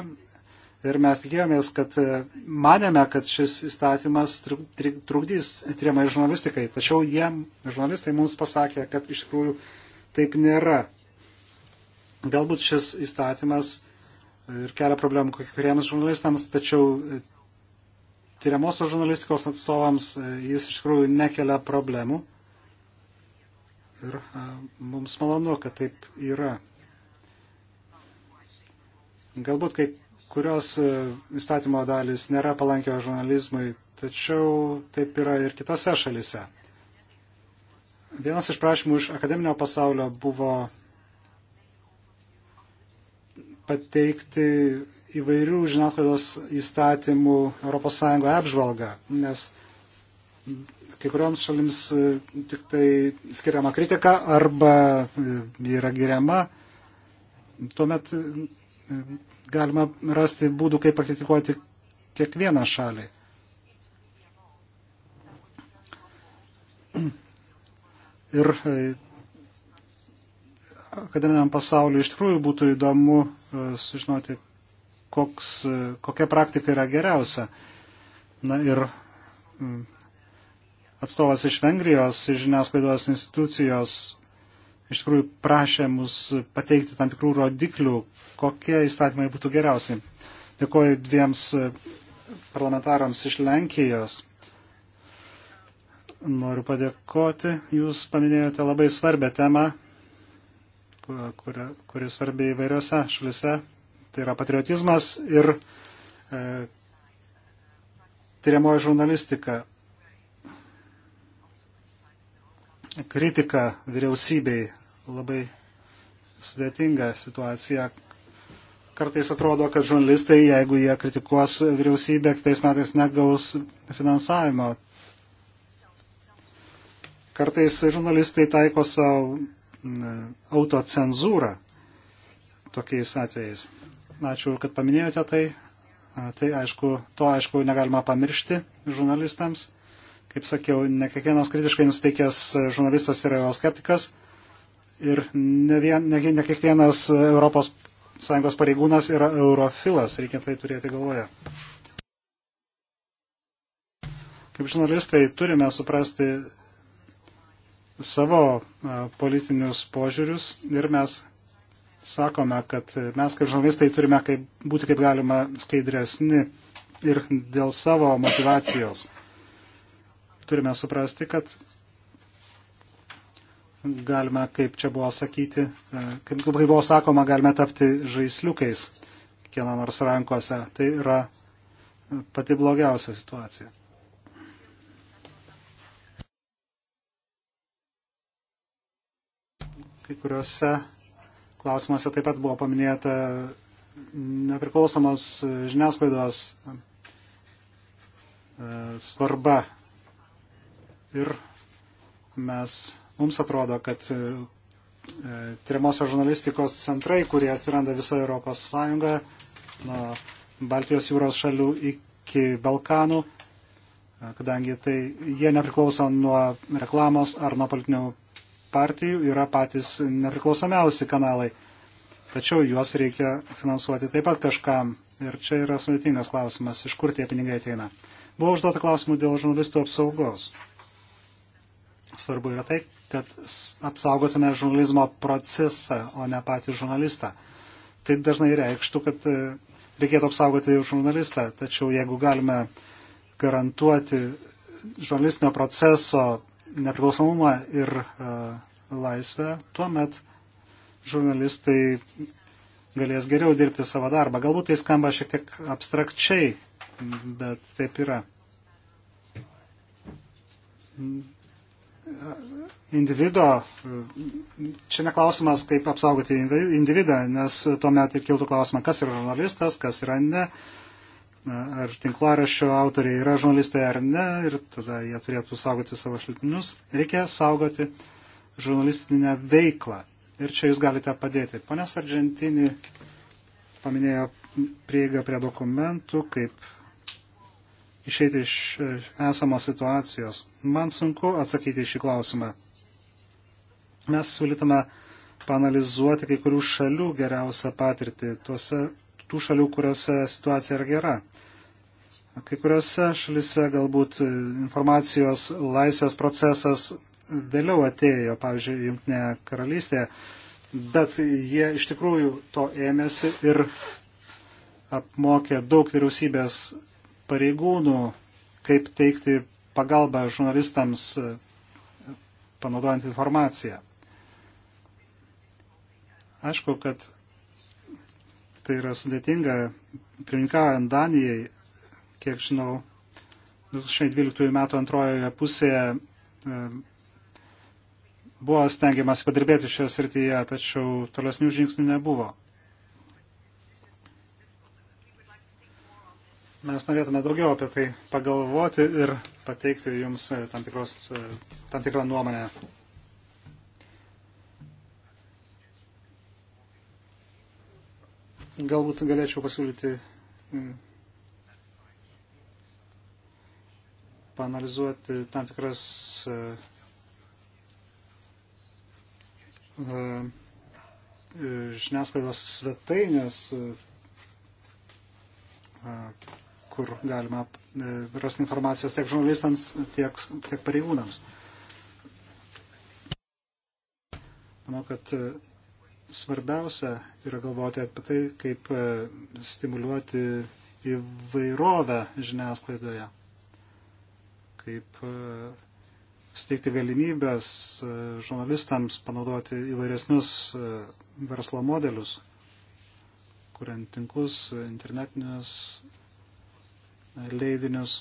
ir mes tikėjomės, kad e, manėme, kad šis įstatymas trukdys tyriamai žurnalistikai, tačiau jie, žurnalistai, mums pasakė, kad iš tikrųjų taip nėra. Galbūt šis įstatymas ir kelia problemų kiekvienams žurnalistams, tačiau e, tyriamosios žurnalistikos atstovams e, jis iš tikrųjų nekelia problemų. Ir e, mums malonu, kad taip yra. Galbūt kai kurios įstatymo dalis nėra palankio žurnalizmui, tačiau taip yra ir kitose šalise. Vienas iš prašymų iš akademinio pasaulio buvo pateikti įvairių žiniasklaidos įstatymų ES apžvalgą, nes kai kurioms šalims e, tik tai skiriama kritika arba e, yra giriama, tuomet e, galima rasti būdų, kaip pakritikuoti kiekvieną šalį. Ir akademiniam pasauliu iš tikrųjų būtų įdomu E, sužinoti, koks, e, kokia praktika yra geriausia. Na ir atstovas iš Vengrijos, iš žiniasklaidos institucijos iš tikrųjų prašė mus pateikti tam tikrų rodiklių, kokie įstatymai būtų geriausiai. Dėkuoju dviems e, parlamentarams iš Lenkijos. Noriu padėkoti, jūs paminėjote labai svarbę temą kuri, kuri svarbi įvairiose šalise. Tai yra patriotizmas ir e, tyriamoji žurnalistika, kritika vyriausybei labai sudėtinga situacija. Kartais atrodo, kad žurnalistai, jeigu jie kritikuos vyriausybę, kitais metais negaus finansavimo. Kartais žurnalistai taiko savo autocenzūrą tokiais atvejais. Ačiū, kad paminėjote tai. Tai aišku, to aišku negalima pamiršti žurnalistams. Kaip sakiau, ne kiekvienas kritiškai nusteikęs žurnalistas yra euroskeptikas ir ne, vien, ne, ne kiekvienas Europos Sąjungos pareigūnas yra eurofilas, reikia tai turėti galvoje. Kaip žurnalistai turime suprasti savo politinius požiūrius ir mes sakome, kad mes kaip žurnalistai turime kaip, būti kaip galima skaidresni ir dėl savo motivacijos. Turime suprasti, kad galime, kaip čia buvo sakyti, kaip buvo sakoma, galime tapti žaisliukais kieno nors rankose. Tai yra pati blogiausia situacija. kai kuriuose klausimuose taip pat buvo paminėta nepriklausomos žiniasklaidos e, svarba. Ir mes, mums atrodo, kad e, tyriamosios žurnalistikos centrai, kurie atsiranda visoje Europos Sąjungoje, nuo Baltijos jūros šalių iki Balkanų, e, kadangi tai jie nepriklauso nuo reklamos ar nuo politinių partijų yra patys nepriklausomiausi kanalai. Tačiau juos reikia finansuoti taip pat kažkam. Ir čia yra sudėtingas klausimas, iš kur tie pinigai ateina. Buvo užduota klausimų dėl žurnalistų apsaugos. Svarbu yra tai, kad apsaugotume žurnalizmo procesą, o ne patį žurnalistą. Tai dažnai reikštų, kad e, reikėtų apsaugoti žurnalistą, tačiau jeigu galime garantuoti žurnalistinio proceso nepriklausomumą ir e, laisvę, tuomet žurnalistai galės geriau dirbti savo darbą. Galbūt tai skamba šiek tiek abstrakčiai, bet taip yra. Individo, čia neklausimas, kaip apsaugoti individą, nes tuomet ir kiltų klausimą, kas yra žurnalistas, kas yra ne. Uh, ar tinklaraščio autoriai yra žurnalistai ar ne, ir tada jie turėtų saugoti savo šaltinius. Reikia saugoti žurnalistinę veiklą. Ir čia jūs galite padėti. Pone Sargentini paminėjo prieigą prie dokumentų, kaip išeiti iš e, esamos situacijos. Man sunku atsakyti šį klausimą. Mes siūlytume panalizuoti kai kurių šalių geriausią patirtį tuose tų šalių, kuriuose situacija yra gera. Kai kuriuose šalise galbūt informacijos laisvės procesas vėliau atėjo, pavyzdžiui, Junktinėje karalystėje, bet jie iš tikrųjų to ėmėsi ir apmokė daug vyriausybės pareigūnų, kaip teikti pagalbą žurnalistams e, panaudojant informaciją. Aišku, kad tai yra sudėtinga, pirmininkaujant Danijai, kiek žinau, 2012 metų antrojoje pusėje e, buvo stengiamas padirbėti šioje srityje, tačiau tolesnių žingsnių nebuvo. Mes norėtume daugiau apie tai pagalvoti ir pateikti jums e, tam, tikros, e, tam tikrą nuomonę Galbūt galėčiau pasiūlyti mm, panalizuoti tam tikras e, e, e, žiniasklaidos svetainės, kur galima rasti informacijos tiek žurnalistams, tiek, tiek pareigūnams. Manau, kad svarbiausia yra galvoti apie tai, kaip e, stimuliuoti įvairovę žiniasklaidoje, kaip e, steigti galimybės e, žurnalistams panaudoti įvairesnius verslo modelius, kuriant tinklus, internetinius leidinius.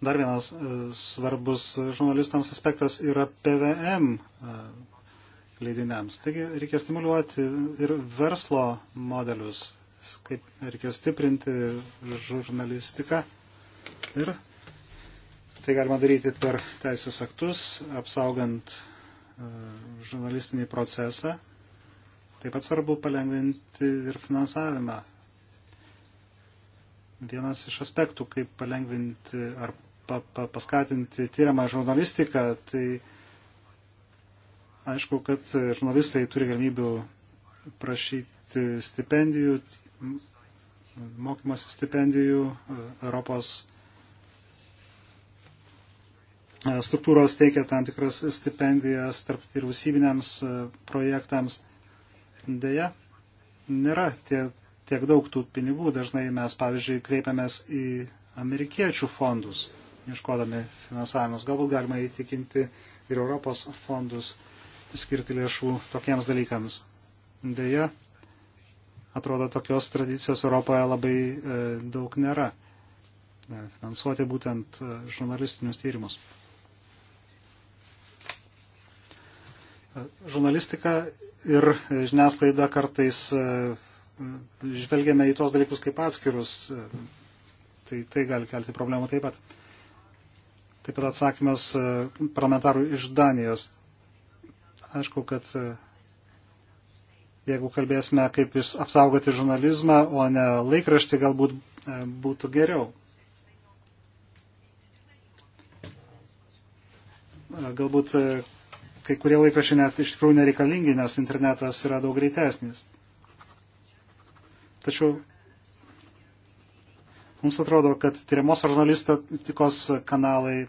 Dar vienas e, svarbus žurnalistams aspektas yra PVM e, leidiniams. Taigi reikia stimuliuoti ir verslo modelius, kaip reikia stiprinti žurnalistiką. Ir tai galima daryti per teisės aktus, apsaugant e, žurnalistinį procesą. Taip pat svarbu palengvinti ir finansavimą vienas iš aspektų, kaip palengvinti ar pa, pa, paskatinti tyriamą žurnalistiką, tai aišku, kad žurnalistai turi galimybių prašyti stipendijų, mokymosi stipendijų Europos e, struktūros teikia tam tikras stipendijas tarp vyriausybiniams e, projektams. Deja, nėra tiek, tiek daug tų pinigų. Dažnai mes, pavyzdžiui, kreipiamės į amerikiečių fondus ieškodami finansavimus. Galbūt galima įtikinti ir Europos fondus skirti lėšų tokiems dalykams. Deja, atrodo, tokios tradicijos Europoje labai e, daug nėra e, finansuoti būtent e, žurnalistinius tyrimus. Žurnalistika ir žiniasklaida kartais žvelgiame į tuos dalykus kaip atskirus, tai tai gali kelti problemų taip pat. Taip pat atsakymas e, parlamentarų iš Danijos. Aišku, kad e, jeigu kalbėsime, kaip apsaugoti žurnalizmą, o ne laikraštį, galbūt e, būtų geriau. Galbūt kai kurie laikrašiai net iš tikrųjų nereikalingi, nes internetas yra daug greitesnis. Tačiau Mums atrodo, kad tyriamos žurnalistikos kanalai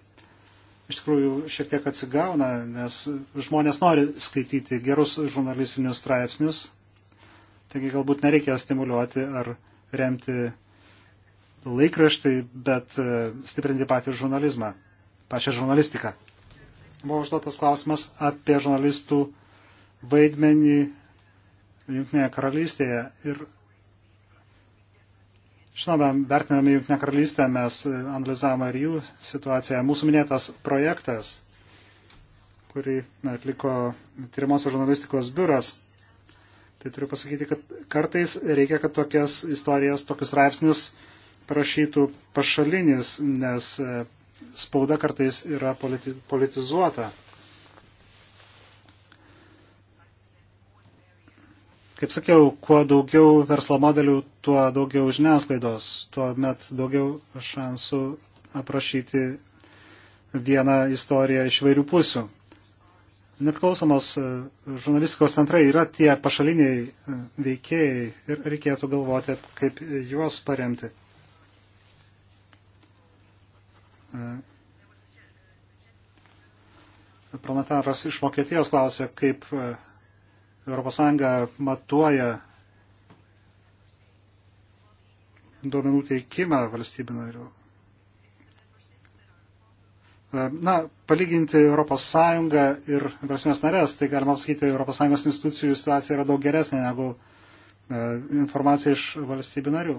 iš tikrųjų šiek tiek atsigauna, nes žmonės nori skaityti gerus žurnalistinius straipsnius. Taigi galbūt nereikia stimuliuoti ar remti laikraštį, bet e, stiprinti patį žurnalizmą, pačią žurnalistiką. Buvo užduotas klausimas apie žurnalistų vaidmenį Junktinėje karalystėje ir Žinoma, vertinami Junktinę karalystę, mes e, analizavome ir jų situaciją. Mūsų minėtas projektas, kurį atliko tyrimosios žurnalistikos biuras, tai turiu pasakyti, kad kartais reikia, kad tokias istorijas, tokius raipsnius parašytų pašalinis, nes e, spauda kartais yra politi politizuota. Kaip sakiau, kuo daugiau verslo modelių, tuo daugiau žiniasklaidos, tuo met daugiau šansų aprašyti vieną istoriją iš vairių pusių. Nepriklausomos e, žurnalistikos centrai yra tie pašaliniai e, veikėjai ir reikėtų galvoti, kaip juos paremti. E, Planetaras iš Vokietijos klausė, kaip ES matuoja duomenų teikimą valstybių narių. E, na, palyginti ES ir valstybės narės, tai galima pasakyti, ES institucijų situacija yra daug geresnė negu e, informacija iš valstybių narių.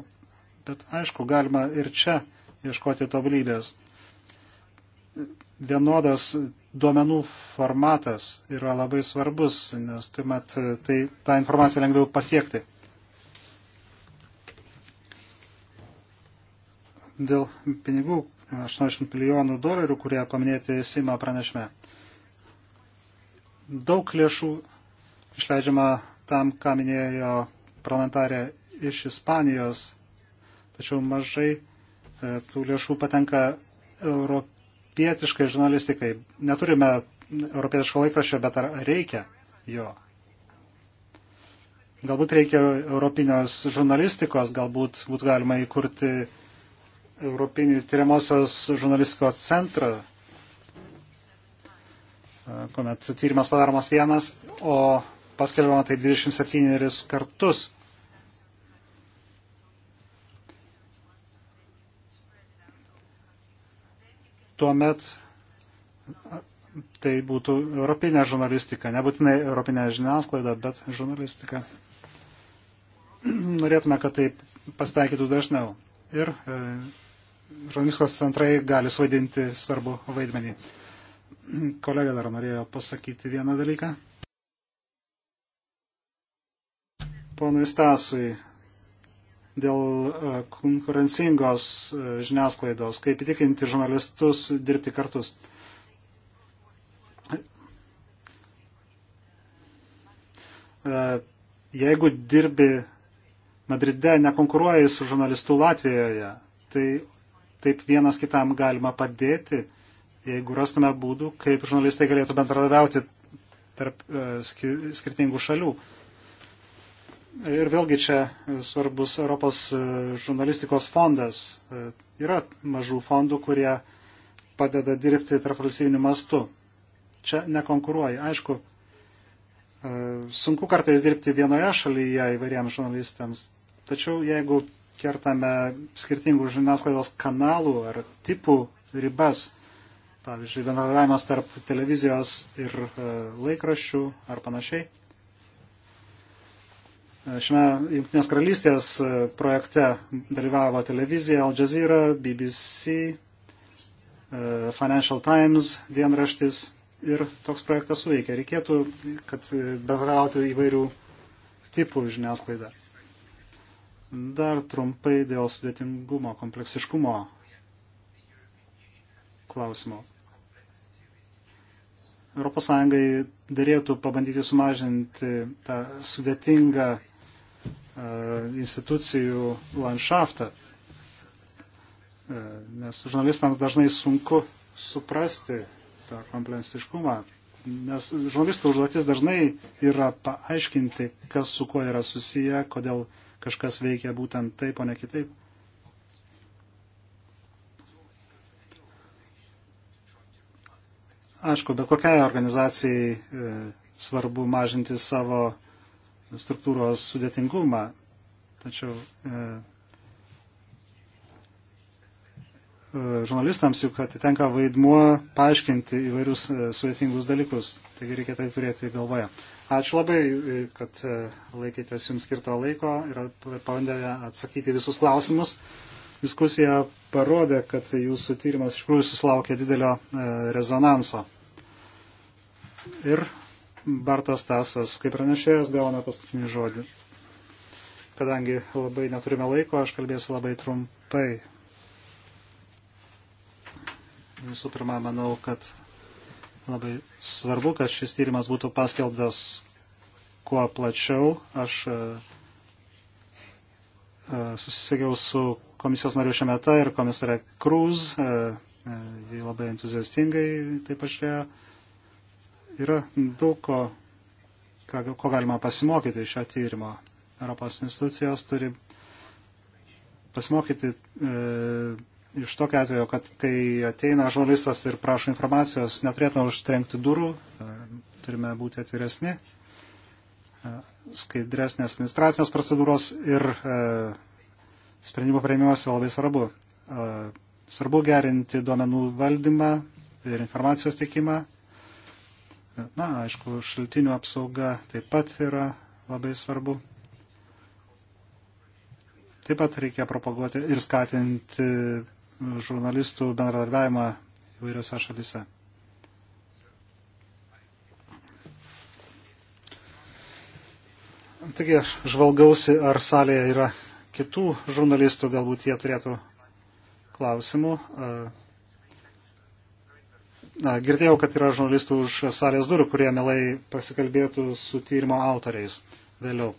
Bet aišku, galima ir čia ieškoti tobulybės vienodas duomenų formatas yra labai svarbus, nes tuomet e, tai, tą informaciją lengviau pasiekti. Dėl pinigų 80 milijonų dolerių, kurie paminėti Sima pranešme. Daug lėšų išleidžiama tam, ką minėjo parlamentarė iš Ispanijos, tačiau mažai e, tų lėšų patenka Europos europietiškai žurnalistikai. Neturime europietiško laikraščio, bet ar reikia jo? Galbūt reikia europinės žurnalistikos, galbūt būtų galima įkurti Europinį tyriamosios žurnalistikos centrą, kuomet tyrimas padaromas vienas, o paskelbiama tai 27 kartus. tuomet tai būtų europinė žurnalistika, nebūtinai europinė žiniasklaida, bet žurnalistika. Norėtume, kad taip pasitaikytų dažniau. Ir e, žurnalistikos centrai gali suvaidinti svarbu vaidmenį. Kolega dar norėjo pasakyti vieną dalyką. Ponui Stasui dėl e, konkurencingos e, žiniasklaidos, kaip įtikinti žurnalistus dirbti kartus. E, jeigu dirbi Madride, nekonkuruoji su žurnalistu Latvijoje, tai taip vienas kitam galima padėti, jeigu rastume būdų, kaip žurnalistai galėtų bendradaviauti tarp skirtingų šalių. Uh, Ir vėlgi čia svarbus Europos e, žurnalistikos fondas. E, yra mažų fondų, kurie padeda dirbti tarpvalstybiniu mastu. Čia nekonkuruoja. Aišku, e, sunku kartais dirbti vienoje šalyje įvairiems žurnalistams. Tačiau jeigu kertame skirtingų žiniasklaidos kanalų ar tipų ribas, pavyzdžiui, bendradavimas tarp televizijos ir laikraščių ar panašiai, Šiame Junktinės karalystės e, projekte dalyvavo televizija Al Jazeera, BBC, e, Financial Times dienraštis ir toks projektas suveikia. Reikėtų, kad e, bendrautų įvairių tipų žiniasklaida. Dar trumpai dėl sudėtingumo, kompleksiškumo klausimo. ES dėrėtų pabandyti sumažinti tą sudėtingą e, institucijų landšaftą, e, nes žurnalistams dažnai sunku suprasti tą kompleksiškumą, nes žurnalistų užduotis dažnai yra paaiškinti, kas su kuo yra susiję, kodėl kažkas veikia būtent taip, o ne kitaip. Aišku, bet kokiai organizacijai e, svarbu mažinti savo struktūros sudėtingumą, tačiau e, e, žurnalistams juk atitenka vaidmuo paaiškinti įvairius sudėtingus dalykus. Taigi reikia tai turėti galvoje. Ačiū labai, kad laikėtės jums skirto laiko ir pabandėte atsakyti visus klausimus. Diskusija parodė, kad jūsų tyrimas iš tikrųjų susilaukė didelio e, rezonanso. Ir Bartas Tasas, kaip pranešėjas, gauna paskutinį žodį. Kadangi labai neturime laiko, aš kalbėsiu labai trumpai. Visų pirma, manau, kad labai svarbu, kad šis tyrimas būtų paskelbtas kuo plačiau. Aš e, e, susisiekiau su komisijos narių Šemeta ir komisarė Krūz, e, e, jie labai entuziastingai taip pažiūrėjo. Yra daug ko, ko galima pasimokyti iš šio tyrimo. Europos institucijos turi pasimokyti e, iš tokio atveju, kad kai ateina žurnalistas ir prašo informacijos, neturėtume užtrenkti durų, e, turime būti atviresni, e, skaidresnės administracinės procedūros ir e, Sprendimų prieimimas yra labai svarbu. Svarbu gerinti duomenų valdymą ir informacijos teikimą. Na, aišku, šaltinių apsauga taip pat yra labai svarbu. Taip pat reikia propaguoti ir skatinti žurnalistų bendradarbiavimą įvairiose šalise. Taigi, žvalgausi, ar salėje yra kitų žurnalistų, galbūt jie turėtų klausimų. Na, girdėjau, kad yra žurnalistų už salės durų, kurie melai pasikalbėtų su tyrimo autoriais vėliau.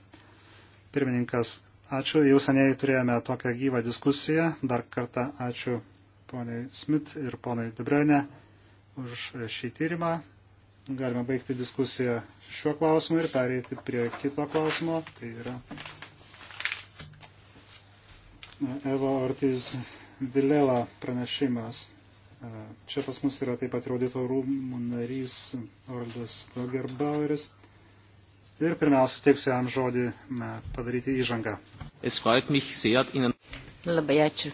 Pirmininkas, ačiū. Jau seniai turėjome tokią gyvą diskusiją. Dar kartą ačiū poniai Smith ir poniai Debrėne už šį tyrimą. Galime baigti diskusiją šiuo klausimu ir pereiti prie kito klausimo. Tai yra Evo Ortiz Vilela pranešimas. E, čia pas mus yra taip pat audito rūmų narys Ordas Dogerbaueris. Ir pirmiausia, teiksiu jam žodį na, padaryti įžangą. Labai ačiū.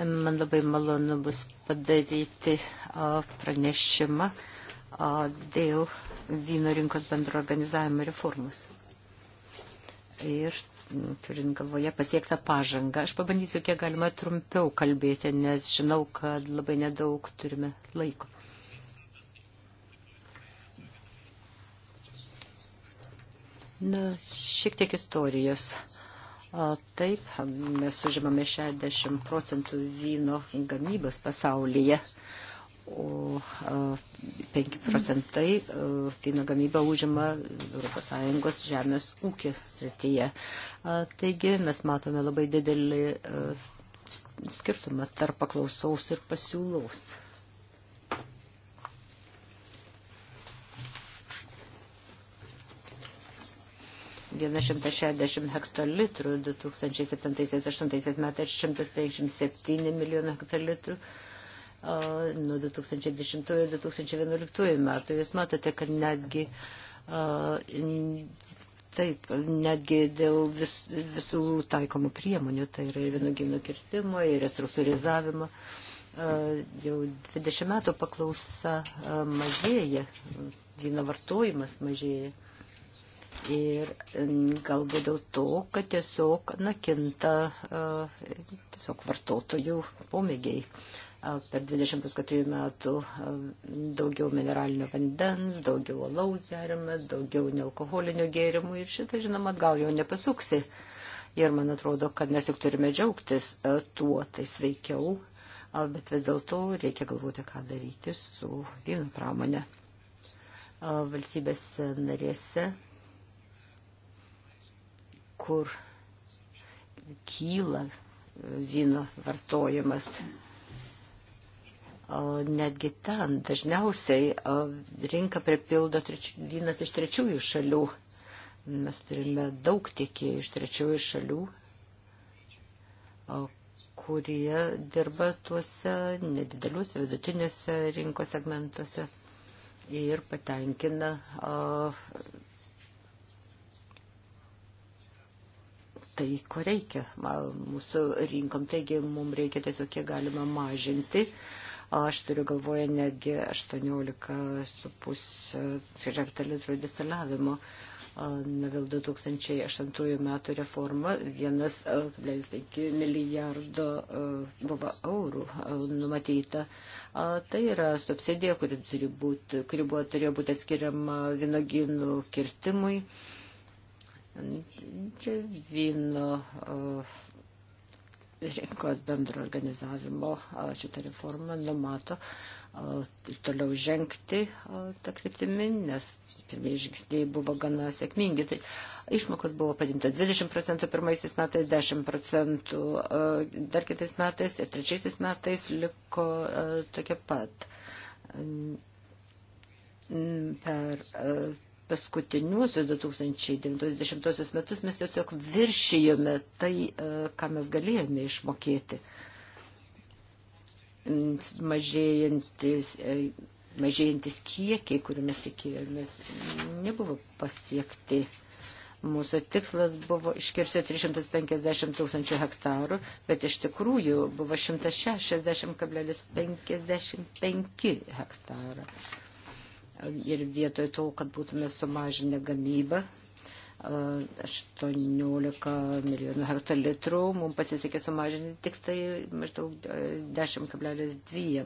Man labai malonu bus padaryti o, pranešimą o, dėl vyno rinkos bendro organizavimo reformos. Ir Nu, turint galvoje pasiektą pažangą. Aš pabandysiu kiek galima trumpiau kalbėti, nes žinau, kad labai nedaug turime laiko. Na, šiek tiek istorijos. Taip, mes užimame 60 procentų vyno gamybos pasaulyje o 5 procentai fino gamyba užima ES žemės ūkio srityje. Taigi mes matome labai didelį skirtumą tarp paklausaus ir pasiūlaus. Viena 160 hektolitrų 2007-2008 metais 157 milijonų hektolitrų nuo 2010-2011 metų. Jūs matote, kad netgi taip, netgi dėl vis, visų taikomų priemonių, tai yra ir vienogynų kirtimo, ir restruktūrizavimo, jau 20 metų paklausa mažėja, vyno vartojimas mažėja. Ir galbūt dėl to, kad tiesiog nakinta tiesiog vartotojų pomėgiai. Uh, per 24 metų daugiau mineralinio vandens, daugiau alaus geriame, daugiau nealkoholinio gėrimų ir šitą, žinoma, gal jo nepasuksi. Ir man atrodo, kad mes tik turime džiaugtis tuo, tai sveikiau, bet vis dėlto reikia galvoti, ką daryti su vyno pramonė. Valstybės narėse, kur kyla e, vyno vartojimas netgi ten dažniausiai rinką pripildo treč, vynas iš trečiųjų šalių. Mes turime daug tiekėjų iš trečiųjų šalių, kurie dirba tuose nedideliuose vidutinėse rinkos segmentuose ir patenkina tai, ko reikia mūsų rinkom. Taigi mums reikia tiesiog kiek galima mažinti uh, Aš turiu galvoje netgi 18,5 hektolitrų distiliavimo. Nagal 2008 metų reforma 1,5 milijardo buvo eurų numatyta. Tai yra subsidija, kuri, turi būti, kuri buvo, turėjo būti atskiriama vynoginų kirtimui. Čia vyno rinkos bendro organizavimo šitą reformą numato ir toliau žengti tą kryptimį, nes pirmieji žingsniai buvo gana sėkmingi. Tai išmokos buvo padinta 20 procentų pirmaisiais metais, 10 procentų dar kitais metais ir trečiaisiais metais liko tokia pat. Per paskutiniuosius 2090 metus mes tiesiog viršijome tai, e, ką mes galėjome išmokėti. Mažėjantis, e, mažėjantis kiekiai, kuriuo mes tikėjomės, nebuvo pasiekti. Mūsų tikslas buvo iškirsti 350 tūkstančių hektarų, bet iš tikrųjų buvo 160,55 hektarą ir vietoj to, kad būtume sumažinę gamybą 18 milijonų hektolitrų, mums pasisekė sumažinti tik tai maždaug 10,2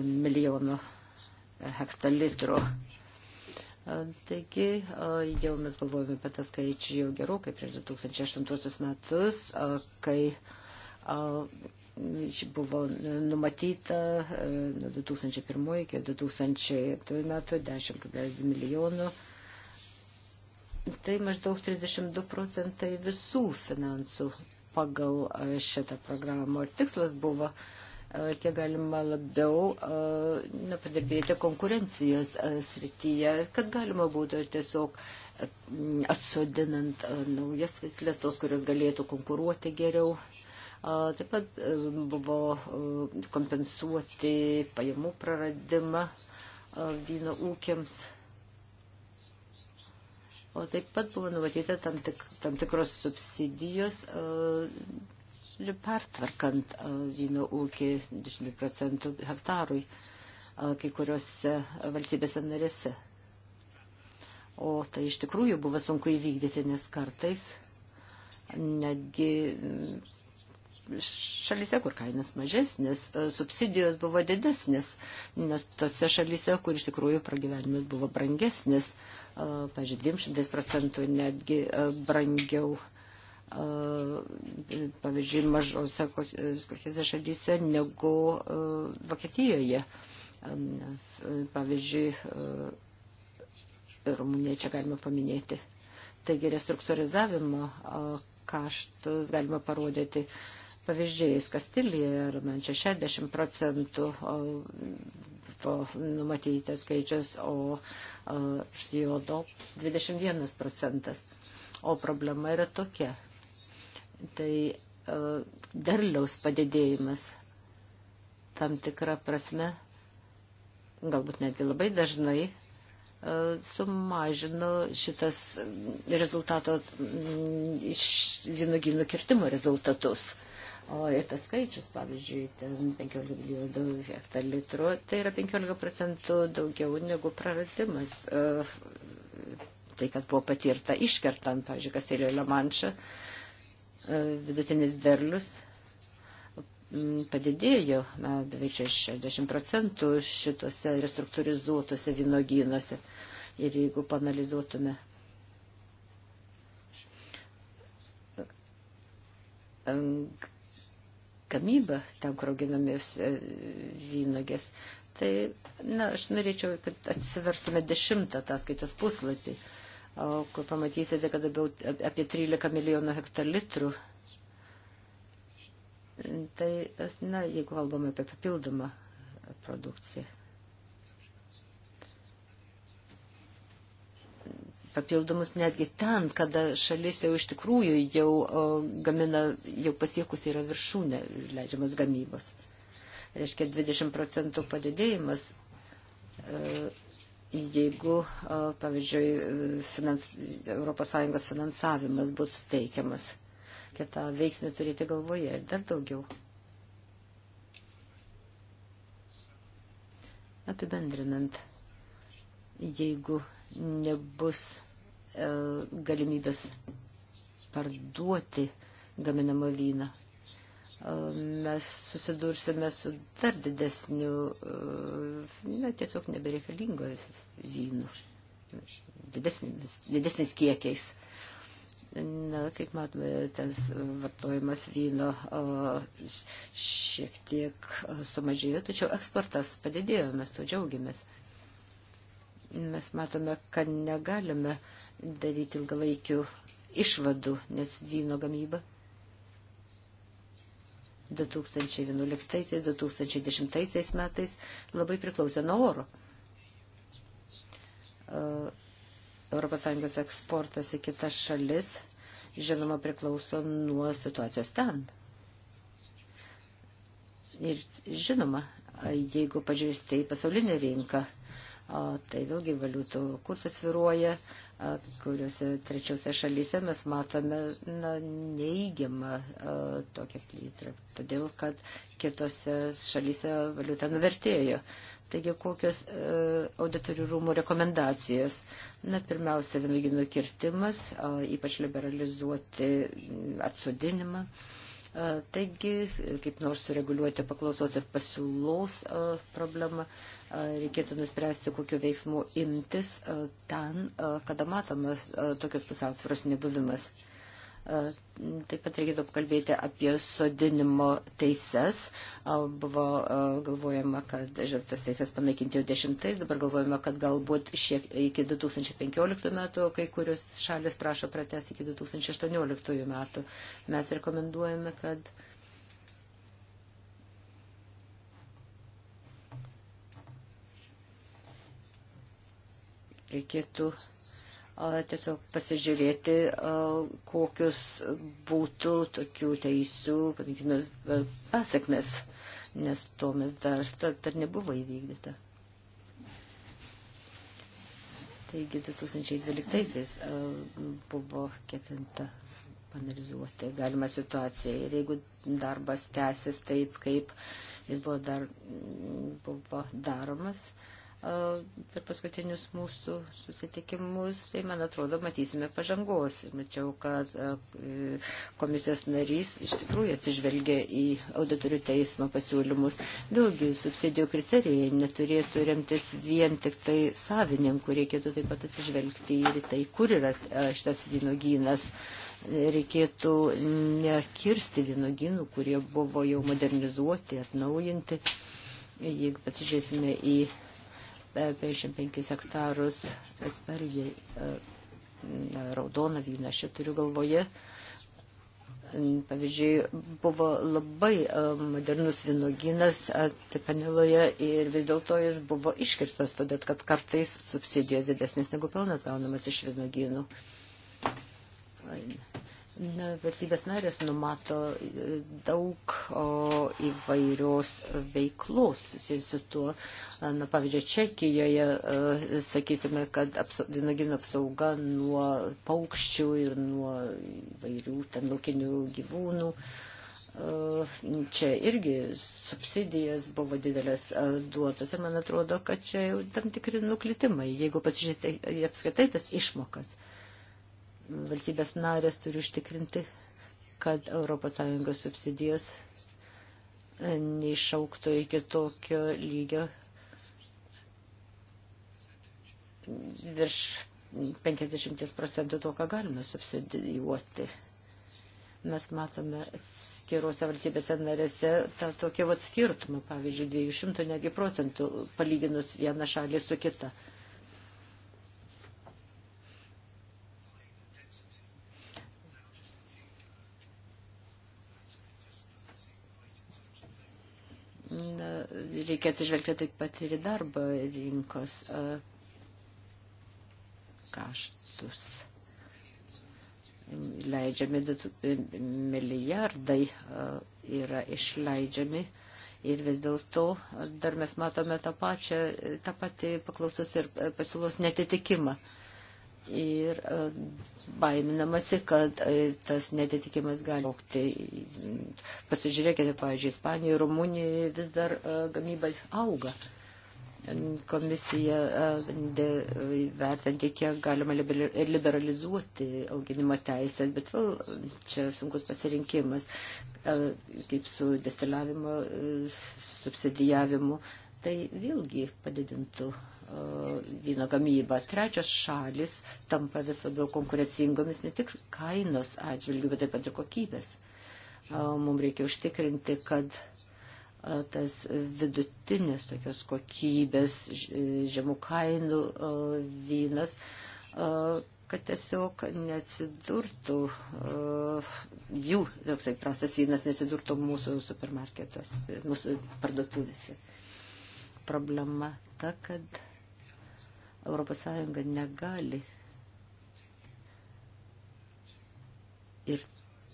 milijonų hektolitrų. Taigi, jau mes galvojame apie tą skaičių jau gerokai prieš 2008 metus, kai buvo numatyta e, nuo 2001 iki 2002 metų 10,2 milijonų. Tai maždaug 32 procentai visų finansų pagal e, šitą programą. Ir tikslas buvo e, kiek galima labiau nepadirbėti konkurencijos srityje, kad galima būtų tiesiog atsodinant naujas veislės, tos, kurios galėtų konkuruoti geriau Taip pat e, buvo e, kompensuoti pajamų praradimą e, vyno ūkiams. O taip pat buvo numatyta tam, tik, tam tikros subsidijos pertvarkant vyno ūkį 20 procentų hektarui kai kuriuose valstybėse narėse. O tai iš tikrųjų buvo sunku įvykdyti, nes kartais netgi šalyse, kur kainas mažesnis, e, subsidijos buvo didesnis, nes tose šalyse, kur iš tikrųjų pragyvenimas buvo brangesnis, e, pažiūrėjau, 200 procentų netgi e, brangiau pavyzdžiui, mažose kokiose šalyse negu Vokietijoje. Pavyzdžiui, Rumuniją čia galima paminėti. Taigi restruktūrizavimo kaštus galima parodyti pavyzdžiais. Kastilijoje ar man 60 procentų numatytas skaičius, o Sijodo 21 procentas. O problema yra tokia. Tai e, derliaus padidėjimas tam tikrą prasme, galbūt netgi labai dažnai e, sumažino šitas rezultato iš vynoginų kirtimo rezultatus. O ir tas skaičius, pavyzdžiui, ten 15 milijonų hektolitrų, tai yra 15 procentų daugiau negu praradimas. E, tai, kas buvo patirta iškertant, pavyzdžiui, Kastelio Lamanšą, e, vidutinis derlius padidėjo beveik 60 procentų šituose restruktūrizuotose vynogynuose. Ir jeigu panalizuotume e, gamybą ten, kur auginamis e, vynogės. Tai, na, aš norėčiau, kad atsiverstume dešimtą ataskaitos puslapį, kur pamatysite, kad abiau, apie 13 milijonų hektolitrų. Tai, na, jeigu kalbame apie papildomą produkciją. papildomus netgi ten, kada šalis jau iš tikrųjų jau gamina, jau pasiekusi yra viršūnė leidžiamas gamybos. Reiškia 20 procentų padidėjimas, e, jeigu, pavyzdžiui, finans, ES finansavimas būtų teikiamas. Kita veiksnė turėti galvoje ir dar daugiau. Apibendrinant, jeigu nebus e, galimybės parduoti gaminamą vyną. E, mes susidursime su dar didesniu, e, na, tiesiog nebereikalingo vynu, didesnis, didesnis kiekiais. Na, kaip matome, ten vartojimas vyno e, šiek tiek e, sumažėjo, tačiau eksportas padidėjo, mes tuo džiaugiamės mes matome, kad negalime daryti ilgalaikių išvadų, nes vyno gamyba 2011-2010 metais labai priklausė nuo oro. ES eksportas į kitas šalis, žinoma, priklauso nuo situacijos ten. Ir žinoma, jeigu pažiūrėsite į pasaulinę rinką, tai vėlgi valiutų kursas viruoja, kuriuose trečiose šalyse mes matome na, neįgimą tokią plytrą, todėl kad kitose šalyse valiuta nuvertėjo. Taigi, kokios e, auditorių rūmų rekomendacijos? Na, pirmiausia, vienuoginų kirtimas, e, ypač liberalizuoti atsudinimą. E, taigi, kaip nors sureguliuoti paklausos ir pasiūlos e, problemą. E, reikėtų nuspręsti, kokiu veiksmu imtis ten, kada matomas tokios pusiausvėros nebuvimas. Taip pat reikėtų kalbėti apie sodinimo teises. Buvo galvojama, kad tas teises panaikinti jau dešimtais, dabar galvojama, kad galbūt šiek, iki 2015 metų kai kurios šalis prašo pratesti iki 2018 metų. Mes rekomenduojame, kad Reikėtų tiesiog pasižiūrėti, kokius būtų tokių teisių, padinkime, pasakmes, nes to mes dar, dar nebuvo įvykdyta. Taigi 2012-aisiais buvo ketinta panalizuoti galimą situaciją ir jeigu darbas tęsis taip, kaip jis buvo, dar, buvo daromas, uh, per paskutinius mūsų susitikimus, tai man atrodo, matysime pažangos. Ir mačiau, kad e, komisijos narys iš tikrųjų atsižvelgia į auditorių teismo pasiūlymus. Vėlgi, subsidijų kriterijai neturėtų remtis vien tik tai savininkų, reikėtų taip pat atsižvelgti ir tai, kur yra šitas vynogynas. Reikėtų nekirsti vynoginų, kurie buvo jau modernizuoti, atnaujinti. Jeigu pasižiūrėsime į 55 hektarus aspergiai e, raudoną vyną, aš turiu galvoje. Pavyzdžiui, buvo labai e, modernus vynoginas e, Tepaneloje ir vis dėlto jis buvo iškirstas, todėl kad kartais subsidijos didesnės negu pelnas gaunamas iš vynoginų. Na, valstybės narės numato e, daug o, įvairios veiklos susijusių tuo. Na, pavyzdžiui, Čekijoje, a, e, sakysime, kad apsa, vinogino apsauga nuo paukščių ir nuo įvairių ten laukinių gyvūnų. A, e, čia irgi subsidijas buvo didelės duotas ir man atrodo, kad čia jau tam tikri nuklitimai, jeigu pasižiūrėsite apskritai tas išmokas. A, valstybės narės turi užtikrinti, kad ES subsidijos e, neišauktų iki tokio lygio virš 50 procentų to, ką galime subsidijuoti. Mes matome skiriuose valstybėse narėse tą tokį vat skirtumą, pavyzdžiui, 200 netgi procentų palyginus vieną šalį su kita. Na, reikia atsižvelgti taip pat ir į darbo rinkos e, kaštus. Leidžiami e, milijardai e, yra išleidžiami ir vis dėlto dar mes matome tą pačią, tą patį paklausos ir pasiūlos netitikimą. Uh, ir e, baiminamasi, kad e, tas netitikimas gali aukti. Pasižiūrėkite, pavyzdžiui, Ispanijoje, Rumunijoje vis dar e, gamyba auga. Komisija vertinti, kiek galima liberalizuoti auginimo teisės, bet vėl čia sunkus pasirinkimas, kaip su destilavimo, subsidijavimu, tai vėlgi padidintų vyno gamybą. Trečios šalis tampa vis labiau konkurencingomis ne tik kainos atžvilgių, bet taip pat ir kokybės. Mums reikia užtikrinti, kad tas vidutinės tokios kokybės žemų kainų vynas, kad tiesiog neatsidurtų jų, toksai prastas vynas neatsidurtų mūsų supermarketuose, mūsų parduotuvėse. Problema ta, kad ES negali ir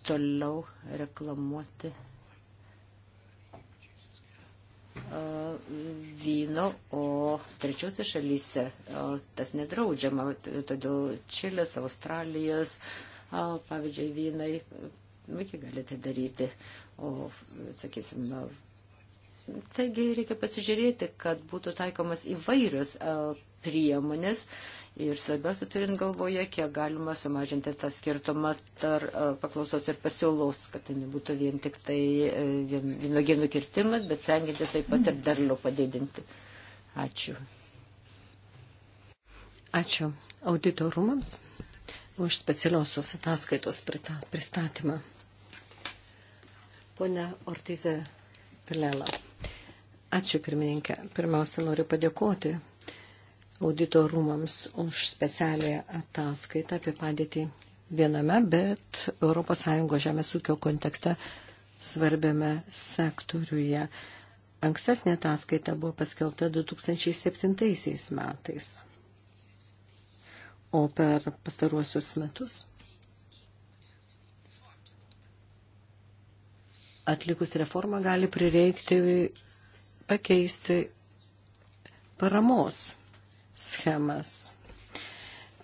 toliau reklamuoti vyno, o trečiose šalyse tas nedraudžiama. Todėl Čilės, Australijos, pavyzdžiui, vynai, vaikai galite tai daryti. O, sakysim, taigi reikia pasižiūrėti, kad būtų taikomas įvairius priemonės ir svarbiausia turint galvoje, kiek galima sumažinti tą skirtumą tarp e, paklausos ir pasiūlos, kad tai nebūtų vien tik tai e, vynogenų kirtimas, bet stengiantis taip pat ir derlių padidinti. Ačiū. Ačiū auditorumams už specialiosios ataskaitos pristatymą. Pone Ortize Pilela. Ačiū pirmininkė. Pirmiausia, noriu padėkoti audito rūmams už specialią ataskaitą apie padėtį viename, bet ES žemės ūkio kontekste svarbiame sektoriuje. Ankstesnė ataskaita buvo paskelbta 2007 metais, o per pastaruosius metus atlikus reformą gali prireikti pakeisti paramos schemas.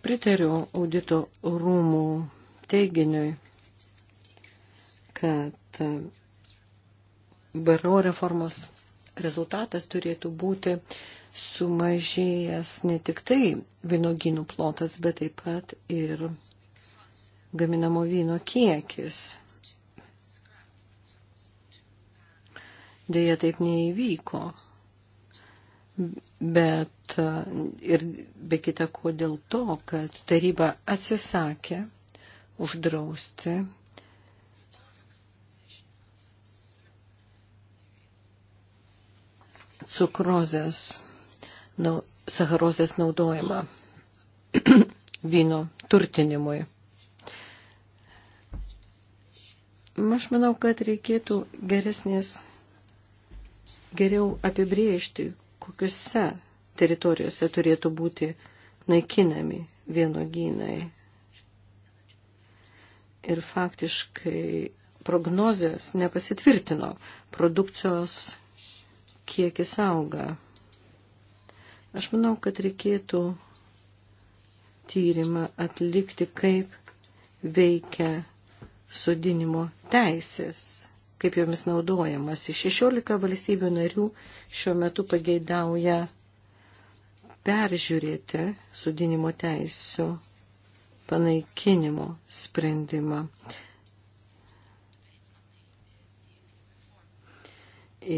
Pritariu audito rūmų teiginiui, kad BRO reformos rezultatas turėtų būti sumažėjęs ne tik tai vynoginų plotas, bet taip pat ir gaminamo vyno kiekis. Deja, taip neįvyko bet e, ir be kita ko dėl to, kad taryba atsisakė uždrausti cukrozės, nau, saharozės naudojimą vyno turtinimui. Aš manau, kad reikėtų geresnės, geriau apibriežti, kokiuose teritorijose turėtų būti naikinami vienogynai. Ir faktiškai prognozės nepasitvirtino, produkcijos kiekis auga. Aš manau, kad reikėtų tyrimą atlikti, kaip veikia sodinimo teisės kaip jomis naudojamas. 16 valstybių narių šiuo metu pageidauja peržiūrėti sudinimo teisų panaikinimo sprendimą.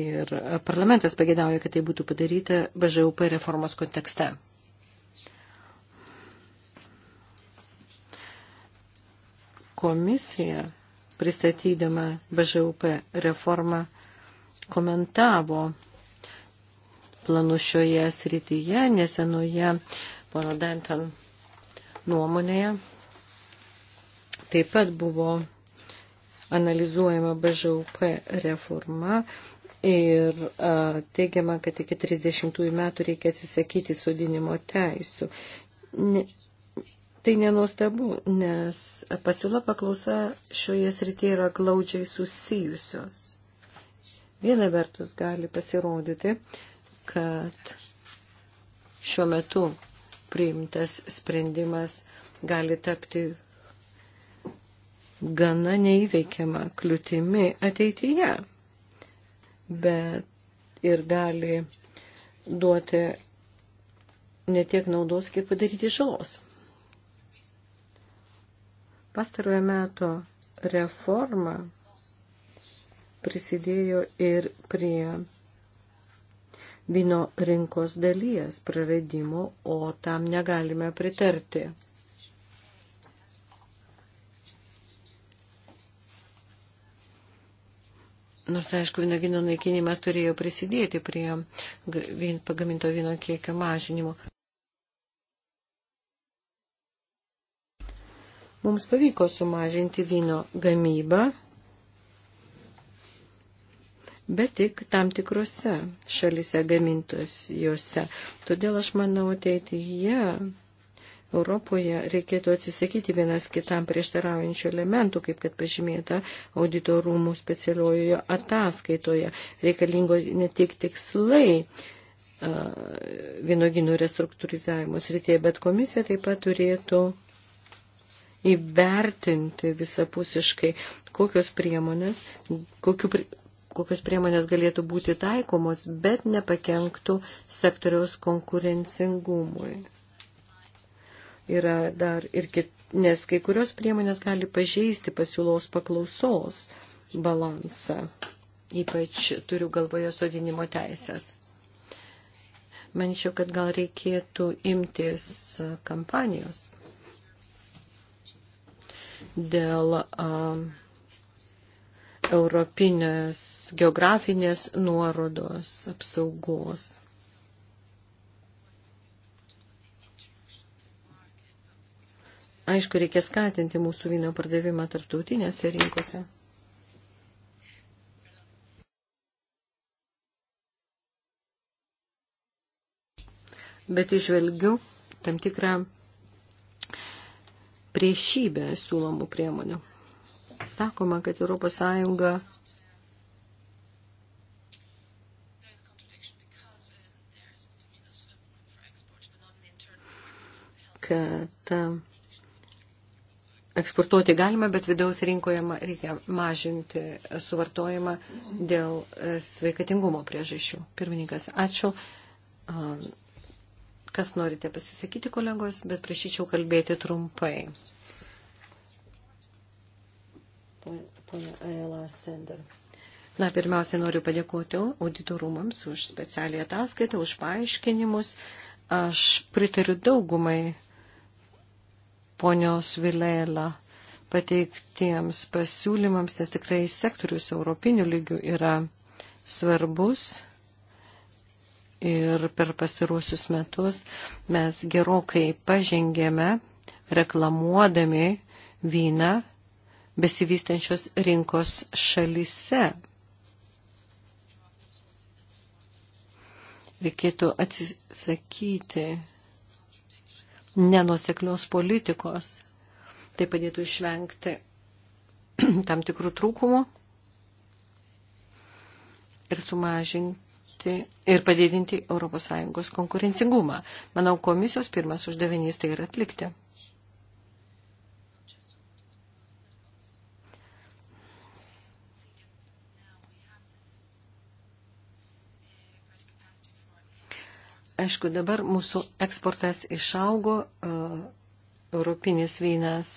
Ir parlamentas pagėdauja, kad tai būtų padaryta BŽUP reformos kontekste. Komisija pristatydama BŽUP reformą komentavo planus šioje srityje, nesenoje pono Dantan nuomonėje. Taip pat buvo analizuojama BŽUP reforma ir a, teigiama, kad iki 30 metų reikia atsisakyti sodinimo teisų. Ne, Tai nenuostabu, nes pasiūla paklausa šioje srityje yra glaudžiai susijusios. Viena vertus gali pasirodyti, kad šiuo metu priimtas sprendimas gali tapti gana neįveikiama kliūtimi ateityje, bet ir gali duoti netiek naudos, kiek padaryti žalos. Pastarojo meto reforma prisidėjo ir prie vyno rinkos dalies praradimo, o tam negalime pritarti. Nors, aišku, vyno naikinimas turėjo prisidėti prie pagaminto vyno kiekio mažinimo. Mums pavyko sumažinti vyno gamybą, bet tik tam tikrose šalise gamintos juose. Todėl aš manau ateityje. Yeah. Europoje reikėtų atsisakyti vienas kitam prieštaraujančių elementų, kaip kad pažymėta audito rūmų specialiojoje ataskaitoje. Reikalingo ne tik tikslai vynoginų restruktūrizavimo srityje, bet komisija taip pat turėtų įvertinti visapusiškai, kokios priemonės, kokiu, kokios priemonės galėtų būti taikomos, bet nepakenktų sektoriaus konkurencingumui. Yra dar ir kit, nes kai kurios priemonės gali pažeisti pasiūlos paklausos balansą, ypač turiu galvoje sodinimo teisės manyčiau, kad gal reikėtų imtis kampanijos dėl um, europinės geografinės nuorodos apsaugos. Aišku, reikia skatinti mūsų vyno pardavimą tarptautinėse rinkose. Bet išvelgiu tam tikrą priešybę siūlomų priemonių. Sakoma, kad ES kad e, eksportuoti galima, bet vidaus rinkoje reikia mažinti suvartojimą dėl e, sveikatingumo priežasčių. Pirmininkas, ačiū kas norite pasisakyti, kolegos, bet prašyčiau kalbėti trumpai. Pone Aela Sender. Na, pirmiausia, noriu padėkoti auditorumams už specialią ataskaitą, už paaiškinimus. Aš pritariu daugumai ponios Vilėlą pateiktiems pasiūlymams, nes tikrai sektorius europinių lygių yra svarbus ir per pastaruosius metus mes gerokai pažengėme reklamuodami vyną besivystančios rinkos šalise. Reikėtų atsisakyti nenuseklios politikos. Tai padėtų išvengti tam tikrų trūkumų ir sumažinti didinti ir padidinti ES konkurencingumą. Manau, komisijos pirmas uždavinys tai yra atlikti. Aišku, dabar mūsų eksportas išaugo, uh, e, europinis vynas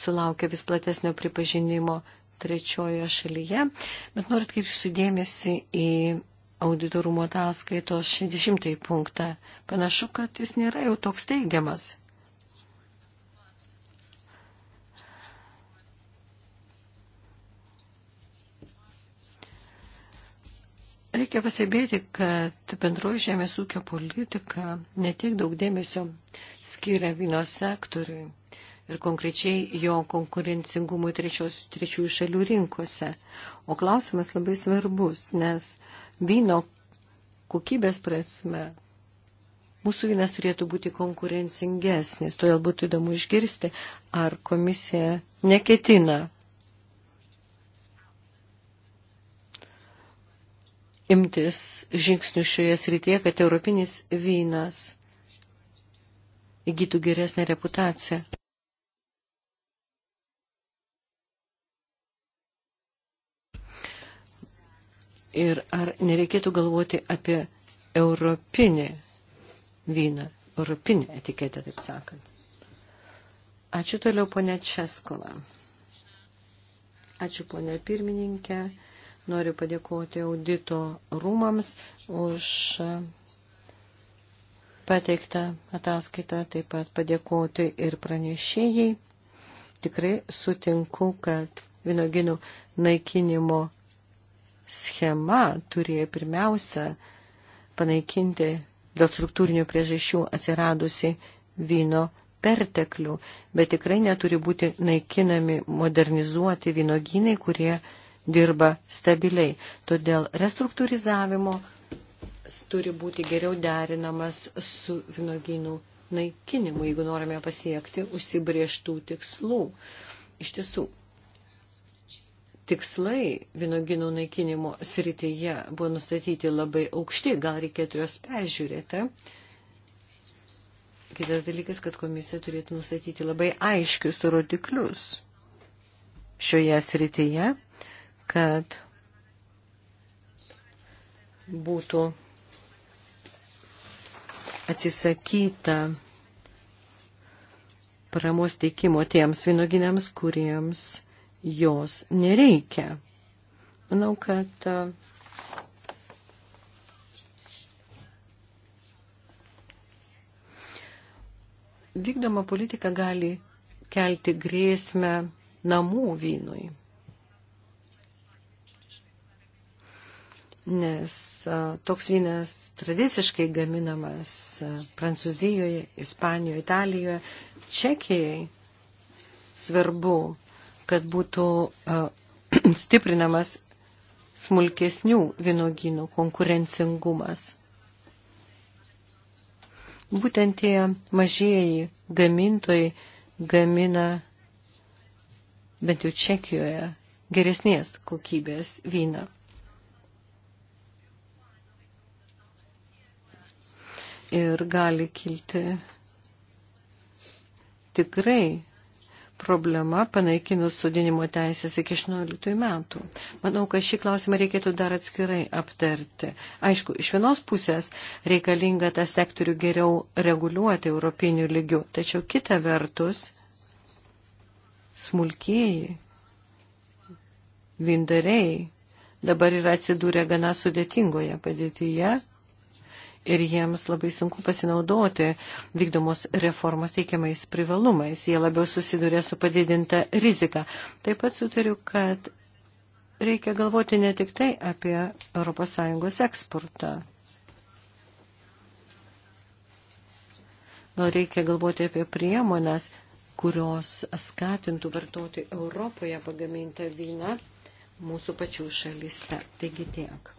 sulaukia vis platesnio pripažinimo trečiojoje šalyje, bet norit kaip jūsų dėmesį į auditorumo ataskaitos 60 punktą. Panašu, kad jis nėra jau toks teigiamas. Reikia pasibėti, kad bendroji žemės ūkio politika netiek daug dėmesio skiria vyno sektoriui ir konkrečiai jo konkurencingumui trečios, trečiųjų šalių rinkose. O klausimas labai svarbus, nes vyno kokybės prasme mūsų vynas turėtų būti konkurencingesnis. Todėl būtų įdomu išgirsti, ar komisija neketina imtis žingsnių šioje srityje, kad europinis vynas įgytų geresnę reputaciją. ir ar nereikėtų galvoti apie europinį vyną, europinį etiketę, taip sakant. Ačiū toliau, ponė Českola. Ačiū, ponė pirmininkė. Noriu padėkoti audito rūmams už pateiktą ataskaitą, taip pat padėkoti ir pranešėjai. Tikrai sutinku, kad vynoginų naikinimo schema turėjo pirmiausia panaikinti dėl struktūrinių priežasčių atsiradusi vyno perteklių, bet tikrai neturi būti naikinami modernizuoti vynogynai, kurie dirba stabiliai. Todėl restruktūrizavimo turi būti geriau derinamas su vynogynų naikinimu, jeigu norime pasiekti užsibrieštų tikslų. Iš tiesų, tikslai vinoginų naikinimo srityje buvo nustatyti labai aukšti, gal reikėtų juos peržiūrėti. Kitas dalykas, kad komisija turėtų nustatyti labai aiškius rodiklius šioje srityje, kad būtų atsisakyta paramos teikimo tiems vinoginiams, kuriems jos nereikia. Manau, kad e, vykdoma politika gali kelti grėsmę namų vynui. Nes e, toks vynas tradiciškai gaminamas e, Prancūzijoje, Ispanijoje, Italijoje, Čekijoje svarbu kad būtų e, stiprinamas smulkesnių vynogynų konkurencingumas. Būtent tie mažieji gamintojai gamina bent jau Čekijoje geresnės kokybės vyną. Ir gali kilti tikrai problema panaikinus sudinimo teisės iki 16 metų. Manau, kad šį klausimą reikėtų dar atskirai aptarti. Aišku, iš vienos pusės reikalinga tą sektorių geriau reguliuoti europinių lygių, tačiau kita vertus smulkieji vindariai dabar yra atsidūrę gana sudėtingoje padėtyje ir jiems labai sunku pasinaudoti vykdomos reformos teikiamais privalumais. Jie labiau susiduria su padidinta rizika. Taip pat sutariu, kad reikia galvoti ne tik tai apie ES eksportą. Gal reikia galvoti apie priemonas, kurios skatintų vartoti Europoje pagamintą vyną mūsų pačių šalyse. Taigi tiek.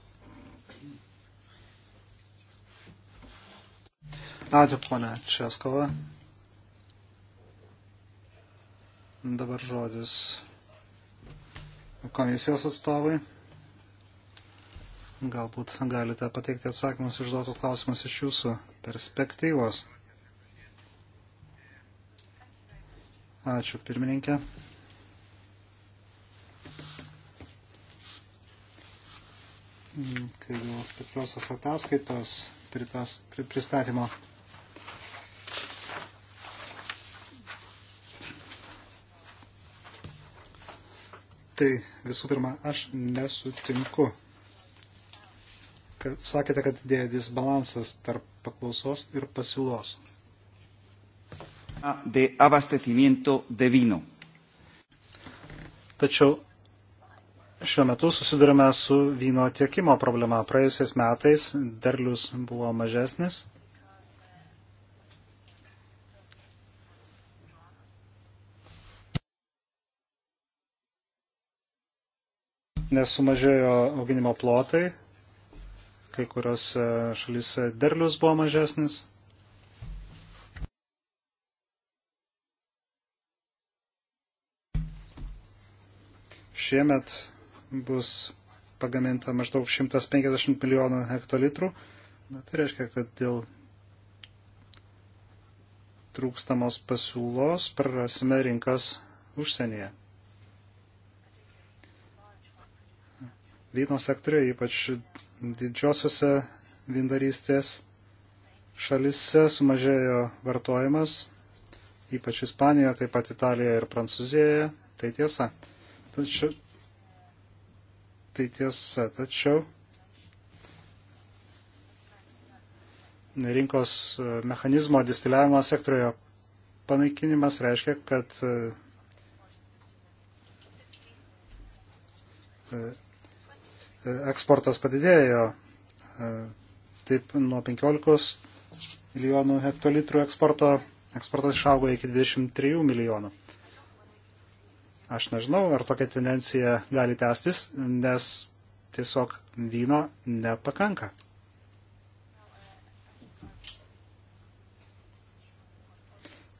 Ačiū, ponia Českova. Dabar žodis komisijos atstovai. Galbūt galite pateikti atsakymus išduotus klausimus iš jūsų perspektyvos. Ačiū, pirmininkė. kai dėl specialiosios ataskaitos pritas, pristatymo Tai visų pirma, aš nesutinku. Kad, sakėte, kad dėja disbalansas tarp paklausos ir pasiūlos. De abastecimiento de vino. Tačiau šiuo metu susidurime su vyno tiekimo problema. Praėjusiais metais derlius buvo mažesnis nes sumažėjo auginimo plotai, kai kuriuose šalyse derlius buvo mažesnis. Šiemet bus pagaminta maždaug 150 milijonų hektolitrų. Na, tai reiškia, kad dėl trūkstamos pasiūlos prarasime rinkas užsienyje. vyno sektoriuje, ypač didžiosiuose vindarystės šalise sumažėjo vartojimas, ypač Ispanijoje, taip pat Italijoje ir Prancūzijoje. Tai tiesa. Tačiau, tai tiesa, tačiau rinkos e, mechanizmo distiliavimo sektoriuje panaikinimas reiškia, kad e, e, eksportas padidėjo e, taip nuo 15 milijonų hektolitrų eksporto, eksportas išaugo iki 23 milijonų. Aš nežinau, ar tokia tendencija gali tęstis, nes tiesiog vyno nepakanka.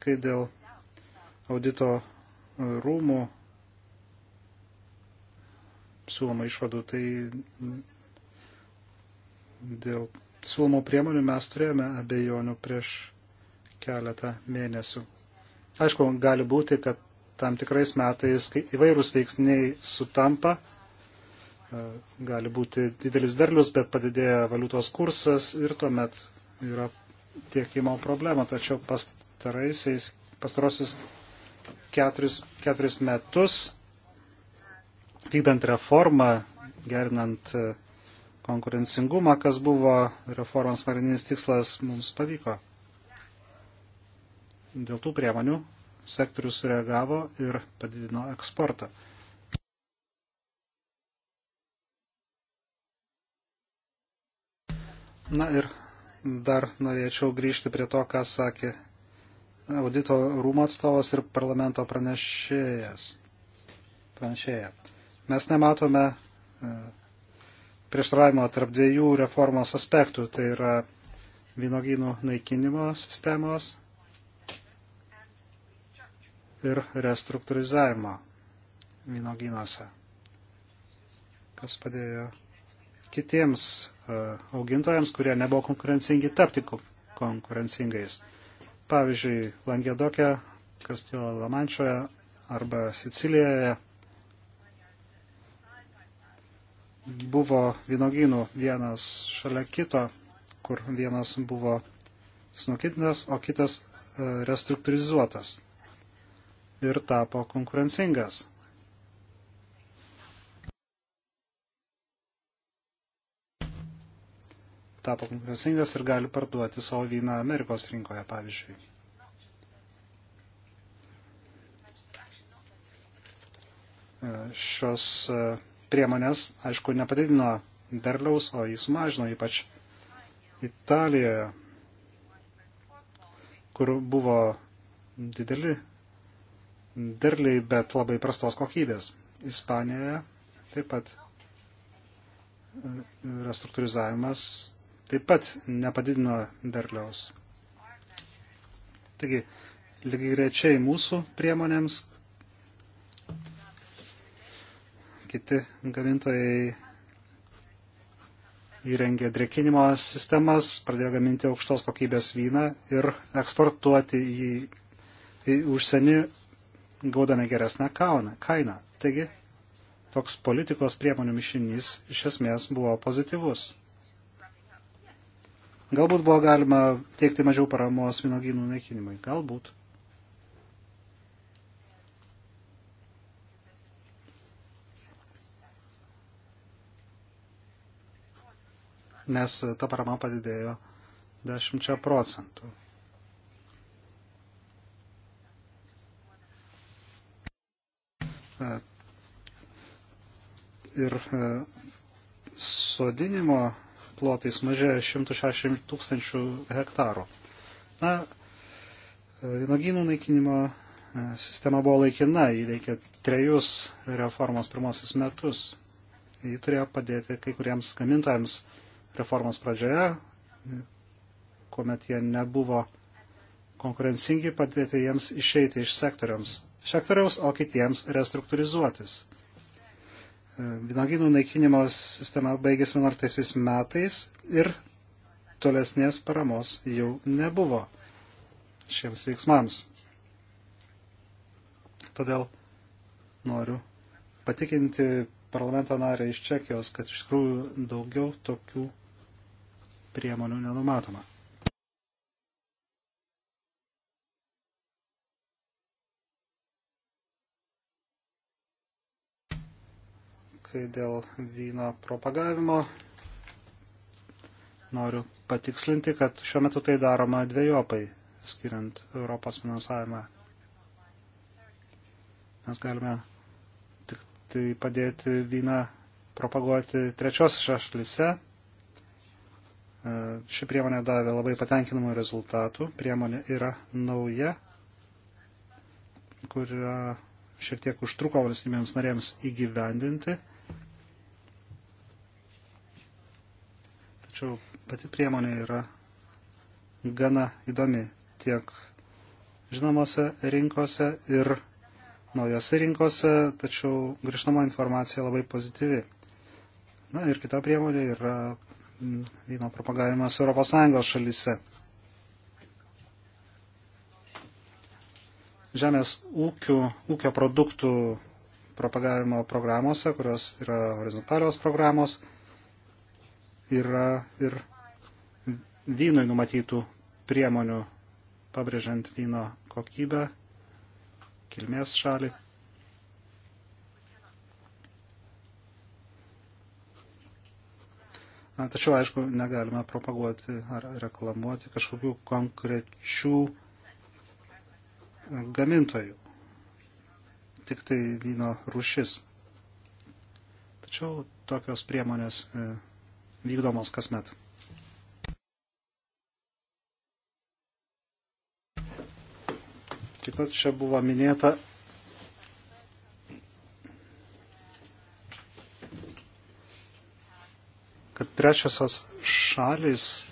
Kai dėl audito rūmų siūloma išvadų, tai dėl siūlomų priemonių mes turėjome abejonių prieš keletą mėnesių. Aišku, gali būti, kad tam tikrais metais įvairūs veiksniai sutampa, e, gali būti didelis derlius, bet padidėja valiutos kursas ir tuomet yra tiekimo problema. Tačiau pastaraisiais, pastarosius keturis, keturis metus vykdant reformą, gerinant e, konkurencingumą, kas buvo reformos pagrindinis tikslas, mums pavyko. Dėl tų priemonių sektorius reagavo ir padidino eksportą. Na ir dar norėčiau grįžti prie to, ką sakė audito rūmo atstovas ir parlamento pranešėjas. Pranešėja. Mes nematome e, prieštaravimo tarp dviejų reformos aspektų, tai yra vynogynų naikinimo sistemos ir restruktūrizavimo vynogynuose, kas padėjo kitiems e, augintojams, kurie nebuvo konkurencingi, tapti konkurencingais. Pavyzdžiui, Langedokė, Kastilo Lamančioje arba Sicilijoje buvo vynogynų vienas šalia kito, kur vienas buvo sunokintas, o kitas e, restruktūrizuotas ir tapo konkurencingas. Tapo konkurencingas ir gali parduoti savo vyną Amerikos rinkoje, pavyzdžiui. E, šios uh, priemonės, aišku, nepadidino derliaus, o jį sumažino ypač Italijoje, kur buvo dideli derliai, bet labai prastos kokybės. Ispanijoje taip pat e, restruktūrizavimas taip pat nepadidino derliaus. Taigi, lygiai grečiai mūsų priemonėms kiti gamintojai įrengė drekinimo sistemas, pradėjo gaminti aukštos kokybės vyną ir eksportuoti jį į užsienį, gaudami geresnę kainą. Taigi, toks politikos priemonių mišinys iš esmės buvo pozityvus. Galbūt buvo galima teikti mažiau paramos vynogynų naikinimui. Galbūt. nes ta parama padidėjo 10 procentų. Ir e, sodinimo plotais mažėjo 160 tūkstančių hektarų. Na, e, vynogynų naikinimo e, sistema buvo laikina, jį veikė trejus reformos pirmosius metus. Jį turėjo padėti kai kuriems gamintojams reformos pradžioje, kuomet jie nebuvo konkurencingi, padėti jiems išeiti iš sektoriams, sektoriaus, o kitiems restruktūrizuotis. E, Vynoginų naikinimo sistema baigėsi 11 metais ir tolesnės paramos jau nebuvo šiems veiksmams. Todėl noriu patikinti parlamento narę iš Čekijos, kad iš tikrųjų daugiau tokių priemonių nenumatoma. Kai dėl vyno propagavimo noriu patikslinti, kad šiuo metu tai daroma dviejopai, skiriant Europos finansavimą. Mes galime tik tai padėti vyną propaguoti trečiosios šalyse, E, ši priemonė davė labai patenkinamų rezultatų. Priemonė yra nauja, kurią šiek tiek užtruko valstybėms narėms įgyvendinti. Tačiau pati priemonė yra gana įdomi tiek žinomose rinkose ir naujose rinkose, tačiau grįžtama informacija labai pozityvi. Na ir kita priemonė yra vyno propagavimas ES šalyse. Žemės ūkių, ūkio produktų propagavimo programuose, kurios yra horizontalios programos, yra ir vynui numatytų priemonių, pabrėžiant vyno kokybę, kilmės šalį. Na, tačiau, aišku, negalime propaguoti ar reklamuoti kažkokių konkrečių gamintojų. Tik tai vyno rušis. Tačiau tokios priemonės e, vykdomos kasmet. Taip pat čia buvo minėta trečiosios šalis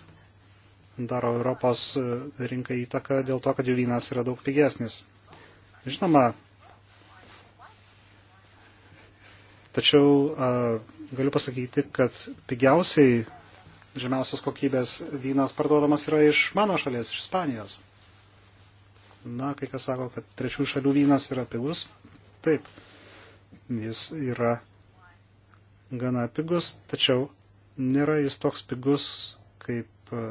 daro Europos e, rinkai įtaką dėl to, kad jų vynas yra daug pigesnis. Žinoma, tačiau a, e, galiu pasakyti, kad pigiausiai žemiausios kokybės vynas parduodamas yra iš mano šalies, iš Ispanijos. Na, kai kas sako, kad trečių šalių vynas yra pigus. Taip, jis yra gana pigus, tačiau nėra jis toks pigus kaip e,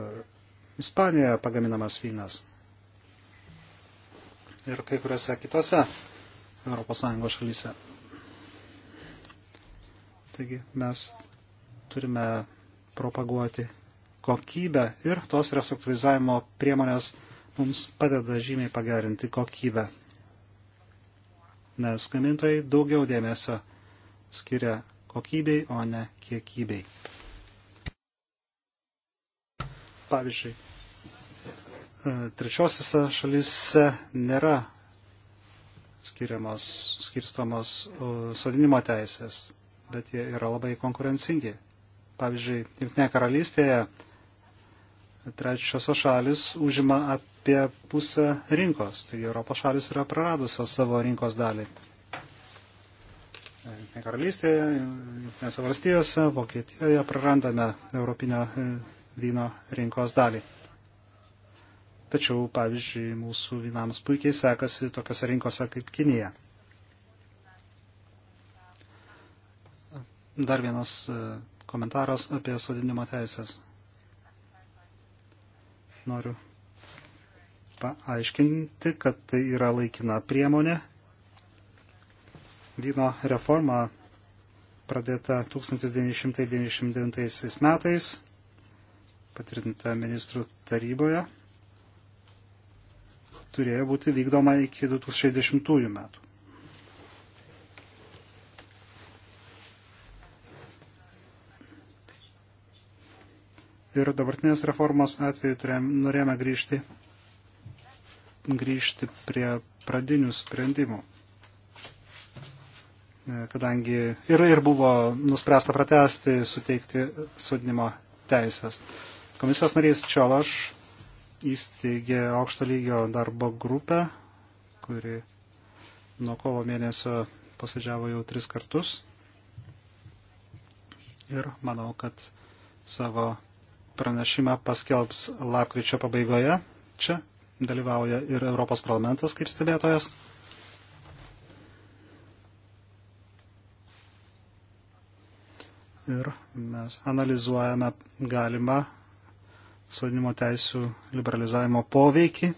Ispanijoje pagaminamas vynas. Ir kai kuriuose kitose ES šalyse. Taigi mes turime propaguoti kokybę ir tos restruktūrizavimo priemonės mums padeda žymiai pagerinti kokybę. Nes gamintojai daugiau dėmesio skiria kokybei, o ne kiekybei. Pavyzdžiui, e, trečiosiose šalyse nėra skiriamos, skirstamos sodinimo teisės, bet jie yra labai konkurencingi. Pavyzdžiui, Junktinėje karalystėje trečiosios šalis užima apie pusę rinkos, tai Europos šalis yra praradusios savo rinkos dalį. Junktinėje karalystėje, Junktinėse valstijose, Vokietijoje prarandame europinio e, vyno rinkos dalį. Tačiau, pavyzdžiui, mūsų vynams puikiai sekasi tokiose rinkose kaip Kinija. Dar vienas e, komentaras apie sodinimo teisės. Noriu paaiškinti, kad tai yra laikina priemonė. Vyno reforma pradėta 1999 metais patvirtinta ministrų taryboje, turėjo būti vykdoma iki 2010 metų. Ir dabartinės reformos atveju turėjom, norėjome grįžti, grįžti prie pradinių sprendimų. Kadangi ir, ir buvo nuspręsta pratesti, suteikti sudinimo teisės. Komisijos narys Čiolaš įsteigė aukšto lygio darbo grupę, kuri nuo kovo mėnesio posėdžiavo jau tris kartus. Ir manau, kad savo pranešimą paskelbs lapkričio pabaigoje. Čia dalyvauja ir Europos parlamentas kaip stebėtojas. Ir mes analizuojame galimą sodinimo teisų liberalizavimo poveikį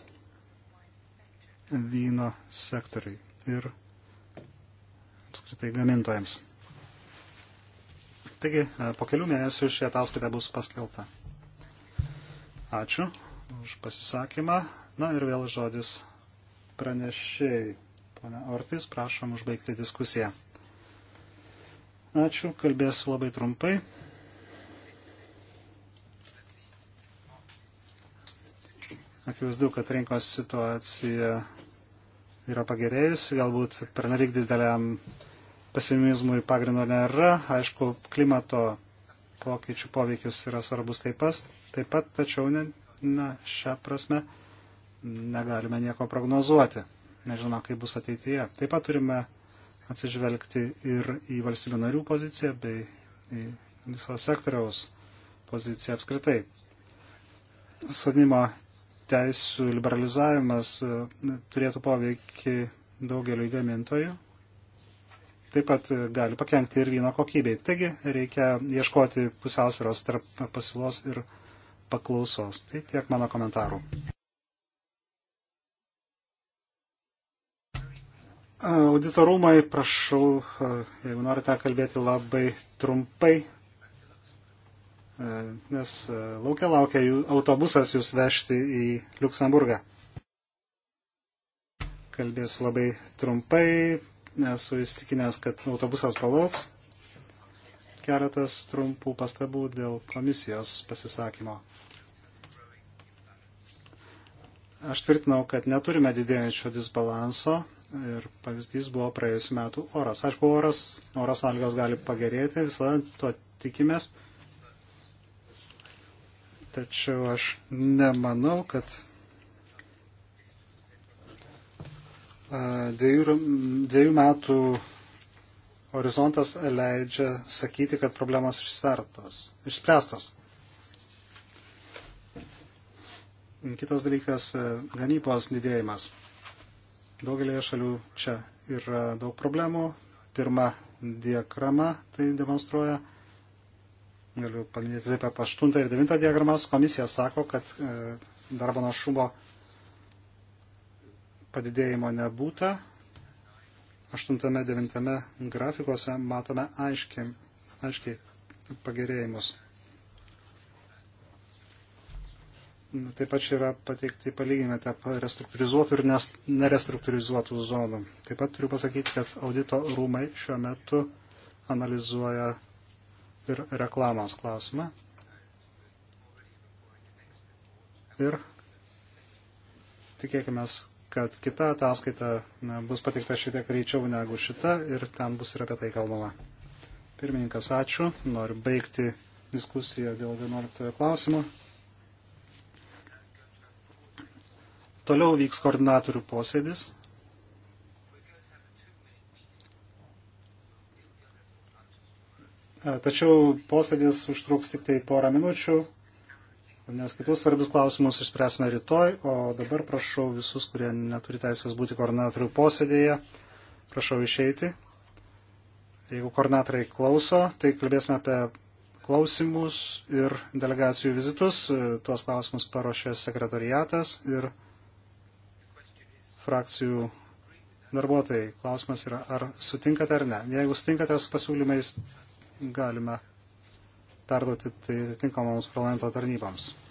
vyno sektoriui ir apskritai gamintojams. Taigi, e, po kelių mėnesių ši ataskaita bus paskelta. Ačiū už pasisakymą. Na ir vėl žodis pranešėjai. Pone Ortis, prašom užbaigti diskusiją. Ačiū, kalbėsiu labai trumpai. Akivaizdu, kad rinkos situacija yra pagerėjusi, galbūt pernelyg dideliam pesimizmui pagrindo nėra. Aišku, klimato pokyčių poveikis yra svarbus taip pat, taip pat tačiau ne, na, šią prasme negalime nieko prognozuoti. Nežinoma, kaip bus ateityje. Taip pat turime atsižvelgti ir į valstybių narių poziciją bei į viso sektoriaus poziciją apskritai. Sodinimo teisų liberalizavimas e, turėtų poveikį daugeliu gamintojų. Taip pat e, gali pakengti ir vyno kokybei. Taigi reikia ieškoti pusiausvėros tarp pasiūlos ir paklausos. Tai tiek mano komentarų. Auditorumai, prašau, e, jeigu norite kalbėti labai trumpai, E, nes e, laukia laukia jų autobusas jūs vežti į Luksemburgą. Kalbėsiu labai trumpai, nesu įstikinęs, kad autobusas palauks. Keletas trumpų pastabų dėl komisijos pasisakymo. Aš tvirtinau, kad neturime didėjančio disbalanso ir pavyzdys buvo praėjusiu metu oras. Aišku, oras, oras algos gali pagerėti, visada to tikimės tačiau aš nemanau, kad dviejų, dviejų metų horizontas leidžia sakyti, kad problemos išspręstos. Kitas dalykas - gamybos didėjimas. Daugelėje šalių čia yra daug problemų. Pirma diagrama tai demonstruoja galiu paminėti taip pat 8 ir 9 diagramas, komisija sako, kad e, darbo našumo padidėjimo nebūta. 8-9 grafikuose matome aiškiai, aiškiai pagerėjimus. Taip pat čia yra pateikti palyginimai tarp restruktūrizuotų ir nerestruktūrizuotų zonų. Taip pat turiu pasakyti, kad audito rūmai šiuo metu analizuoja ir reklamos klausimą. Ir tikėkime, kad kita ataskaita na, bus patikta šiek tiek greičiau negu šita ir ten bus ir apie tai kalbama. Pirmininkas, ačiū. Noriu baigti diskusiją dėl 11 klausimo. Toliau vyks koordinatorių posėdis. E, tačiau posėdis užtruks tik tai porą minučių, nes kitus svarbius klausimus išspręsime rytoj, o dabar prašau visus, kurie neturi teisės būti koordinatorių posėdėje, prašau išeiti. Jeigu koordinatoriai klauso, tai kalbėsime apie klausimus ir delegacijų vizitus. E, tuos klausimus paruošė sekretariatas ir frakcijų darbuotojai. Klausimas yra, ar sutinkate ar ne. Jeigu sutinkate su pasiūlymais galime perduoti tai tinkamoms parlamento tarnyboms.